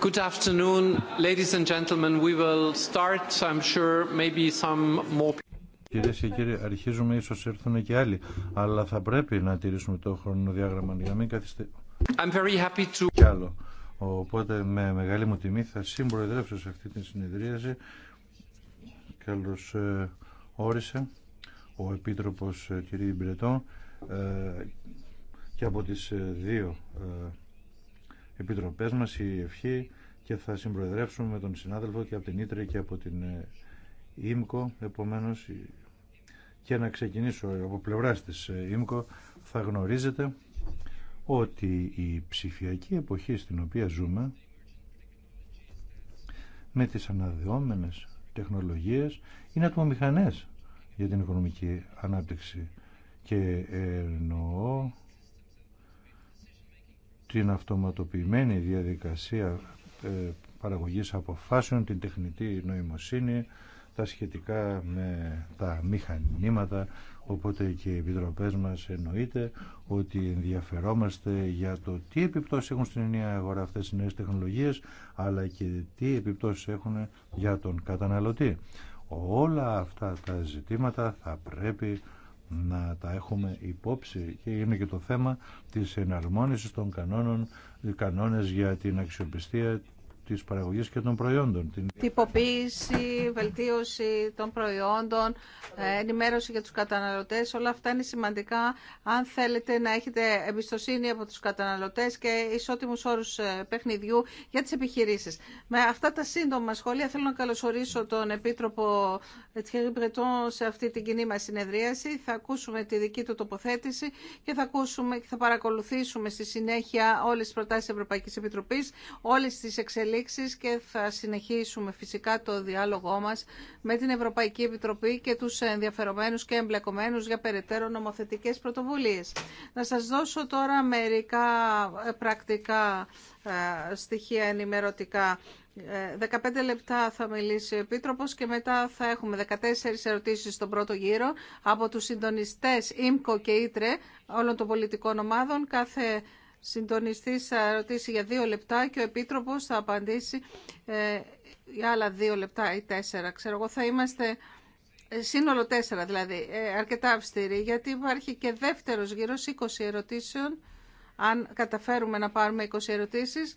Good afternoon, ladies and gentlemen. We will start, I'm sure, maybe some more. Κυρίε και κύριοι, αρχίζουμε, ίσω έρθουν και άλλοι, αλλά θα πρέπει να τηρήσουμε το χρονοδιάγραμμα για να μην καθυστερήσουμε. Κι άλλο. Οπότε με μεγάλη μου τιμή θα συμπροεδρεύσω σε αυτή τη συνεδρίαση. καλώ ε, όρισε ο επίτροπο ε, κ. Μπρετό ε, και από τι ε, δύο επιτροπές μας η ευχή και θα συμπροεδρεύσουμε με τον συνάδελφο και από την Ήτρε και από την ΙΜΚΟ ε, επομένως και να ξεκινήσω από πλευράς της ΙΜΚΟ ε, θα γνωρίζετε ότι η ψηφιακή εποχή στην οποία ζούμε με τις αναδεόμενες τεχνολογίες είναι ατμομηχανές για την οικονομική ανάπτυξη και εννοώ την αυτοματοποιημένη διαδικασία ε, παραγωγής αποφάσεων, την τεχνητή νοημοσύνη, τα σχετικά με τα μηχανήματα, οπότε και οι επιτροπές μας εννοείται ότι ενδιαφερόμαστε για το τι επιπτώσεις έχουν στην ενιαία αγορά αυτές οι νέες τεχνολογίες, αλλά και τι επιπτώσεις έχουν για τον καταναλωτή. Όλα αυτά τα ζητήματα θα πρέπει να τα έχουμε υπόψη και είναι και το θέμα της εναρμόνισης των κανόνων, κανόνες για την αξιοπιστία της παραγωγής και των προϊόντων. Την... Τυποποίηση, βελτίωση των προϊόντων, ε, ενημέρωση για τους καταναλωτές, όλα αυτά είναι σημαντικά αν θέλετε να έχετε εμπιστοσύνη από τους καταναλωτές και ισότιμους όρους ε, παιχνιδιού για τις επιχειρήσεις. Με αυτά τα σύντομα σχόλια θέλω να καλωσορίσω τον Επίτροπο Τιέρη ε, Μπρετών σε αυτή την κοινή μας συνεδρίαση. Θα ακούσουμε τη δική του τοποθέτηση και θα, ακούσουμε, θα παρακολουθήσουμε στη συνέχεια όλες τις προτάσεις Ευρωπαϊκής Επιτροπής, όλες τις εξελίξεις και θα συνεχίσουμε φυσικά το διάλογό μας με την Ευρωπαϊκή Επιτροπή και τους ενδιαφερομένους και εμπλεκομένους για περαιτέρω νομοθετικές πρωτοβουλίες. Να σας δώσω τώρα μερικά ε, πρακτικά ε, στοιχεία ενημερωτικά. 15 ε, λεπτά θα μιλήσει ο Επίτροπος και μετά θα έχουμε 14 ερωτήσεις στον πρώτο γύρο από τους συντονιστές ΙΜΚΟ και ΙΤΡΕ όλων των πολιτικών ομάδων. Κάθε συντονιστής θα ρωτήσει για δύο λεπτά και ο Επίτροπος θα απαντήσει ε, για άλλα δύο λεπτά ή τέσσερα. Ξέρω εγώ θα είμαστε ε, σύνολο τέσσερα δηλαδή, ε, αρκετά αυστηροί, γιατί υπάρχει και δεύτερος γύρος 20 ερωτήσεων, αν καταφέρουμε να πάρουμε 20 ερωτήσεις,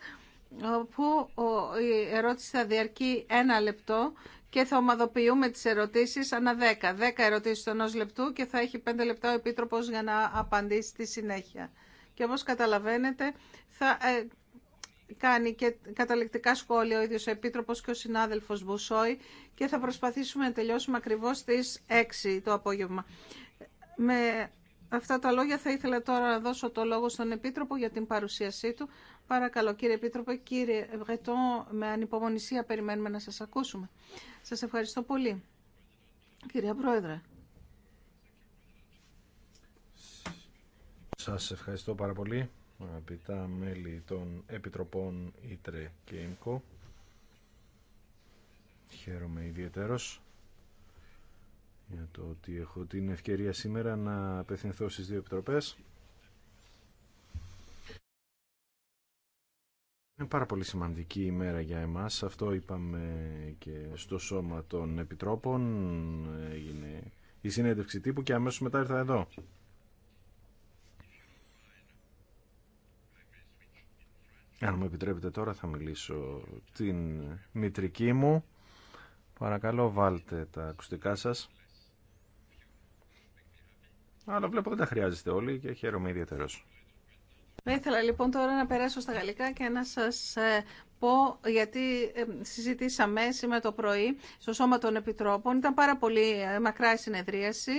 όπου η ερώτηση θα διαρκεί ένα λεπτό και θα ομαδοποιούμε τις ερωτήσεις ανά 10. 10 ερωτήσεις του ενός λεπτού και θα έχει 5 λεπτά ο Επίτροπος για να απαντήσει στη συνέχεια και όπως καταλαβαίνετε θα ε, κάνει και καταληκτικά σχόλια ο ίδιος ο Επίτροπος και ο συνάδελφος Μπουσόη και θα προσπαθήσουμε να τελειώσουμε ακριβώς στις 6 το απόγευμα. Με αυτά τα λόγια θα ήθελα τώρα να δώσω το λόγο στον Επίτροπο για την παρουσίασή του. Παρακαλώ κύριε Επίτροπο, κύριε Βρετό, με ανυπομονησία περιμένουμε να σας ακούσουμε. Σας ευχαριστώ πολύ. Κυρία Πρόεδρε, Σας ευχαριστώ πάρα πολύ, αγαπητά μέλη των Επιτροπών Ήτρε και ΕΜΚΟ. Χαίρομαι ιδιαίτερος για το ότι έχω την ευκαιρία σήμερα να απευθυνθώ στις δύο επιτροπές. Είναι πάρα πολύ σημαντική ημέρα για εμάς. Αυτό είπαμε και στο σώμα των επιτρόπων. Έγινε η συνέντευξη τύπου και αμέσως μετά ήρθα εδώ. Αν μου επιτρέπετε τώρα θα μιλήσω την μητρική μου. Παρακαλώ βάλτε τα ακουστικά σας. Αλλά βλέπω ότι τα χρειάζεστε όλοι και χαίρομαι ιδιαίτερος. Θα ήθελα λοιπόν τώρα να περάσω στα γαλλικά και να σας ε, γιατί ε, συζητήσαμε σήμερα το πρωί στο Σώμα των Επιτρόπων, ήταν πάρα πολύ ε, μακρά η συνεδρίαση,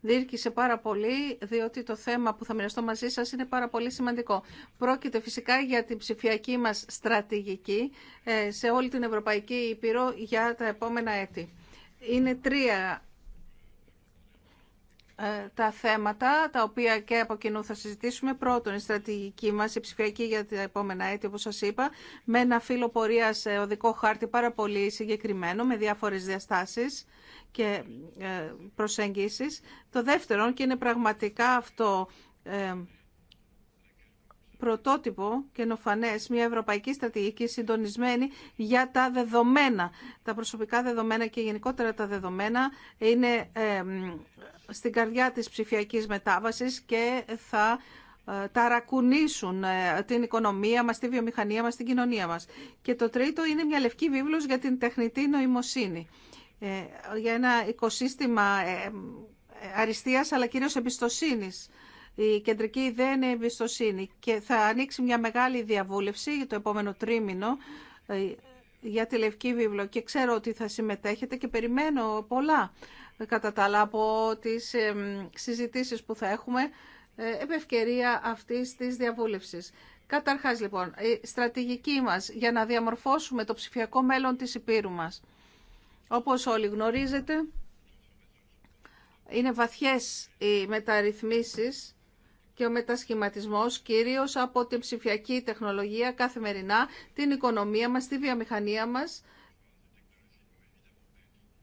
Δίρκησε πάρα πολύ, διότι το θέμα που θα μοιραστώ μαζί σας είναι πάρα πολύ σημαντικό. Πρόκειται φυσικά για την ψηφιακή μας στρατηγική ε, σε όλη την Ευρωπαϊκή Ήπειρο για τα επόμενα έτη. Είναι τρία ε, τα θέματα τα οποία και από κοινού θα συζητήσουμε. Πρώτον, η στρατηγική μας, η ψηφιακή για τα επόμενα έτη, όπως σας είπα, με ένα φύλλο πορείας οδικό χάρτη πάρα πολύ συγκεκριμένο, με διάφορε διαστάσει και ε, προσεγγίσεις. Το δεύτερον, και είναι πραγματικά αυτό ε, πρωτότυπο καινοφανέ, μια ευρωπαϊκή στρατηγική συντονισμένη για τα δεδομένα. Τα προσωπικά δεδομένα και γενικότερα τα δεδομένα είναι στην καρδιά της ψηφιακής μετάβασης και θα ε, ταρακουνήσουν ε, την οικονομία μας, τη βιομηχανία μας, την κοινωνία μας. Και το τρίτο είναι μια λευκή βίβλος για την τεχνητή νοημοσύνη. Ε, για ένα οικοσύστημα αριστείας αλλά κυρίως εμπιστοσύνης η κεντρική ιδέα είναι η εμπιστοσύνη και θα ανοίξει μια μεγάλη διαβούλευση για το επόμενο τρίμηνο ε, για τη Λευκή Βίβλο και ξέρω ότι θα συμμετέχετε και περιμένω πολλά ε, κατά τα άλλα από τις συζητήσεις που θα έχουμε ε, επ' ευκαιρία αυτής της διαβούλευσης. Καταρχάς λοιπόν, η στρατηγική μας για να διαμορφώσουμε το ψηφιακό μέλλον της Υπήρου μας. Όπως όλοι γνωρίζετε, είναι βαθιές οι μεταρρυθμίσεις και ο μετασχηματισμός κυρίως από την ψηφιακή τεχνολογία καθημερινά, την οικονομία μας, τη βιομηχανία μας.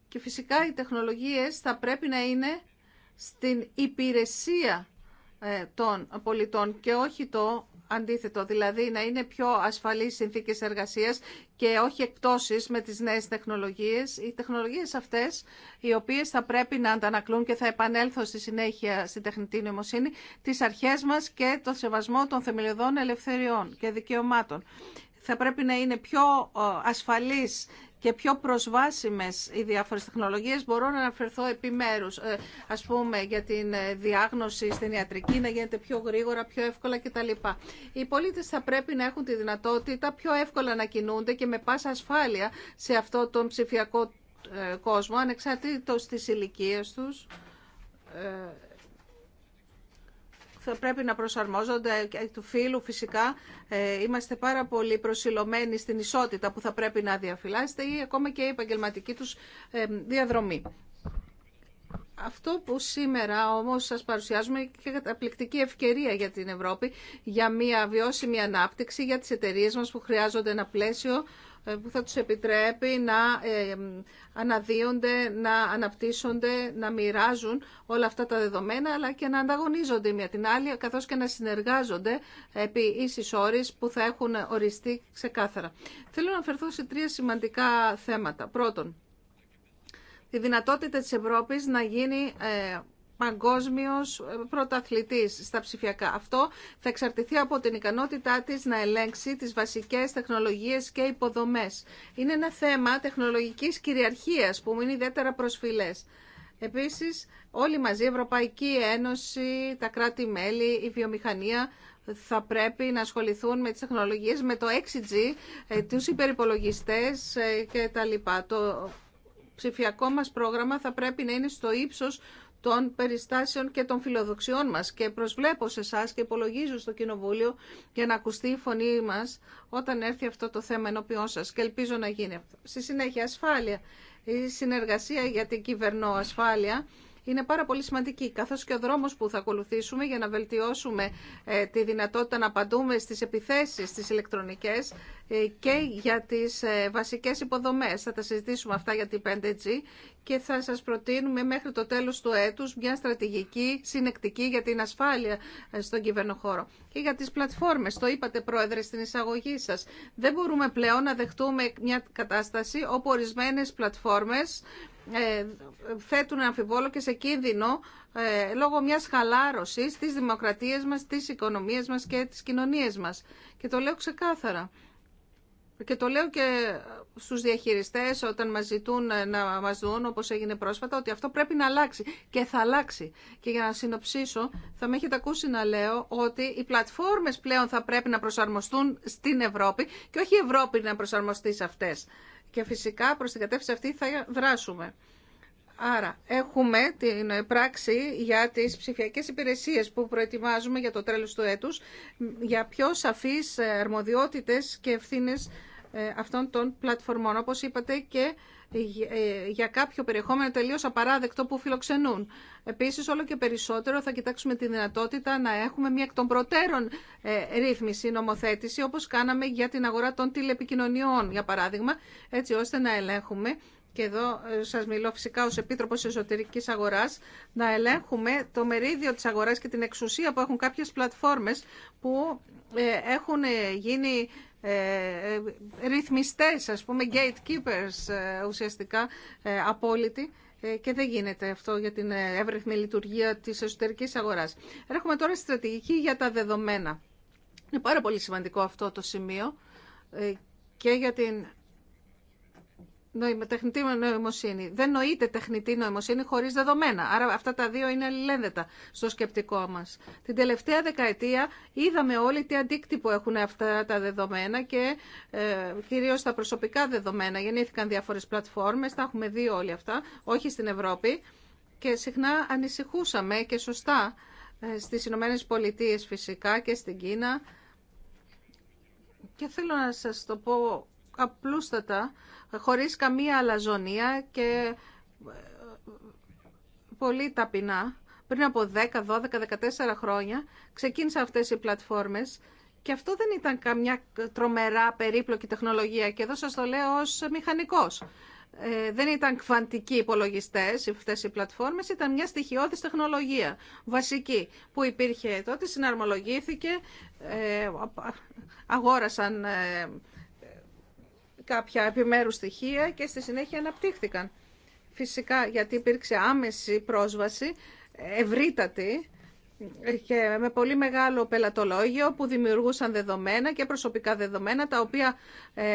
Και φυσικά οι τεχνολογίες θα πρέπει να είναι στην υπηρεσία ε, των πολιτών και όχι το αντίθετο, δηλαδή να είναι πιο ασφαλείς συνθήκες εργασίας και όχι εκπτώσεις με τις νέες τεχνολογίες. Οι τεχνολογίες αυτές, οι οποίες θα πρέπει να αντανακλούν και θα επανέλθω στη συνέχεια στην τεχνητή νοημοσύνη, τις αρχές μας και το σεβασμό των θεμελιωδών ελευθεριών και δικαιωμάτων. Θα πρέπει να είναι πιο ε, ασφαλείς και πιο προσβάσιμες οι διάφορες τεχνολογίες. Μπορώ να αναφερθώ επιμέρους, ε, ας πούμε, για την ε, διάγνωση στην ιατρική, να γίνεται πιο γρήγορα, πιο εύκολα κτλ. Οι πολίτες θα πρέπει να έχουν τη δυνατότητα πιο εύκολα να κινούνται και με πάσα ασφάλεια σε αυτό τον ψηφιακό ε, κόσμο, ανεξαρτήτως της ηλικία τους θα πρέπει να προσαρμόζονται και του φίλου φυσικά. Ε, είμαστε πάρα πολύ προσιλωμένοι στην ισότητα που θα πρέπει να διαφυλάσσεται ή ακόμα και η επαγγελματική τους ε, διαδρομή. Αυτό που σήμερα όμως σας παρουσιάζουμε και καταπληκτική ευκαιρία για την Ευρώπη για μια βιώσιμη ανάπτυξη για τις εταιρείες μας που χρειάζονται ένα πλαίσιο που θα τους επιτρέπει να ε, αναδύονται, να αναπτύσσονται, να μοιράζουν όλα αυτά τα δεδομένα, αλλά και να ανταγωνίζονται μια την άλλη, καθώς και να συνεργάζονται επί ίσης όρης που θα έχουν οριστεί ξεκάθαρα. Θέλω να αφαιρθώ σε τρία σημαντικά θέματα. Πρώτον, τη δυνατότητα της Ευρώπης να γίνει ε, Παγκόσμιο ε, Πρωταθλητή στα ψηφιακά. Αυτό θα εξαρτηθεί από την ικανότητά της να ελέγξει τις βασικές τεχνολογίες και υποδομές. Είναι ένα θέμα τεχνολογικής κυριαρχίας που είναι ιδιαίτερα προσφυλέ. Επίσης, όλοι μαζί, η Ευρωπαϊκή Ένωση, τα κράτη-μέλη, η βιομηχανία θα πρέπει να ασχοληθούν με τις τεχνολογίες, με το 6G, ε, τους υπερυπολογιστές ε, και τα λοιπά. Το ψηφιακό μας πρόγραμμα θα πρέπει να είναι στο ύψος των περιστάσεων και των φιλοδοξιών μας και προσβλέπω σε εσά και υπολογίζω στο Κοινοβούλιο για να ακουστεί η φωνή μας όταν έρθει αυτό το θέμα ενώπιόν σας και ελπίζω να γίνει αυτό. Στη συνέχεια ασφάλεια, η συνεργασία για την ασφάλεια είναι πάρα πολύ σημαντική, καθώς και ο δρόμος που θα ακολουθήσουμε για να βελτιώσουμε ε, τη δυνατότητα να απαντούμε στις επιθέσεις στις ηλεκτρονικές ε, και για τις ε, βασικές υποδομές. Θα τα συζητήσουμε αυτά για την 5G και θα σας προτείνουμε μέχρι το τέλος του έτους μια στρατηγική συνεκτική για την ασφάλεια στον κυβερνοχώρο. Και για τις πλατφόρμες, το είπατε πρόεδρε στην εισαγωγή σας, δεν μπορούμε πλέον να δεχτούμε μια κατάσταση όπου ορισμένες πλατφόρμες ε, θέτουν αμφιβόλο και σε κίνδυνο ε, λόγω μιας χαλάρωσης της δημοκρατίας μας, της οικονομίας μας και της κοινωνίας μας. Και το λέω ξεκάθαρα. Και το λέω και στους διαχειριστές όταν μας ζητούν ε, να μας δουν όπως έγινε πρόσφατα ότι αυτό πρέπει να αλλάξει και θα αλλάξει. Και για να συνοψίσω θα με έχετε ακούσει να λέω ότι οι πλατφόρμες πλέον θα πρέπει να προσαρμοστούν στην Ευρώπη και όχι η Ευρώπη να προσαρμοστεί σε αυτές. Και φυσικά προς την κατεύθυνση αυτή θα δράσουμε. Άρα, έχουμε την πράξη για τις ψηφιακές υπηρεσίες που προετοιμάζουμε για το τέλος του έτους, για πιο σαφείς ε, αρμοδιότητες και ευθύνες ε, αυτών των πλατφορμών. Όπως είπατε και ε, για κάποιο περιεχόμενο τελείως απαράδεκτο που φιλοξενούν. Επίσης, όλο και περισσότερο θα κοιτάξουμε τη δυνατότητα να έχουμε μια εκ των προτέρων ε, ρύθμιση, νομοθέτηση, όπως κάναμε για την αγορά των τηλεπικοινωνιών, για παράδειγμα, έτσι ώστε να ελέγχουμε και εδώ ε, σας μιλώ φυσικά ως Επίτροπος Εσωτερικής Αγοράς, να ελέγχουμε το μερίδιο της αγοράς και την εξουσία που έχουν κάποιες πλατφόρμες που έχουν γίνει ε, ε, ρυθμιστές, ας πούμε, gatekeepers ε, ουσιαστικά, απόλυτοι και δεν γίνεται αυτό για την εύρυθμη λειτουργία της εσωτερικής αγοράς. Έρχομαι τώρα στη στρατηγική για τα δεδομένα. Είναι πάρα πολύ σημαντικό αυτό το σημείο και για την τεχνητή νοημοσύνη. Δεν νοείται τεχνητή νοημοσύνη χωρίς δεδομένα. Άρα αυτά τα δύο είναι αλληλένδετα στο σκεπτικό μας. Την τελευταία δεκαετία είδαμε όλοι τι αντίκτυπο έχουν αυτά τα δεδομένα και ε, κυρίως τα προσωπικά δεδομένα. Γεννήθηκαν διάφορες πλατφόρμες, τα έχουμε δει όλοι αυτά, όχι στην Ευρώπη. Και συχνά ανησυχούσαμε και σωστά ε, στις Ηνωμένε Πολιτείες φυσικά και στην Κίνα. Και θέλω να σα το πω απλούστατα χωρίς καμία αλαζονία και ε, πολύ ταπεινά. Πριν από 10, 12, 14 χρόνια ξεκίνησαν αυτές οι πλατφόρμες και αυτό δεν ήταν καμιά τρομερά περίπλοκη τεχνολογία και εδώ σας το λέω ως μηχανικός. Ε, δεν ήταν κβαντικοί υπολογιστέ αυτές οι πλατφόρμες, ήταν μια στοιχειώδης τεχνολογία βασική που υπήρχε τότε, συναρμολογήθηκε, ε, αγόρασαν ε, κάποια επιμέρου στοιχεία και στη συνέχεια αναπτύχθηκαν. Φυσικά γιατί υπήρξε άμεση πρόσβαση, ευρύτατη και με πολύ μεγάλο πελατολόγιο που δημιουργούσαν δεδομένα και προσωπικά δεδομένα τα οποία ε,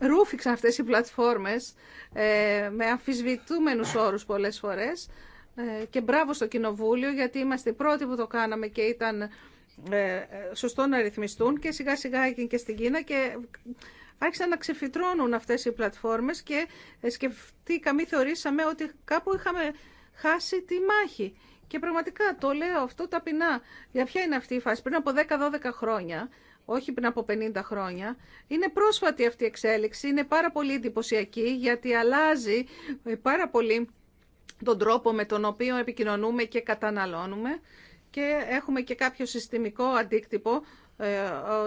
ρούφηξαν αυτές οι πλατφόρμες ε, με αμφισβητούμενους όρους πολλές φορές ε, και μπράβο στο Κοινοβούλιο γιατί είμαστε οι πρώτοι που το κάναμε και ήταν ε, σωστό να ρυθμιστούν και σιγά σιγά έγινε και στην Κίνα και άρχισαν να ξεφυτρώνουν αυτές οι πλατφόρμες και ε, σκεφτήκαμε, θεωρήσαμε ότι κάπου είχαμε χάσει τη μάχη. Και πραγματικά το λέω αυτό ταπεινά. Για ποια είναι αυτή η φάση. Πριν από 10-12 χρόνια, όχι πριν από 50 χρόνια, είναι πρόσφατη αυτή η εξέλιξη, είναι πάρα πολύ εντυπωσιακή γιατί αλλάζει ε, πάρα πολύ τον τρόπο με τον οποίο επικοινωνούμε και καταναλώνουμε και έχουμε και κάποιο συστημικό αντίκτυπο ε,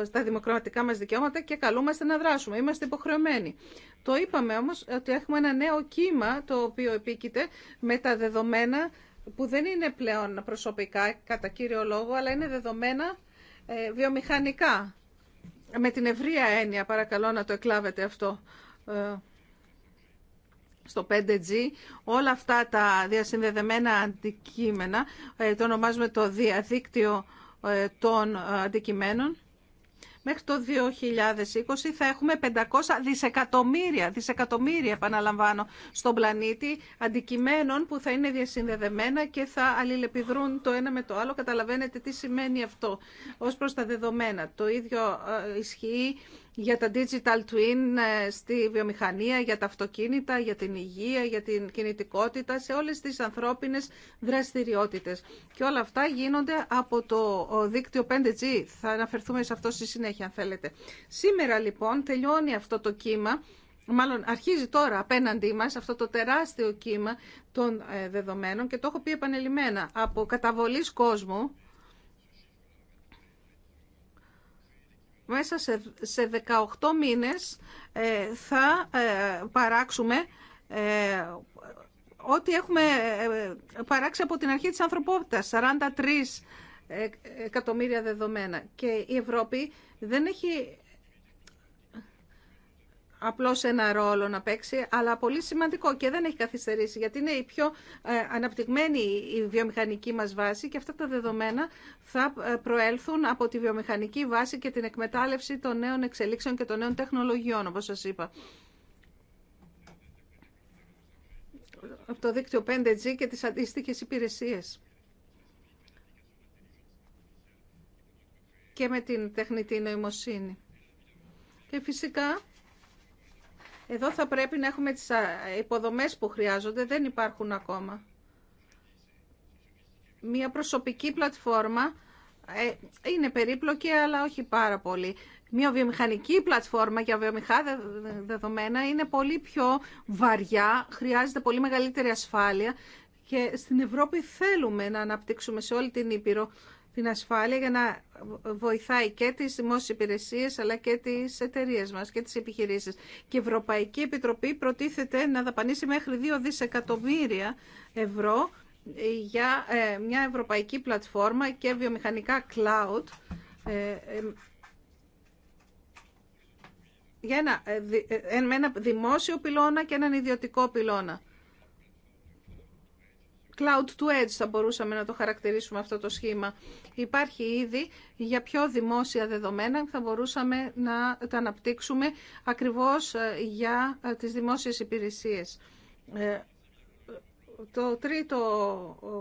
στα δημοκρατικά μας δικαιώματα και καλούμαστε να δράσουμε. Είμαστε υποχρεωμένοι. Το είπαμε όμως ότι έχουμε ένα νέο κύμα το οποίο επίκειται με τα δεδομένα που δεν είναι πλέον προσωπικά κατά κύριο λόγο, αλλά είναι δεδομένα ε, βιομηχανικά. Με την ευρία έννοια παρακαλώ να το εκλάβετε αυτό. Ε, στο 5G, όλα αυτά τα διασυνδεδεμένα αντικείμενα, ε, το ονομάζουμε το διαδίκτυο ε, των ε, αντικειμένων, μέχρι το 2020 θα έχουμε 500 δισεκατομμύρια, δισεκατομμύρια επαναλαμβάνω, στον πλανήτη αντικειμένων που θα είναι διασυνδεδεμένα και θα αλληλεπιδρούν το ένα με το άλλο. Καταλαβαίνετε τι σημαίνει αυτό ως προς τα δεδομένα. Το ίδιο ισχύει για τα digital twin ε, στη βιομηχανία, για τα αυτοκίνητα, για την υγεία, για την κινητικότητα, σε όλες τις ανθρώπινες δραστηριότητες. Και όλα αυτά γίνονται από το δίκτυο 5G. Θα αναφερθούμε σε αυτό στη συνέχεια, αν θέλετε. Σήμερα, λοιπόν, τελειώνει αυτό το κύμα, μάλλον αρχίζει τώρα απέναντί μας αυτό το τεράστιο κύμα των ε, δεδομένων και το έχω πει επανελειμμένα, από καταβολής κόσμου, μέσα σε 18 μήνες ε, θα ε, παράξουμε ε, ό,τι έχουμε παράξει από την αρχή της ανθρωπότητας, 43 εκατομμύρια δεδομένα. Και η Ευρώπη δεν έχει απλώς ένα ρόλο να παίξει, αλλά πολύ σημαντικό και δεν έχει καθυστερήσει, γιατί είναι η πιο ε, αναπτυγμένη η βιομηχανική μας βάση και αυτά τα δεδομένα θα ε, προέλθουν από τη βιομηχανική βάση και την εκμετάλλευση των νέων εξελίξεων και των νέων τεχνολογιών, όπως σας είπα. Από το δίκτυο 5G και τις αντίστοιχε υπηρεσίες. Και με την τεχνητή νοημοσύνη. Και φυσικά εδώ θα πρέπει να έχουμε τις υποδομές που χρειάζονται, δεν υπάρχουν ακόμα. Μία προσωπική πλατφόρμα ε, είναι περίπλοκη, αλλά όχι πάρα πολύ. Μία βιομηχανική πλατφόρμα για βιομηχά δεδομένα είναι πολύ πιο βαριά, χρειάζεται πολύ μεγαλύτερη ασφάλεια και στην Ευρώπη θέλουμε να αναπτύξουμε σε όλη την Ήπειρο την ασφάλεια για να βοηθάει και τις δημόσιες υπηρεσίες αλλά και τις εταιρείε μας και τις επιχειρήσεις. Και η Ευρωπαϊκή Επιτροπή προτίθεται να δαπανίσει μέχρι 2 δισεκατομμύρια ευρώ για ε, μια ευρωπαϊκή πλατφόρμα και βιομηχανικά cloud ε, ε, για ένα, ένα δημόσιο πυλώνα και έναν ιδιωτικό πυλώνα cloud to edge θα μπορούσαμε να το χαρακτηρίσουμε αυτό το σχήμα. Υπάρχει ήδη για πιο δημόσια δεδομένα θα μπορούσαμε να τα αναπτύξουμε ακριβώς ε, για ε, τις δημόσιες υπηρεσίες. Ε, το τρίτο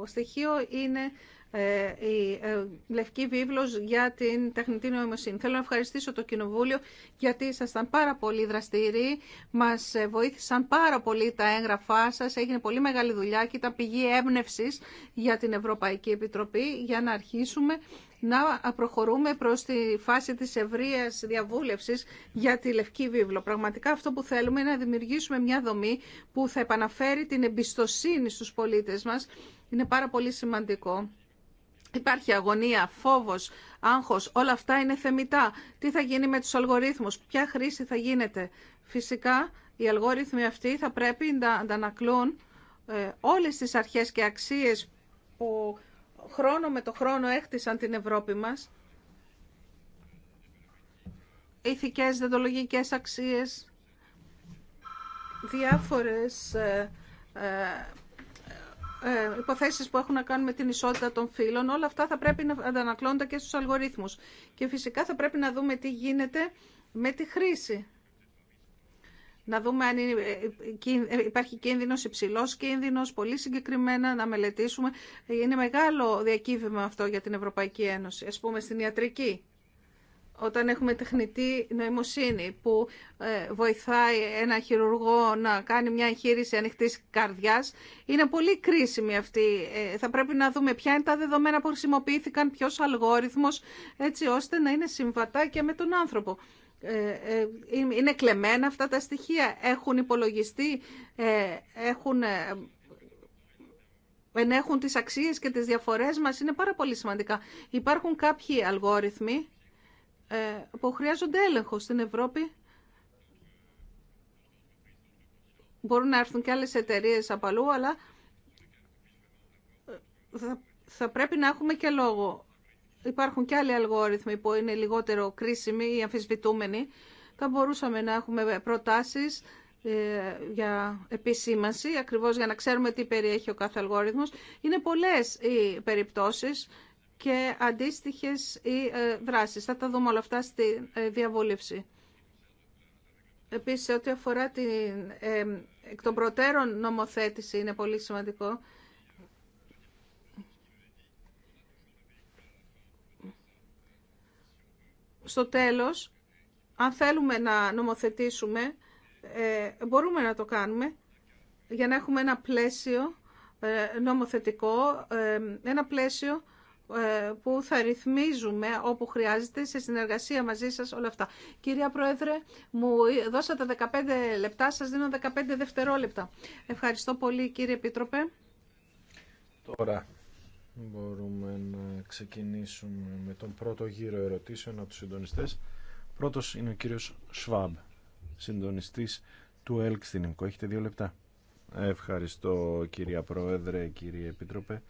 στοιχείο είναι ε, η ε, Λευκή Βίβλος για την τεχνητή νοημοσύνη. Θέλω να ευχαριστήσω το Κοινοβούλιο γιατί ήσασταν πάρα πολύ δραστηροί, μας ε, βοήθησαν πάρα πολύ τα έγγραφά σας, έγινε πολύ μεγάλη δουλειά και ήταν πηγή έμπνευση για την Ευρωπαϊκή Επιτροπή για να αρχίσουμε να προχωρούμε προς τη φάση της ευρεία διαβούλευσης για τη Λευκή Βίβλο. Πραγματικά αυτό που θέλουμε είναι να δημιουργήσουμε μια δομή που θα επαναφέρει την εμπιστοσύνη στους πολίτες μας. Είναι πάρα πολύ σημαντικό Υπάρχει αγωνία, φόβος, άγχος, όλα αυτά είναι θεμητά. Τι θα γίνει με τους αλγορίθμους, ποια χρήση θα γίνεται. Φυσικά οι αλγόριθμοι αυτοί θα πρέπει να αντανακλούν ε, όλες τις αρχές και αξίες που χρόνο με το χρόνο έχτισαν την Ευρώπη μας. Ηθικές, δεδολογικές αξίες, διάφορες ε, ε, ε, υποθέσεις που έχουν να κάνουν με την ισότητα των φύλων, όλα αυτά θα πρέπει να αντανακλώνονται και στους αλγορίθμους. Και φυσικά θα πρέπει να δούμε τι γίνεται με τη χρήση. Να δούμε αν ε, ε, ε, υπάρχει κίνδυνο, υψηλό κίνδυνο, πολύ συγκεκριμένα να μελετήσουμε. Είναι μεγάλο διακύβευμα αυτό για την Ευρωπαϊκή Ένωση, Α πούμε στην ιατρική όταν έχουμε τεχνητή νοημοσύνη που ε, βοηθάει ένα χειρουργό να κάνει μια εγχείρηση ανοιχτή καρδιά. είναι πολύ κρίσιμη αυτή. Ε, θα πρέπει να δούμε ποια είναι τα δεδομένα που χρησιμοποιήθηκαν, ποιο αλγόριθμο έτσι ώστε να είναι συμβατά και με τον άνθρωπο. Ε, είναι κλεμμένα αυτά τα στοιχεία, έχουν υπολογιστεί, έχουν ενέχουν τις αξίες και τις διαφορές μας, είναι πάρα πολύ σημαντικά. Υπάρχουν κάποιοι αλγόριθμοι ε, που χρειάζονται έλεγχο στην Ευρώπη. Μπορούν να έρθουν και άλλες εταιρείες από αλλά ε, θα πρέπει να έχουμε και λόγο. Υπάρχουν και άλλοι αλγόριθμοι που είναι λιγότερο κρίσιμοι ή αμφισβητούμενοι. Θα μπορούσαμε να έχουμε προτάσεις ε, για επισήμανση, ακριβώς για να ξέρουμε τι περιέχει ο κάθε αλγόριθμος. Είναι πολλές οι περιπτώσεις και αντίστοιχες ή ε, δράσεις. Θα τα δούμε όλα αυτά στη ε, διαβούλευση. Επίσης, ό,τι αφορά την ε, εκ των προτέρων νομοθέτηση είναι πολύ σημαντικό. Στο τέλος, αν θέλουμε να νομοθετήσουμε, μπορούμε να το κάνουμε για να έχουμε ένα πλαίσιο νομοθετικό, ένα πλαίσιο ε, που θα ρυθμίζουμε όπου χρειάζεται σε συνεργασία μαζί σας όλα αυτά. Κυρία Πρόεδρε, μου δώσατε 15 λεπτά, σας δίνω 15 δευτερόλεπτα. Ευχαριστώ πολύ κύριε Επίτροπε. Τώρα μπορούμε να ξεκινήσουμε με τον πρώτο γύρο ερωτήσεων από τους συντονιστές. Πρώτος είναι ο κύριος Σβάμπ, συντονιστής του ΕΛΚ στην ΕΜΚΟ. Έχετε δύο λεπτά. Ευχαριστώ κυρία Πρόεδρε, κύριε Επίτροπε.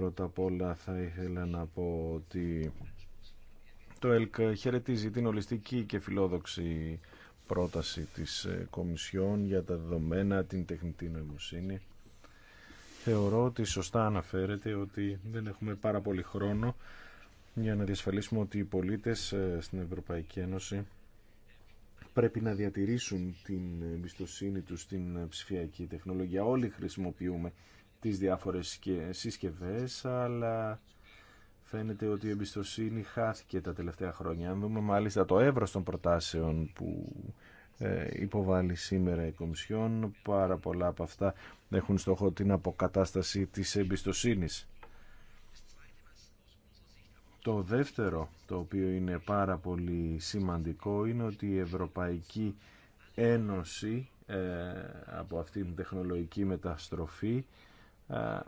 Πρώτα απ' όλα θα ήθελα να πω ότι το ΕΛΚ χαιρετίζει την ολιστική και φιλόδοξη πρόταση της ε, Κομισιόν για τα δεδομένα, την τεχνητή νοημοσύνη. Θεωρώ ότι σωστά αναφέρεται ότι δεν έχουμε πάρα πολύ χρόνο για να διασφαλίσουμε ότι οι πολίτες ε, στην Ευρωπαϊκή Ένωση πρέπει να διατηρήσουν την εμπιστοσύνη τους στην ε, ψηφιακή τεχνολογία. Όλοι χρησιμοποιούμε τις διάφορες συσκευές, αλλά φαίνεται ότι η εμπιστοσύνη χάθηκε τα τελευταία χρόνια. Αν δούμε μάλιστα το εύρος των προτάσεων που ε, υποβάλλει σήμερα η Κομισιόν, πάρα πολλά από αυτά έχουν στόχο την αποκατάσταση της εμπιστοσύνης. Το δεύτερο, το οποίο είναι πάρα πολύ σημαντικό, είναι ότι η Ευρωπαϊκή Ένωση ε, από αυτήν την τεχνολογική μεταστροφή ε,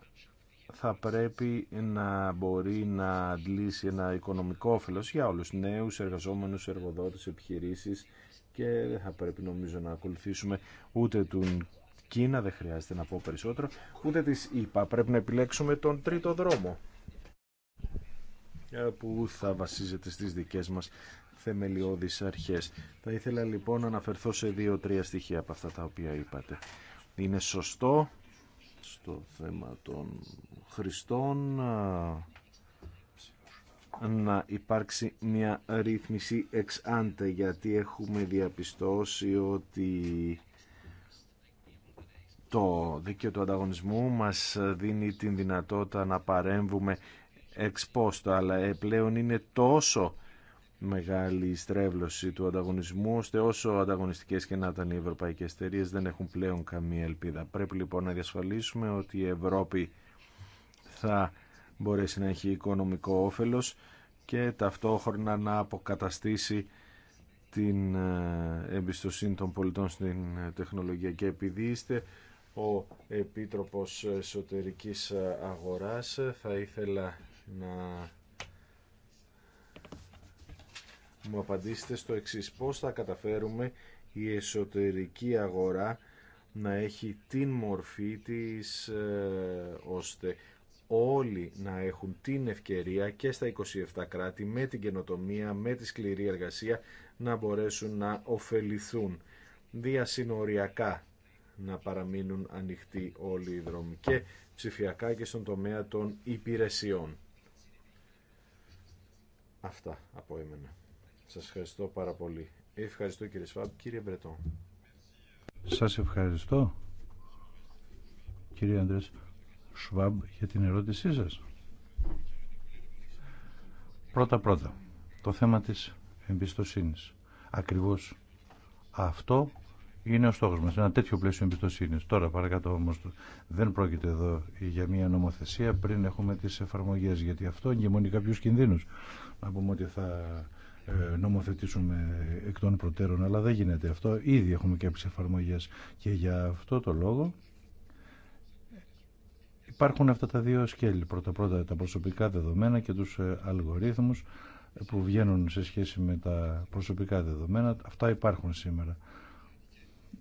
θα πρέπει να μπορεί να αντλήσει ένα οικονομικό όφελος για όλους νέους εργαζόμενους εργοδότες επιχειρήσεις και δεν θα πρέπει νομίζω να ακολουθήσουμε ούτε τον Κίνα, δεν χρειάζεται να πω περισσότερο, ούτε της είπα. Πρέπει να επιλέξουμε τον τρίτο δρόμο ε, που θα βασίζεται στις δικές μας θεμελιώδεις αρχές. Θα ήθελα λοιπόν να αναφερθώ σε δύο-τρία στοιχεία από αυτά τα οποία είπατε. Είναι σωστό το θέμα των χρηστών να υπάρξει μια ρύθμιση εξ γιατί έχουμε διαπιστώσει ότι το δίκαιο του ανταγωνισμού μας δίνει την δυνατότητα να παρέμβουμε εξ πόστο αλλά ε, πλέον είναι τόσο μεγάλη στρέβλωση του ανταγωνισμού, ώστε όσο ανταγωνιστικές και να ήταν οι ευρωπαϊκές εταιρείε δεν έχουν πλέον καμία ελπίδα. Πρέπει λοιπόν να διασφαλίσουμε ότι η Ευρώπη θα μπορέσει να έχει οικονομικό όφελος και ταυτόχρονα να αποκαταστήσει την ε, εμπιστοσύνη των πολιτών στην ε, τεχνολογία. Και επειδή είστε ο Επίτροπος Εσωτερικής Αγοράς, θα ήθελα να μου απαντήσετε στο εξή Πώς θα καταφέρουμε η εσωτερική αγορά να έχει την μορφή της ε, ώστε όλοι να έχουν την ευκαιρία και στα 27 κράτη με την καινοτομία, με τη σκληρή εργασία να μπορέσουν να ωφεληθούν διασυνοριακά να παραμείνουν ανοιχτοί όλοι οι δρόμοι και ψηφιακά και στον τομέα των υπηρεσιών. Αυτά από εμένα. Σας ευχαριστώ πάρα πολύ. Ευχαριστώ κύριε Σφάμπ. Κύριε Μπρετό. Σας ευχαριστώ κύριε Ανδρέας. Σβάμπ για την ερώτησή σας. Πρώτα πρώτα, το θέμα της εμπιστοσύνης. Ακριβώς αυτό είναι ο στόχος μας, ένα τέτοιο πλαίσιο εμπιστοσύνης. Τώρα παρακάτω όμως δεν πρόκειται εδώ για μια νομοθεσία πριν έχουμε τις εφαρμογές, γιατί αυτό εγκυμονεί κάποιους κινδύνους. Να πούμε ότι θα ε, νομοθετήσουμε εκ των προτέρων, αλλά δεν γίνεται αυτό. Ήδη έχουμε κάποιες εφαρμογές και για αυτό το λόγο υπάρχουν αυτά τα δύο σκέλη. Πρώτα-πρώτα τα προσωπικά δεδομένα και τους ε, αλγορίθμους που βγαίνουν σε σχέση με τα προσωπικά δεδομένα. Αυτά υπάρχουν σήμερα.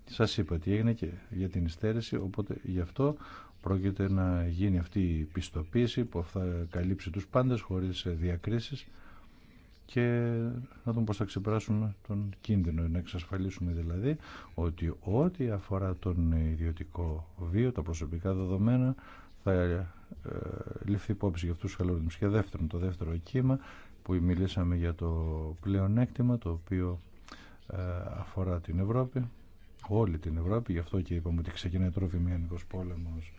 Σας είπα τι έγινε και για την υστέρηση, οπότε γι' αυτό πρόκειται να γίνει αυτή η πιστοποίηση που θα καλύψει τους πάντες χωρίς ε, διακρίσεις και να δούμε πώς θα ξεπεράσουμε τον κίνδυνο. Να εξασφαλίσουμε δηλαδή ότι ό,τι αφορά τον ιδιωτικό βίο, τα προσωπικά δεδομένα, θα ε, ληφθεί υπόψη για αυτούς τους χαλόρυθμους. Και δεύτερον, το δεύτερο κύμα που μιλήσαμε για το πλεονέκτημα, το οποίο ε, αφορά την Ευρώπη, όλη την Ευρώπη, γι' αυτό και είπαμε ότι ξεκινάει τώρα πόλεμος.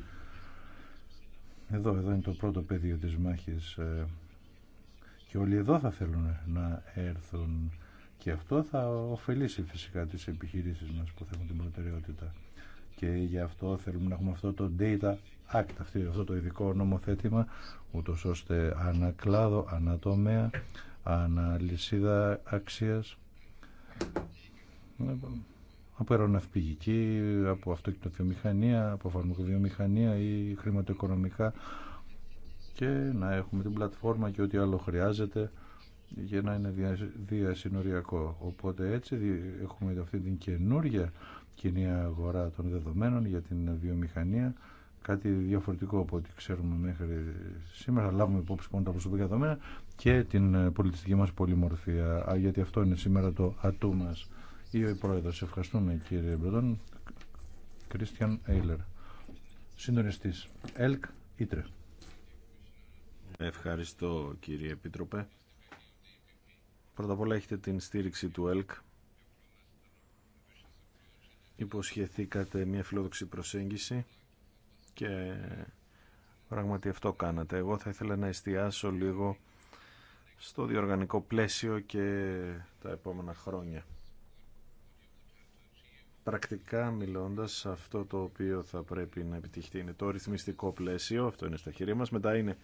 Εδώ, εδώ είναι το πρώτο πεδίο της μάχης ε, και όλοι εδώ θα θέλουν να έρθουν και αυτό θα ωφελήσει φυσικά τις επιχειρήσεις μας που θα έχουν την προτεραιότητα και γι' αυτό θέλουμε να έχουμε αυτό το Data Act, αυτό το ειδικό νομοθέτημα ούτω ώστε ανακλάδο, ανατομέα, αναλυσίδα αξίας από αεροναυπηγική, από αυτοκινητοβιομηχανία, από φαρμακοβιομηχανία ή χρηματοοικονομικά και να έχουμε την πλατφόρμα και ό,τι άλλο χρειάζεται για να είναι διασυνοριακό. Οπότε έτσι έχουμε αυτή την καινούργια κοινή αγορά των δεδομένων για την βιομηχανία, κάτι διαφορετικό από ό,τι ξέρουμε μέχρι σήμερα. Λάβουμε υπόψη μόνο τα προσωπικά δεδομένα και την πολιτιστική μας πολυμορφία, γιατί αυτό είναι σήμερα το ατού μας. Ή ο Πρόεδρος. Ευχαριστούμε κύριε Μπρετών. Κρίστιαν Έιλερ. Συντονιστής. ΕΛΚ Ήτρε. Ευχαριστώ κύριε Επίτροπε. Πρώτα απ' όλα έχετε την στήριξη του ΕΛΚ. Υποσχεθήκατε μια φιλόδοξη προσέγγιση και πράγματι αυτό κάνατε. Εγώ θα ήθελα να εστιάσω λίγο στο διοργανικό πλαίσιο και τα επόμενα χρόνια. Πρακτικά μιλώντας, αυτό το οποίο θα πρέπει να επιτυχθεί είναι το ρυθμιστικό πλαίσιο, αυτό είναι στα χέρια μας, μετά είναι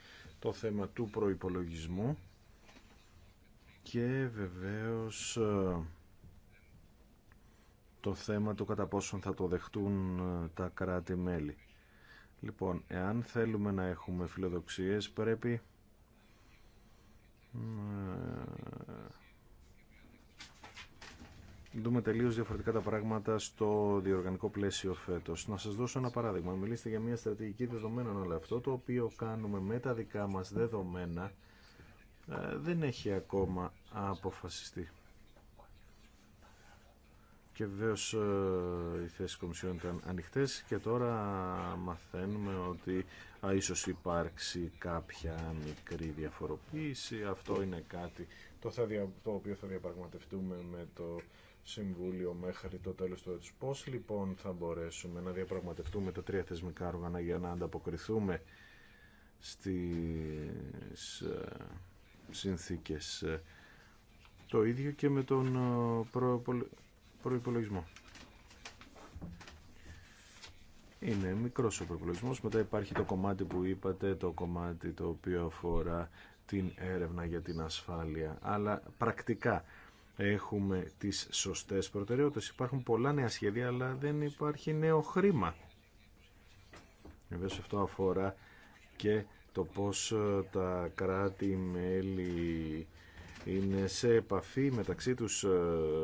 το θέμα του προϋπολογισμού και βεβαίως ε, το θέμα του κατά πόσον θα το δεχτούν ε, τα κράτη-μέλη. Λοιπόν, εάν θέλουμε να έχουμε φιλοδοξίες πρέπει ε, δούμε τελείω διαφορετικά τα πράγματα στο διοργανικό πλαίσιο φέτο. Να σα δώσω ένα παράδειγμα. Μιλήστε για μια στρατηγική δεδομένα, αλλά αυτό το οποίο κάνουμε με τα δικά μα δεδομένα ε, δεν έχει ακόμα αποφασιστεί. Και βεβαίω ε, οι θέσει κομισιών ήταν ανοιχτέ και τώρα μαθαίνουμε ότι ίσω υπάρξει κάποια μικρή διαφοροποίηση. Αυτό είναι κάτι το οποίο θα διαπραγματευτούμε με το Συμβούλιο μέχρι το τέλος του έτους. Πώς λοιπόν θα μπορέσουμε να διαπραγματευτούμε τα τρία θεσμικά όργανα για να ανταποκριθούμε στις ε, συνθήκες. Ε, το ίδιο και με τον ε, προϋπολογισμό. Είναι μικρός ο προϋπολογισμός. Μετά υπάρχει το κομμάτι που είπατε, το κομμάτι το οποίο αφορά την έρευνα για την ασφάλεια. Αλλά πρακτικά έχουμε τις σωστές προτεραιότητες. Υπάρχουν πολλά νέα σχέδια, αλλά δεν υπάρχει νέο χρήμα. Βεβαίω αυτό αφορά και το πώς ε, τα κράτη-μέλη είναι σε επαφή μεταξύ τους ε,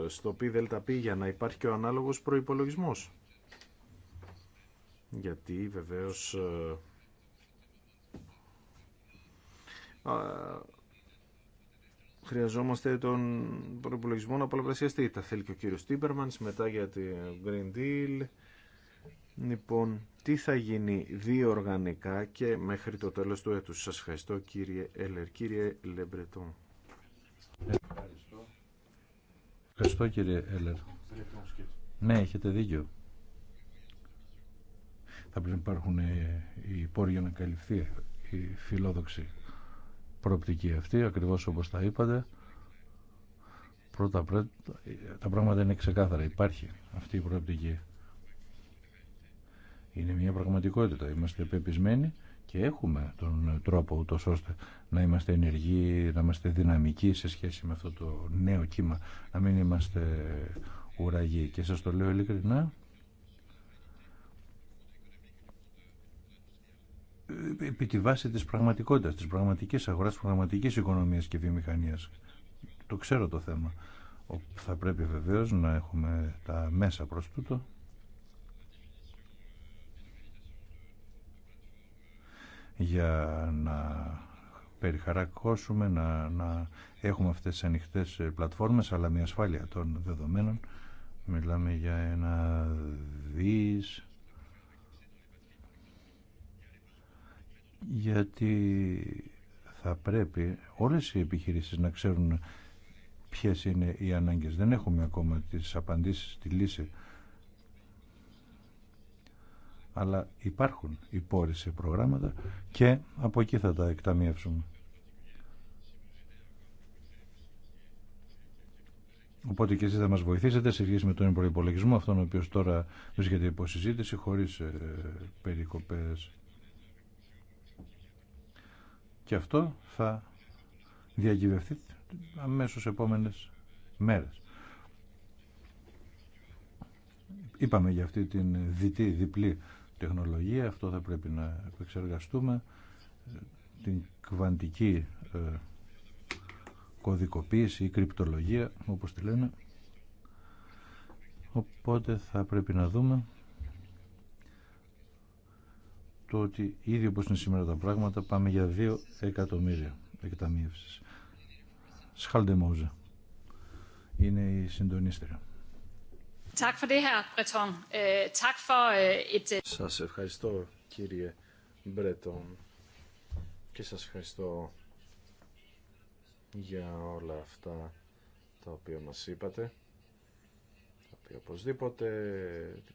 στο ΠΔΠ για να υπάρχει και ο ανάλογος προϋπολογισμός. Γιατί βεβαίως ε, χρειαζόμαστε τον προπολογισμό να πολλαπλασιαστεί. Τα θέλει και ο κύριο Τίμπερμανς μετά για τη Green Deal. Λοιπόν, τι θα γίνει δύο οργανικά και μέχρι το τέλος του έτους. Σας ευχαριστώ κύριε Έλερ, κύριε Λεμπρετό. Ευχαριστώ. Ευχαριστώ κύριε Έλερ. Ναι, έχετε δίκιο. Θα πρέπει να υπάρχουν ε, οι πόροι για να καλυφθεί η φιλόδοξη προοπτική αυτή, ακριβώς όπως τα είπατε. Πρώτα τα πράγματα είναι ξεκάθαρα. Υπάρχει αυτή η προοπτική. Είναι μια πραγματικότητα. Είμαστε πεπισμένοι και έχουμε τον τρόπο ούτω ώστε να είμαστε ενεργοί, να είμαστε δυναμικοί σε σχέση με αυτό το νέο κύμα, να μην είμαστε ουραγοί. Και σας το λέω ειλικρινά, επί τη βάση της πραγματικότητας, της πραγματικής αγοράς, της πραγματικής οικονομίας και βιομηχανίας. Το ξέρω το θέμα. Θα πρέπει βεβαίως να έχουμε τα μέσα προς τούτο. για να περιχαρακώσουμε, να, να έχουμε αυτές τις ανοιχτές πλατφόρμες, αλλά με ασφάλεια των δεδομένων. Μιλάμε για ένα δις γιατί θα πρέπει όλες οι επιχειρήσεις να ξέρουν ποιες είναι οι ανάγκες. Δεν έχουμε ακόμα τις απαντήσεις τη λύση. Αλλά υπάρχουν οι προγράμματα και από εκεί θα τα εκταμιεύσουμε. Οπότε και εσείς θα μας βοηθήσετε σε σχέση με τον υπολογισμό, αυτόν ο οποίος τώρα βρίσκεται υπό συζήτηση χωρίς ε, περικοπές. Και αυτό θα διακυβευτεί αμέσως επόμενες μέρες. Είπαμε για αυτή την διτή, διπλή τεχνολογία, αυτό θα πρέπει να επεξεργαστούμε, την κβαντική ε, κωδικοποίηση ή κρυπτολογία, όπως τη λένε. Οπότε θα πρέπει να δούμε το ότι ήδη όπως είναι σήμερα τα πράγματα πάμε για δύο εκατομμύρια εκταμείευσης. Σχάλτε μόζε. Είναι η συντονίστρια. Σας ευχαριστώ κύριε Μπρετόν και σας ευχαριστώ για όλα αυτά τα οποία μας είπατε τα οποία οπωσδήποτε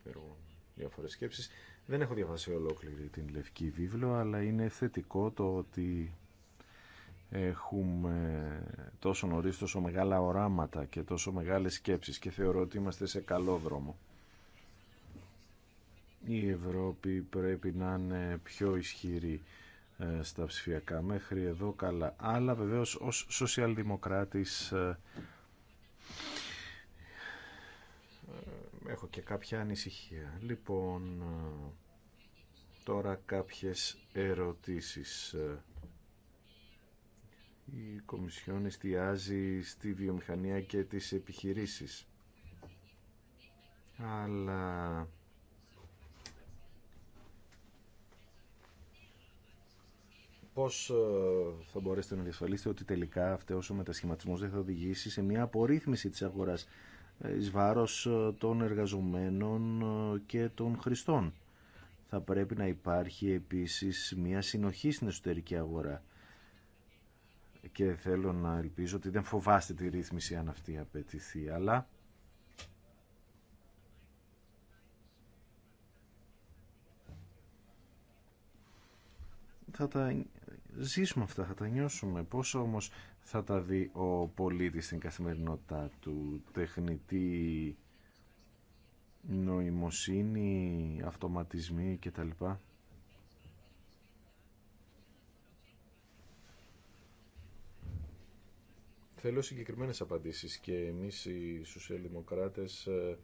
δημιουργούν διάφορες σκέψεις δεν έχω διαβάσει ολόκληρη την Λευκή Βίβλο, αλλά είναι θετικό το ότι έχουμε τόσο νωρίς τόσο μεγάλα οράματα και τόσο μεγάλες σκέψεις και θεωρώ ότι είμαστε σε καλό δρόμο. Η Ευρώπη πρέπει να είναι πιο ισχυρή ε, στα ψηφιακά μέχρι εδώ καλά. Αλλά βεβαίως ως σοσιαλδημοκράτης ε, έχω και κάποια ανησυχία. Λοιπόν, ε, τώρα κάποιες ερωτήσεις. Ε, η Κομισιόν εστιάζει στη βιομηχανία και τις επιχειρήσεις. Αλλά... Πώς ε, θα μπορέσετε να διασφαλίσετε ότι τελικά αυτό ο μετασχηματισμός δεν θα οδηγήσει σε μια απορρίθμιση της αγοράς εις βάρος ε, των εργαζομένων ε, και των χρηστών. Θα πρέπει να υπάρχει επίσης μια συνοχή στην εσωτερική αγορά. Και θέλω να ελπίζω ότι δεν φοβάστε τη ρύθμιση αν αυτή απαιτηθεί, αλλά... θα τα ζήσουμε αυτά, θα τα νιώσουμε. Πόσο όμως θα τα δει ο πολίτης στην καθημερινότητά του, τεχνητή νοημοσύνη, αυτοματισμοί κτλ. Θέλω συγκεκριμένες απαντήσεις και εμείς οι σοσιαλδημοκράτες ε,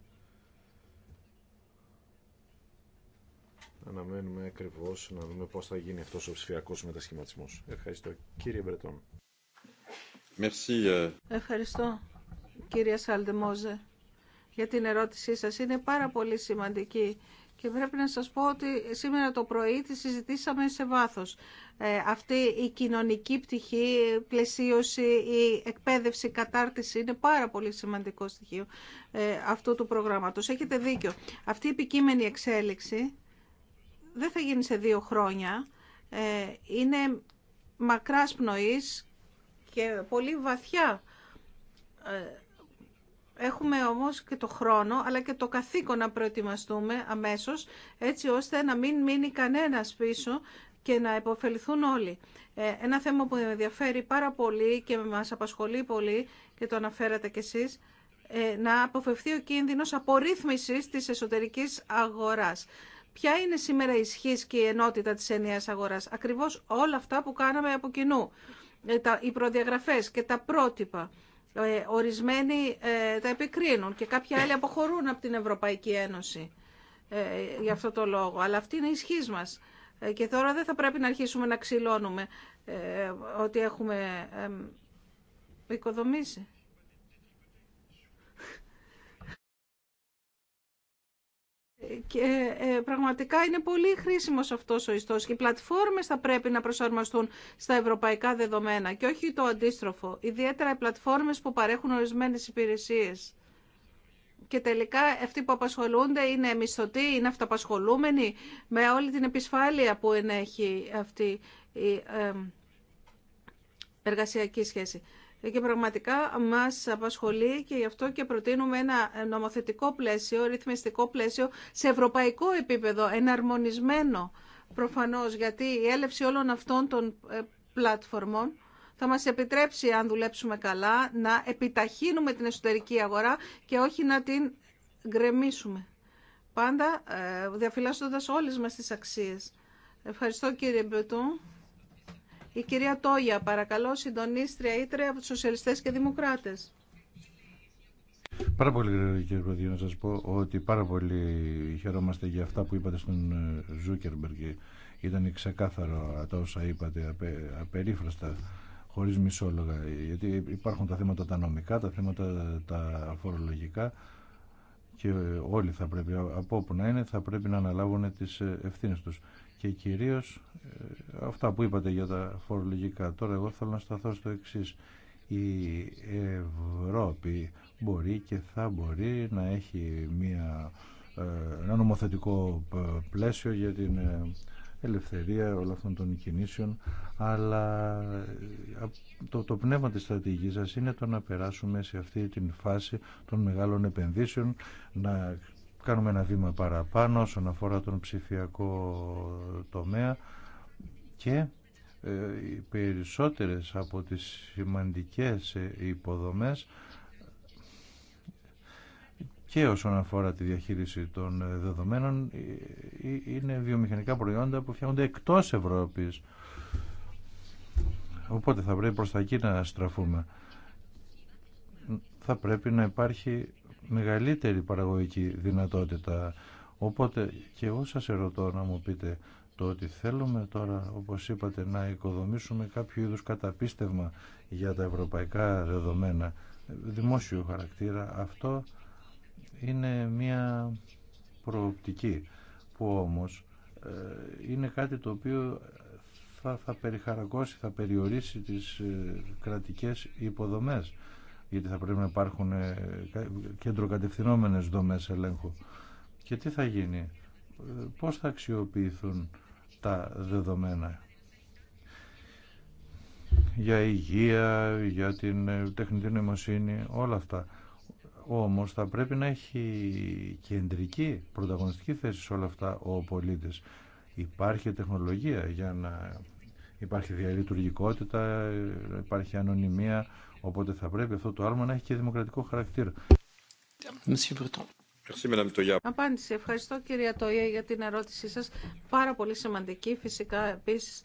αναμένουμε ακριβώ να δούμε πώς θα γίνει αυτός ο ψηφιακός μετασχηματισμός. Ευχαριστώ. Κύριε Μπρετών. Ε. Ευχαριστώ, κύριε Σαλντεμόζε, για την ερώτησή σας. Είναι πάρα πολύ σημαντική και πρέπει να σας πω ότι σήμερα το πρωί τη συζητήσαμε σε βάθος. Ε, αυτή η κοινωνική πτυχή, η πλαισίωση, η εκπαίδευση, η κατάρτιση είναι πάρα πολύ σημαντικό στοιχείο ε, αυτού του προγράμματος. Έχετε δίκιο. Αυτή η επικείμενη εξέλιξη δεν θα γίνει σε δύο χρόνια. Ε, είναι μακράς πνοής και πολύ βαθιά. Ε, έχουμε όμως και το χρόνο, αλλά και το καθήκον να προετοιμαστούμε αμέσως, έτσι ώστε να μην μείνει κανένας πίσω και να υποφεληθούν όλοι. Ε, ένα θέμα που με ενδιαφέρει πάρα πολύ και μας απασχολεί πολύ, και το αναφέρατε κι εσείς, να αποφευθεί ο κίνδυνος απορρίθμισης της εσωτερικής αγοράς. Ποια είναι σήμερα η ισχύ και η ενότητα της ενιαίας αγοράς. Ακριβώς όλα αυτά που κάναμε από κοινού. Ε, οι προδιαγραφές και τα πρότυπα. Ε, ορισμένοι ε, τα επικρίνουν και κάποιοι άλλοι αποχωρούν από την Ευρωπαϊκή Ένωση για αυτό το λόγο. Αλλά αυτή είναι η ισχύ μας. Και τώρα δεν θα πρέπει να αρχίσουμε να ξυλώνουμε ότι έχουμε οικοδομήσει. Και ε, πραγματικά είναι πολύ χρήσιμος αυτός ο ιστός οι πλατφόρμες θα πρέπει να προσαρμοστούν στα ευρωπαϊκά δεδομένα και όχι το αντίστροφο, ιδιαίτερα οι πλατφόρμες που παρέχουν ορισμένες υπηρεσίες. Και τελικά αυτοί που απασχολούνται είναι μισθωτοί, είναι αυταπασχολούμενοι με όλη την επισφάλεια που ενέχει αυτή η ε, εργασιακή σχέση και πραγματικά μας απασχολεί και γι' αυτό και προτείνουμε ένα νομοθετικό πλαίσιο, ρυθμιστικό πλαίσιο σε ευρωπαϊκό επίπεδο, εναρμονισμένο προφανώς, γιατί η έλευση όλων αυτών των ε, πλατφορμών θα μας επιτρέψει, αν δουλέψουμε καλά, να επιταχύνουμε την εσωτερική αγορά και όχι να την γκρεμίσουμε. Πάντα ε, διαφυλάσσοντας όλες μας τις αξίες. Ευχαριστώ κύριε Μπετού. Η κυρία Τόγια, παρακαλώ, συντονίστρια Ήτρε από του Σοσιαλιστέ και Δημοκράτε. Πάρα πολύ κύριε Παδίου, να σας πω ότι πάρα πολύ χαιρόμαστε για αυτά που είπατε στον ε, Ζούκερμπεργκ. Ήταν ξεκάθαρο τα όσα είπατε, απε, απερίφραστα, χωρίς μισόλογα. Γιατί υπάρχουν τα θέματα τα νομικά, τα θέματα τα φορολογικά και όλοι θα πρέπει, από όπου να είναι, θα πρέπει να αναλάβουν τις ε, ευθύνες τους και κυρίως ε, αυτά που είπατε για τα φορολογικά. Τώρα εγώ θέλω να σταθώ στο εξής. Η Ευρώπη μπορεί και θα μπορεί να έχει μια, ε, ένα νομοθετικό ε, πλαίσιο για την ελευθερία όλων αυτών των κινήσεων αλλά το, το πνεύμα της στρατηγικής σας είναι το να περάσουμε σε αυτή την φάση των μεγάλων επενδύσεων να κάνουμε ένα βήμα παραπάνω όσον αφορά τον ψηφιακό τομέα και ε, οι περισσότερες από τις σημαντικές ε, υποδομές και όσον αφορά τη διαχείριση των ε, δεδομένων είναι βιομηχανικά προϊόντα που φτιάχνονται εκτός Ευρώπης. Οπότε θα πρέπει προς τα εκεί να στραφούμε. Θα πρέπει να υπάρχει μεγαλύτερη παραγωγική δυνατότητα. Οπότε και εγώ σας ερωτώ να μου πείτε το ότι θέλουμε τώρα, όπως είπατε, να οικοδομήσουμε κάποιο είδους καταπίστευμα για τα ευρωπαϊκά δεδομένα δημόσιο χαρακτήρα. Αυτό είναι μια προοπτική που όμως ε, είναι κάτι το οποίο θα, θα περιχαρακώσει, θα περιορίσει τις ε, κρατικές υποδομές γιατί θα πρέπει να υπάρχουν ε, κέντρο κατευθυνόμενες δομές ελέγχου. Και τι θα γίνει, πώς θα αξιοποιηθούν τα δεδομένα για υγεία, για την ε, τεχνητή νοημοσύνη, όλα αυτά. Όμως θα πρέπει να έχει κεντρική, πρωταγωνιστική θέση σε όλα αυτά ο πολίτης. Υπάρχει τεχνολογία για να υπάρχει διαλειτουργικότητα, ε, υπάρχει ανωνυμία, Οπότε θα πρέπει αυτό το άρμα να έχει και δημοκρατικό χαρακτήρα. Απάντηση. Ευχαριστώ κυρία Τόια για την ερώτησή σας. Πάρα πολύ σημαντική φυσικά επίσης.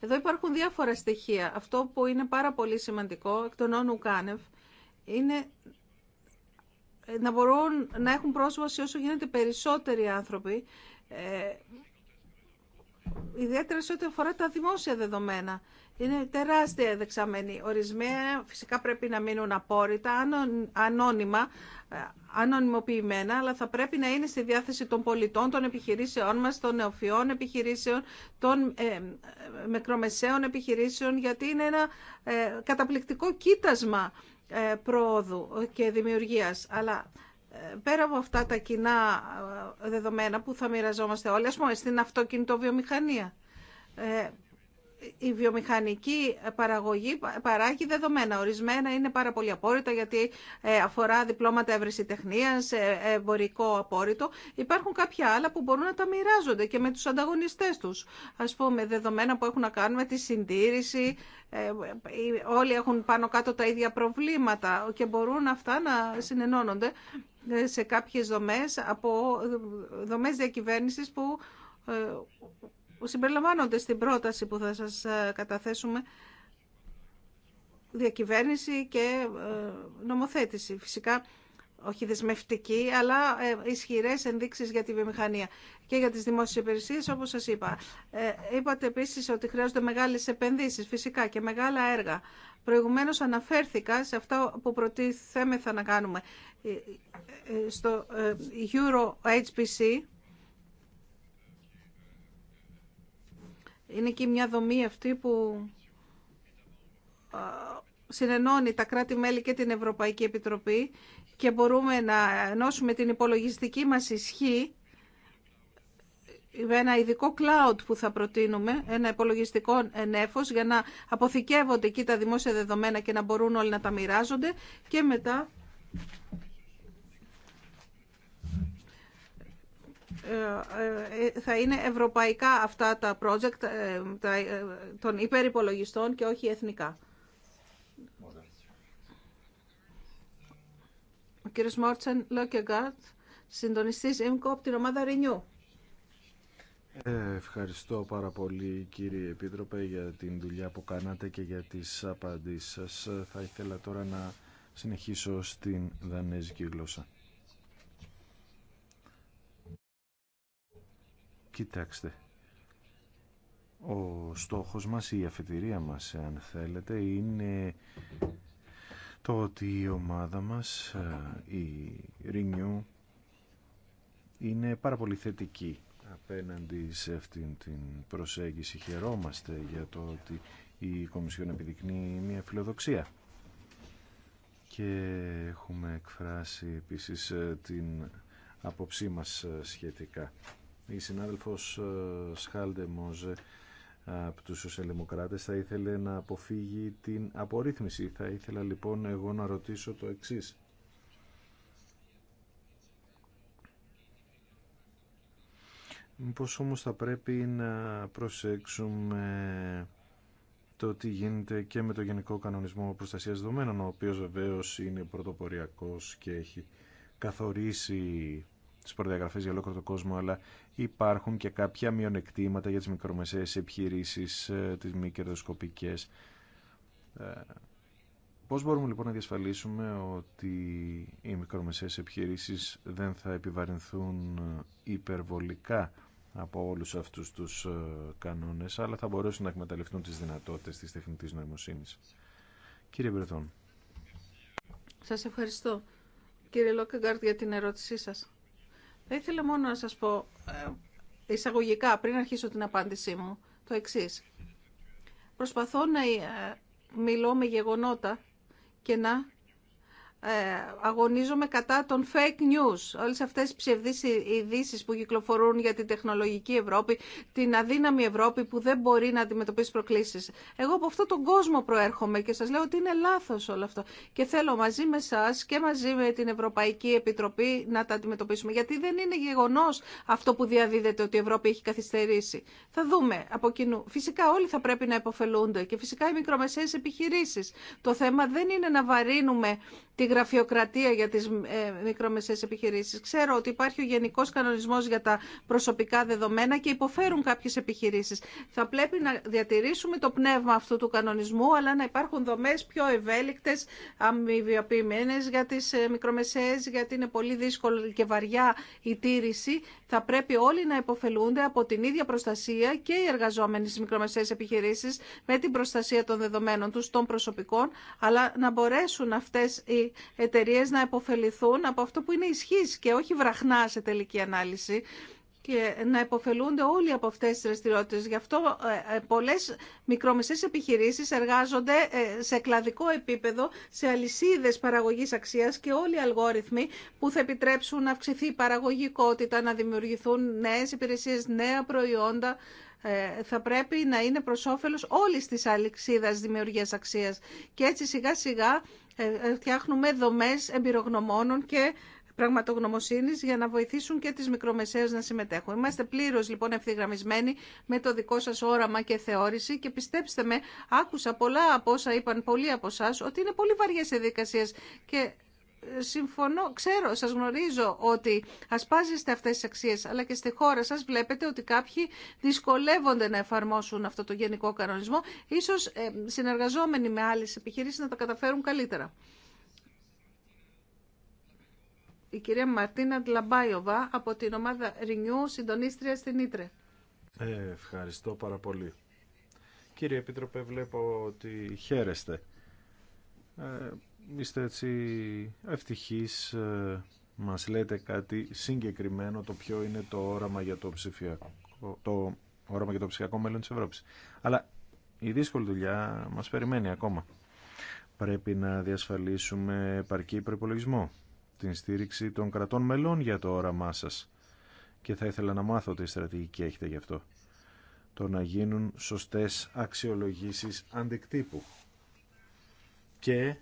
Εδώ υπάρχουν διάφορα στοιχεία. Αυτό που είναι πάρα πολύ σημαντικό εκ των όνου Κάνευ είναι να μπορούν να έχουν πρόσβαση όσο γίνεται περισσότεροι άνθρωποι ε, ιδιαίτερα σε ό,τι αφορά τα δημόσια δεδομένα είναι τεράστια δεξαμενή. Ορισμένα φυσικά πρέπει να μείνουν απόρριτα, ανώνυμα, ε, ανωνυμοποιημένα, αλλά θα πρέπει να είναι στη διάθεση των πολιτών, των επιχειρήσεών μας, των νεοφυών επιχειρήσεων, των ε, ε μικρομεσαίων επιχειρήσεων, γιατί είναι ένα ε, καταπληκτικό κοίτασμα ε, προόδου και δημιουργίας. Αλλά πέρα από αυτά τα κοινά δεδομένα που θα μοιραζόμαστε όλοι, ας πούμε, στην αυτοκινητοβιομηχανία η βιομηχανική παραγωγή παράγει δεδομένα. Ορισμένα είναι πάρα πολύ απόρριτα γιατί ε, αφορά διπλώματα τεχνίας, ε, εμπορικό απόρριτο. Υπάρχουν κάποια άλλα που μπορούν να τα μοιράζονται και με τους ανταγωνιστές τους. Ας πούμε δεδομένα που έχουν να κάνουν με τη συντήρηση. Ε, όλοι έχουν πάνω κάτω τα ίδια προβλήματα και μπορούν αυτά να συνενώνονται σε κάποιες δομές από δομές διακυβέρνησης που που συμπεριλαμβάνονται στην πρόταση που θα σας ε, καταθέσουμε διακυβέρνηση και ε, νομοθέτηση. Φυσικά όχι δεσμευτική, αλλά ε, ισχυρές ενδείξεις για τη βιομηχανία και για τις δημόσιες υπηρεσίες, όπως σας είπα. Είπατε επίσης ότι χρειάζονται μεγάλες επενδύσεις, φυσικά, και μεγάλα έργα. Προηγουμένως αναφέρθηκα σε αυτά που προτίθεμεθα να κάνουμε. Στο Euro HPC, Είναι και μια δομή αυτή που συνενώνει τα κράτη-μέλη και την Ευρωπαϊκή Επιτροπή και μπορούμε να ενώσουμε την υπολογιστική μας ισχύ με ένα ειδικό cloud που θα προτείνουμε, ένα υπολογιστικό ενέφος για να αποθηκεύονται εκεί τα δημόσια δεδομένα και να μπορούν όλοι να τα μοιράζονται και μετά Ε, ε, θα είναι ευρωπαϊκά αυτά τα project ε, των υπερυπολογιστών και όχι εθνικά. Ο συντονιστής ΕΜΚΟ την Ευχαριστώ πάρα πολύ κύριε Επίτροπε για την δουλειά που κάνατε και για τις απαντήσεις σας. Θα ήθελα τώρα να συνεχίσω στην δανέζικη γλώσσα. Κοιτάξτε, ο στόχος μας, η αφετηρία μας, αν θέλετε, είναι το ότι η ομάδα μας, ε, η Renew, είναι πάρα πολύ θετική απέναντι σε αυτήν την προσέγγιση. Χαιρόμαστε για το ότι η Κομισιόν επιδεικνύει μια φιλοδοξία. Και έχουμε εκφράσει επίσης ε, την απόψή μας ε, σχετικά η συνάδελφος ε, Σχάλντε Μόζε από τους σοσιαλδημοκράτες θα ήθελε να αποφύγει την απορρίθμιση. Θα ήθελα λοιπόν εγώ να ρωτήσω το εξής. Πώς όμως θα πρέπει να προσέξουμε το τι γίνεται και με το Γενικό Κανονισμό Προστασίας Δεδομένων, ο οποίος βεβαίως είναι πρωτοποριακός και έχει καθορίσει τι προδιαγραφέ για ολόκληρο τον κόσμο, αλλά υπάρχουν και κάποια μειονεκτήματα για τις μικρομεσαίες επιχειρήσεις, ε, τι μη κερδοσκοπικές. Ε, πώς μπορούμε λοιπόν να διασφαλίσουμε ότι οι μικρομεσαίες επιχειρήσεις δεν θα επιβαρυνθούν ε, υπερβολικά από όλους αυτούς τους κανόνες, αλλά θα μπορέσουν να εκμεταλλευτούν τις δυνατότητες της τεχνητής νοημοσύνης. Κύριε Μπρεθόν. Σας ευχαριστώ. Κύριε Λόκεγκάρτ για την ερώτησή σας. Θα ήθελα μόνο να σας πω ε, εισαγωγικά πριν αρχίσω την απάντησή μου το εξής. Προσπαθώ να ε, μιλώ με γεγονότα και να ε, αγωνίζομαι κατά των fake news, όλες αυτές τις ψευδείς ειδήσει που κυκλοφορούν για την τεχνολογική Ευρώπη, την αδύναμη Ευρώπη που δεν μπορεί να αντιμετωπίσει προκλήσεις. Εγώ από αυτόν τον κόσμο προέρχομαι και σας λέω ότι είναι λάθος όλο αυτό. Και θέλω μαζί με εσά και μαζί με την Ευρωπαϊκή Επιτροπή να τα αντιμετωπίσουμε. Γιατί δεν είναι γεγονός αυτό που διαδίδεται ότι η Ευρώπη έχει καθυστερήσει. Θα δούμε από κοινού. Φυσικά όλοι θα πρέπει να υποφελούνται και φυσικά οι μικρομεσαίες επιχειρήσεις. Το θέμα δεν είναι να βαρύνουμε τη γραφειοκρατία για τις ε, μικρομεσαίες επιχειρήσεις. Ξέρω ότι υπάρχει ο γενικός κανονισμός για τα προσωπικά δεδομένα και υποφέρουν κάποιες επιχειρήσεις. Θα πρέπει να διατηρήσουμε το πνεύμα αυτού του κανονισμού, αλλά να υπάρχουν δομές πιο ευέλικτες, αμοιβιοποιημένες για τις ε, μικρομεσαίες, γιατί είναι πολύ δύσκολη και βαριά η τήρηση. Θα πρέπει όλοι να υποφελούνται από την ίδια προστασία και οι εργαζόμενοι στις μικρομεσαίες επιχειρήσεις με την προστασία των δεδομένων τους, των προσωπικών, αλλά να μπορέσουν αυτές εταιρείε να επωφεληθούν από αυτό που είναι ισχύς και όχι βραχνά σε τελική ανάλυση και να υποφελούνται όλοι από αυτές τις δραστηριότητε. Γι' αυτό ε, ε, πολλές μικρομεσαίες επιχειρήσεις εργάζονται ε, σε κλαδικό επίπεδο, σε αλυσίδες παραγωγής αξίας και όλοι οι αλγόριθμοι που θα επιτρέψουν να αυξηθεί η παραγωγικότητα, να δημιουργηθούν νέες υπηρεσίες, νέα προϊόντα, θα πρέπει να είναι προς όφελος όλης της αλυσίδας δημιουργίας αξίας. Και έτσι σιγά σιγά φτιάχνουμε δομές εμπειρογνωμόνων και πραγματογνωμοσύνης για να βοηθήσουν και τις μικρομεσαίες να συμμετέχουν. Είμαστε πλήρως λοιπόν ευθυγραμμισμένοι με το δικό σας όραμα και θεώρηση και πιστέψτε με, άκουσα πολλά από όσα είπαν πολλοί από εσά ότι είναι πολύ βαριές οι δικασίες και ε, συμφωνώ, ξέρω, σας γνωρίζω ότι ασπάζεστε αυτές τις αξίες, αλλά και στη χώρα σας βλέπετε ότι κάποιοι δυσκολεύονται να εφαρμόσουν αυτό το γενικό κανονισμό, ίσως ε, συνεργαζόμενοι με άλλες επιχειρήσεις να τα καταφέρουν καλύτερα η κυρία Μαρτίνα Τλαμπάιοβα από την ομάδα Renew, συντονίστρια στην Ήτρε. Ε, ευχαριστώ πάρα πολύ. Κύριε Επίτροπε, βλέπω ότι χαίρεστε. Ε, είστε έτσι ευτυχείς, ε, μας λέτε κάτι συγκεκριμένο, το ποιο είναι το όραμα για το ψηφιακό, το όραμα για το ψηφιακό μέλλον της Ευρώπης. Αλλά η δύσκολη δουλειά μας περιμένει ακόμα. Πρέπει να διασφαλίσουμε επαρκή προπολογισμό την στήριξη των κρατών μελών για το όραμά σας και θα ήθελα να μάθω τι στρατηγική έχετε γι' αυτό. Το να γίνουν σωστές αξιολογήσεις αντικτύπου και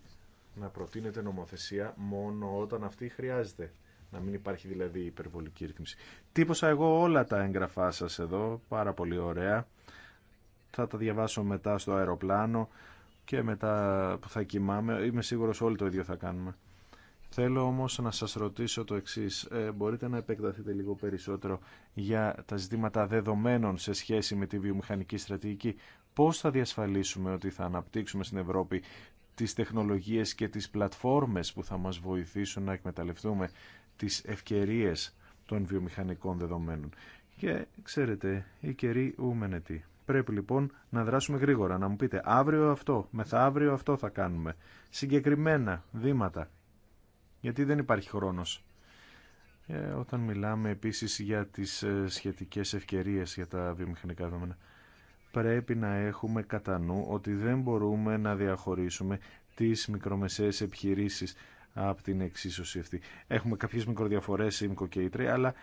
να προτείνετε νομοθεσία μόνο όταν αυτή χρειάζεται. Να μην υπάρχει δηλαδή υπερβολική ρύθμιση. Τύπωσα εγώ όλα τα έγγραφά σας εδώ, πάρα πολύ ωραία. Θα τα διαβάσω μετά στο αεροπλάνο και μετά που θα κοιμάμαι. Είμαι σίγουρος όλοι το ίδιο θα κάνουμε. Θέλω όμως να σας ρωτήσω το εξής. Ε, μπορείτε να επεκταθείτε λίγο περισσότερο για τα ζητήματα δεδομένων σε σχέση με τη βιομηχανική στρατηγική. Πώς θα διασφαλίσουμε ότι θα αναπτύξουμε στην Ευρώπη τις τεχνολογίες και τις πλατφόρμες που θα μας βοηθήσουν να εκμεταλλευτούμε τις ευκαιρίες των βιομηχανικών δεδομένων. Και ξέρετε, η καιρή τι. Πρέπει λοιπόν να δράσουμε γρήγορα, να μου πείτε αύριο αυτό, μεθαύριο αυτό θα κάνουμε. Συγκεκριμένα βήματα γιατί δεν υπάρχει χρόνος. Ε, όταν μιλάμε επίσης για τις ε, σχετικές ευκαιρίες για τα βιομηχανικά δεδομένα, πρέπει να έχουμε κατά νου ότι δεν μπορούμε να διαχωρίσουμε τις μικρομεσαίες επιχειρήσεις από την εξίσωση αυτή. Έχουμε κάποιες μικροδιαφορές, ΙΜΚΟ και ΙΤΡΕ, αλλά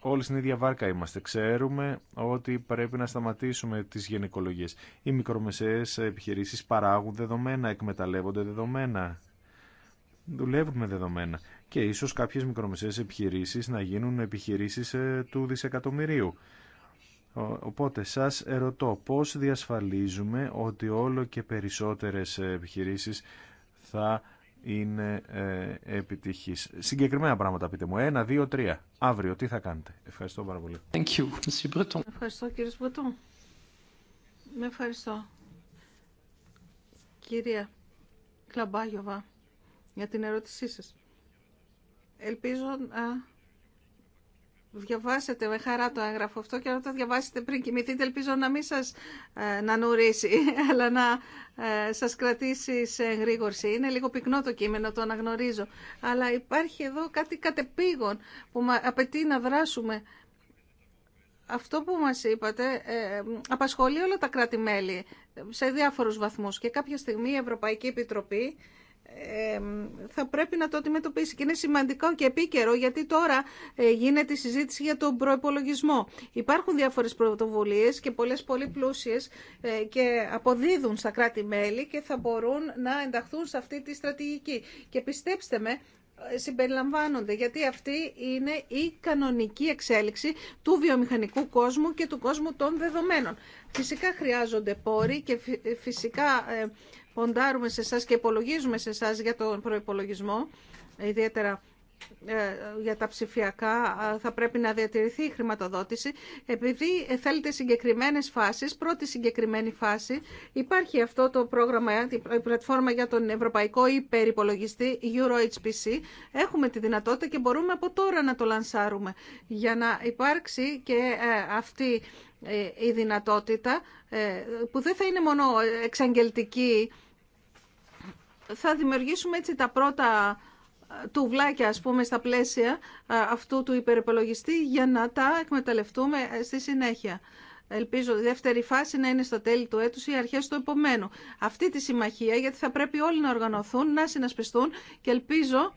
όλοι στην ίδια βάρκα είμαστε. Ξέρουμε ότι πρέπει να σταματήσουμε τις γενικολογίες. Οι μικρομεσαίες επιχειρήσεις παράγουν δεδομένα, εκμεταλλεύονται δεδομένα δουλεύουμε δεδομένα και ίσως κάποιες μικρομεσαίες επιχειρήσεις να γίνουν επιχειρήσεις ε, του δισεκατομμυρίου. Οπότε σας ερωτώ πώς διασφαλίζουμε ότι όλο και περισσότερες ε, επιχειρήσεις θα είναι ε, επιτυχής. Συγκεκριμένα πράγματα πείτε μου. Ένα, δύο, τρία. Αύριο τι θα κάνετε. Ευχαριστώ πάρα πολύ. Thank you, Ευχαριστώ κύριε Μπρετών. Με ευχαριστώ. Κυρία Κλαμπάγιοβα για την ερώτησή σας. Ελπίζω να διαβάσετε με χαρά το έγγραφο αυτό και να το διαβάσετε πριν κοιμηθείτε. Ελπίζω να μην σας ε, να νουρίσει, αλλά να ε, σας κρατήσει σε εγρήγορση. Είναι λίγο πυκνό το κείμενο, το αναγνωρίζω. Αλλά υπάρχει εδώ κάτι κατεπήγον που απαιτεί να δράσουμε. Αυτό που μας είπατε ε, απασχολεί όλα τα κράτη-μέλη σε διάφορους βαθμούς και κάποια στιγμή η Ευρωπαϊκή Επιτροπή θα πρέπει να το αντιμετωπίσει. Και είναι σημαντικό και επίκαιρο γιατί τώρα ε, γίνεται η συζήτηση για τον προπολογισμό. Υπάρχουν διάφορε πρωτοβουλίε και πολλές πολύ πλούσιες ε, και αποδίδουν στα κράτη-μέλη και θα μπορούν να ενταχθούν σε αυτή τη στρατηγική. Και πιστέψτε με, ε, συμπεριλαμβάνονται, γιατί αυτή είναι η κανονική εξέλιξη του βιομηχανικού κόσμου και του κόσμου των δεδομένων. Φυσικά χρειάζονται πόροι και φυσικά ποντάρουμε σε εσά και υπολογίζουμε σε εσά για τον προπολογισμό, ιδιαίτερα ε, για τα ψηφιακά ε, θα πρέπει να διατηρηθεί η χρηματοδότηση. Επειδή θέλετε συγκεκριμένες φάσεις, πρώτη συγκεκριμένη φάση, υπάρχει αυτό το πρόγραμμα, η πλατφόρμα για τον Ευρωπαϊκό Υπερυπολογιστή EuroHPC. Έχουμε τη δυνατότητα και μπορούμε από τώρα να το λανσάρουμε για να υπάρξει και ε, αυτή η δυνατότητα που δεν θα είναι μόνο εξαγγελτική θα δημιουργήσουμε έτσι τα πρώτα ε, τουβλάκια, ας πούμε, στα πλαίσια ε, αυτού του υπερυπολογιστή για να τα εκμεταλλευτούμε ε, στη συνέχεια. Ελπίζω η δεύτερη φάση να είναι στο τέλη του έτους ή αρχές του επομένου. Αυτή τη συμμαχία, γιατί θα πρέπει όλοι να οργανωθούν, να συνασπιστούν και ελπίζω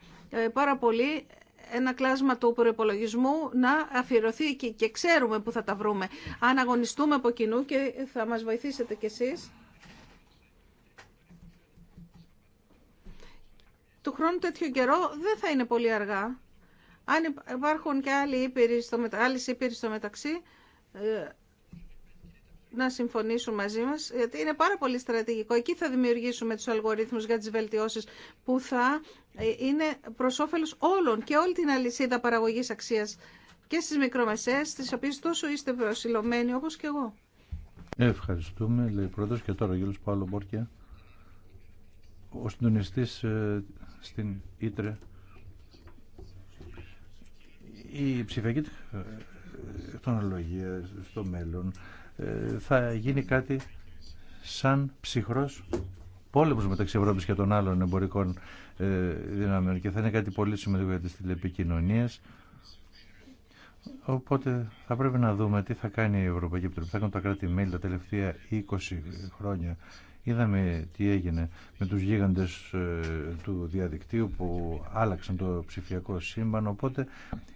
πάρα πολύ ένα κλάσμα του προπολογισμού να αφιερωθεί εκεί και ξέρουμε που θα τα βρούμε. Αν αγωνιστούμε από κοινού και θα μας βοηθήσετε κι εσείς. Του χρόνου τέτοιο καιρό δεν θα είναι πολύ αργά. Αν υπάρχουν και άλλοι ήπειροι στο, μετα... μεταξύ, ε, να συμφωνήσουν μαζί μας, γιατί είναι πάρα πολύ στρατηγικό. Εκεί θα δημιουργήσουμε τους αλγορίθμους για τις βελτιώσεις που θα ε, είναι προς όφελος όλων και όλη την αλυσίδα παραγωγής αξίας και στις μικρομεσαίες, στις οποίες τόσο είστε προσιλωμένοι όπως και εγώ. Ευχαριστούμε, λέει πρώτος και τώρα ο Γιώργος Παύλο Μπόρκια, ο συντονιστής ε, στην Ήτρε η ψηφιακή τεχνολογία στο μέλλον ε, θα γίνει κάτι σαν ψυχρός πόλεμος μεταξύ Ευρώπης και των άλλων εμπορικών ε, δυνάμεων και θα είναι κάτι πολύ σημαντικό για τις τηλεπικοινωνίες Οπότε θα πρέπει να δούμε τι θα κάνει η Ευρωπαϊκή Επιτροπή. Θα κάνουν τα κράτη-μέλη τα τελευταία 20 χρόνια Είδαμε τι έγινε με τους γίγαντες ε, του διαδικτύου που άλλαξαν το ψηφιακό σύμπαν, οπότε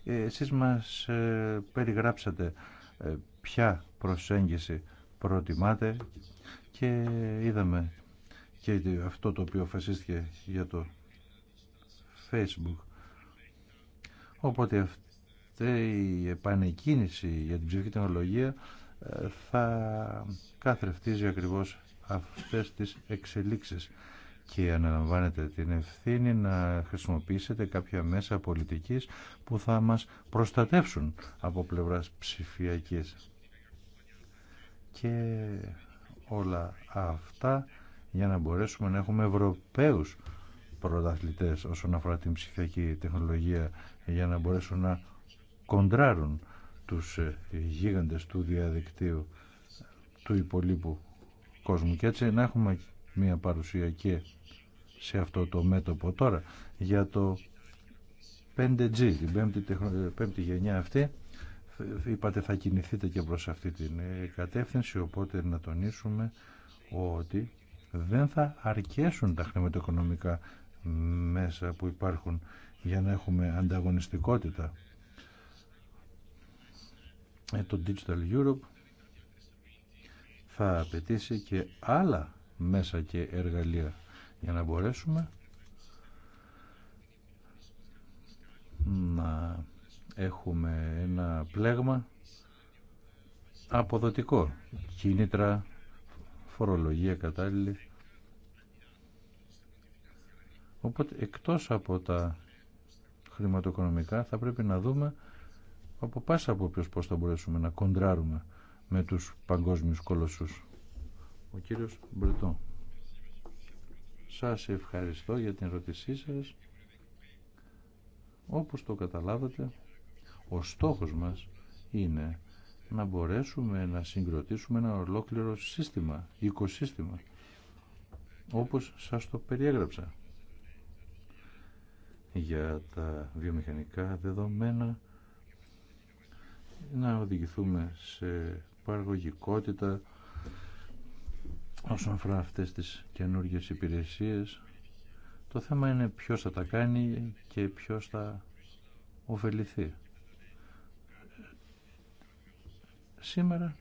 ε, εσείς μας ε, περιγράψατε ποια προσέγγιση προτιμάτε και είδαμε και αυτό το οποίο φασίστηκε για το Facebook. Οπότε αυτή η επανεκκίνηση για την ψηφιακή τεχνολογία θα καθρεφτίζει ακριβώς αυτές τις εξελίξεις και αναλαμβάνετε την ευθύνη να χρησιμοποιήσετε κάποια μέσα πολιτικής που θα μας προστατεύσουν από πλευράς ψηφιακής. Και όλα αυτά για να μπορέσουμε να έχουμε Ευρωπαίους πρωταθλητές όσον αφορά την ψηφιακή τεχνολογία για να μπορέσουν να κοντράρουν τους γίγαντες του διαδικτύου του υπολείπου κόσμου και έτσι να έχουμε μια παρουσία και σε αυτό το μέτωπο τώρα για το 5G, την πέμπτη, πέμπτη γενιά αυτή είπατε θα κινηθείτε και προς αυτή την ε, κατεύθυνση οπότε να τονίσουμε ότι δεν θα αρκέσουν τα χρηματοοικονομικά μέσα που υπάρχουν για να έχουμε ανταγωνιστικότητα. Ε, το Digital Europe θα απαιτήσει και άλλα μέσα και εργαλεία για να μπορέσουμε να έχουμε ένα πλέγμα αποδοτικό κίνητρα φορολογία κατάλληλη οπότε εκτός από τα χρηματοοικονομικά θα πρέπει να δούμε από πάσα από ποιος πώς θα μπορέσουμε να κοντράρουμε με τους παγκόσμιους κολοσσούς. Ο κύριος Μπρετό. Σας ευχαριστώ για την ερώτησή σας. Όπως το καταλάβατε, ο στόχος μας είναι να μπορέσουμε να συγκροτήσουμε ένα ολόκληρο σύστημα, οικοσύστημα, όπως σας το περιέγραψα. Για τα βιομηχανικά δεδομένα να οδηγηθούμε σε παραγωγικότητα όσον αφορά αυτές τις καινούργιες υπηρεσίες το θέμα είναι ποιος θα τα κάνει και ποιος θα ωφεληθεί σήμερα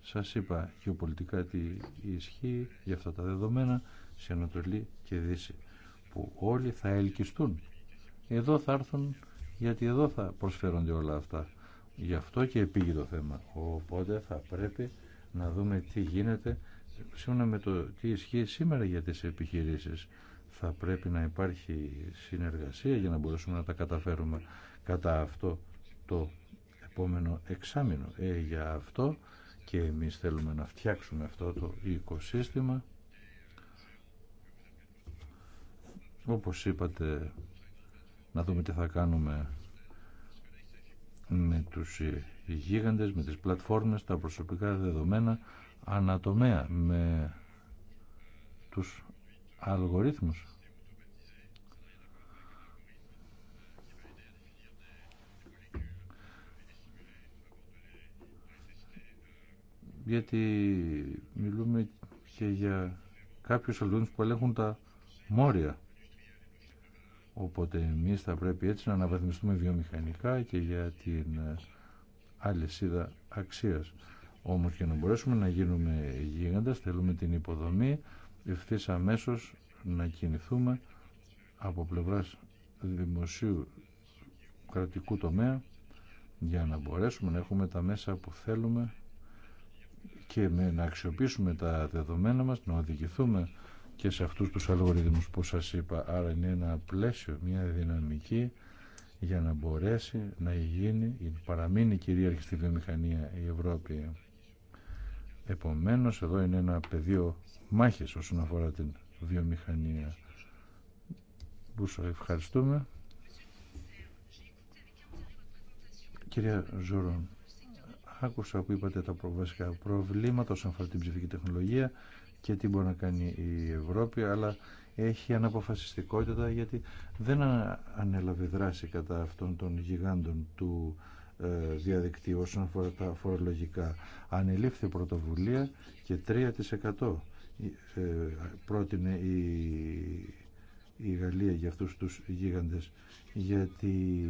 σας είπα γεωπολιτικά τι ισχύει για αυτά τα δεδομένα σε Ανατολή και Δύση που όλοι θα ελκυστούν εδώ θα έρθουν γιατί εδώ θα προσφέρονται όλα αυτά Γι' αυτό και επήγει το θέμα. Οπότε θα πρέπει να δούμε τι γίνεται σύμφωνα με το τι ισχύει σήμερα για τις επιχειρήσεις. Θα πρέπει να υπάρχει συνεργασία για να μπορέσουμε να τα καταφέρουμε κατά αυτό το επόμενο εξάμεινο. Ε, για αυτό και εμείς θέλουμε να φτιάξουμε αυτό το οικοσύστημα. Όπως είπατε, να δούμε τι θα κάνουμε με τους ε, γίγαντες, με τις πλατφόρμες, τα προσωπικά δεδομένα ανατομέα, με τους αλγορίθμους. Γιατί μιλούμε και για κάποιους αλγορίθμους που ελέγχουν τα μόρια Οπότε εμείς θα πρέπει έτσι να αναβαθμιστούμε βιομηχανικά και για την αλυσίδα ε, αξίας. Όμως για να μπορέσουμε να γίνουμε γίγαντας θέλουμε την υποδομή ευθύ αμέσω να κινηθούμε από πλευράς δημοσίου κρατικού τομέα για να μπορέσουμε να έχουμε τα μέσα που θέλουμε και να αξιοποιήσουμε τα δεδομένα μας, να οδηγηθούμε και σε αυτούς τους αλγοριθμούς που σας είπα. Άρα είναι ένα πλαίσιο, μια δυναμική για να μπορέσει να γίνει, παραμείνει κυρίαρχη στη βιομηχανία η Ευρώπη. Επομένως εδώ είναι ένα πεδίο μάχης όσον αφορά την βιομηχανία. Σας ευχαριστούμε. Κυρία Ζωρόν, άκουσα που είπατε τα βασικά προβλήματα όσον αφορά την ψηφική τεχνολογία και τι μπορεί να κάνει η Ευρώπη, αλλά έχει αναποφασιστικότητα γιατί δεν ανέλαβε δράση κατά αυτών των γιγάντων του ε, διαδικτύου όσον αφορά τα φορολογικά. Ανελήφθη πρωτοβουλία και 3% ε, πρότεινε η, η Γαλλία για αυτούς τους γίγαντες γιατί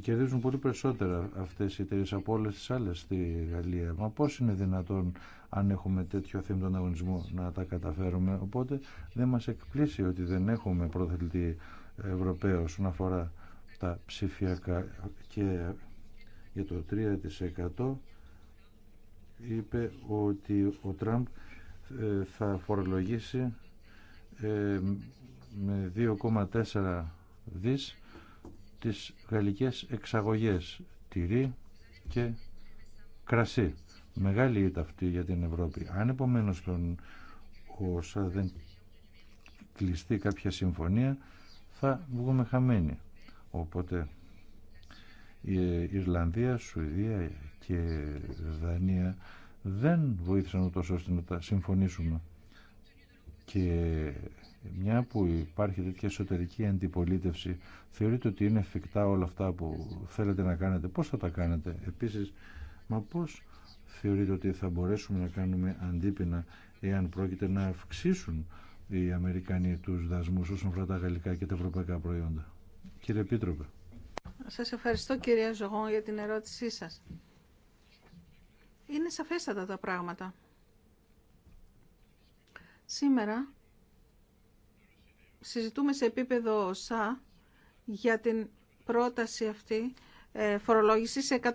κερδίζουν πολύ περισσότερα αυτές οι εταιρείε από όλε τι άλλε στη Γαλλία. Μα πώς είναι δυνατόν αν έχουμε τέτοιο θέμα τον αγωνισμό να τα καταφέρουμε. Οπότε δεν μας εκπλήσει ότι δεν έχουμε προθελτή Ευρωπαίο όσον αφορά τα ψηφιακά και για το 3% είπε ότι ο Τραμπ ε, θα φορολογήσει ε, με 2,4 δις τις γαλλικές εξαγωγές τυρί και κρασί. Μεγάλη ήταν αυτή για την Ευρώπη. Αν επομένω τον όσα δεν κλειστεί κάποια συμφωνία θα βγούμε χαμένοι. Οπότε η Ιρλανδία, Σουηδία και Δανία δεν βοήθησαν τόσο ώστε να τα συμφωνήσουμε και μια που υπάρχει τέτοια εσωτερική αντιπολίτευση, θεωρείτε ότι είναι εφικτά όλα αυτά που θέλετε να κάνετε. Πώς θα τα κάνετε επίσης, μα πώς θεωρείτε ότι θα μπορέσουμε να κάνουμε αντίπεινα εάν πρόκειται να αυξήσουν οι Αμερικανοί τους δασμούς όσον αφορά τα γαλλικά και τα ευρωπαϊκά προϊόντα. Κύριε Επίτροπε. Σας ευχαριστώ κυρία Ζωγόν για την ερώτησή σας. Είναι σαφέστατα τα πράγματα. Σήμερα συζητούμε σε επίπεδο σα για την πρόταση αυτή ε, φορολόγηση σε 154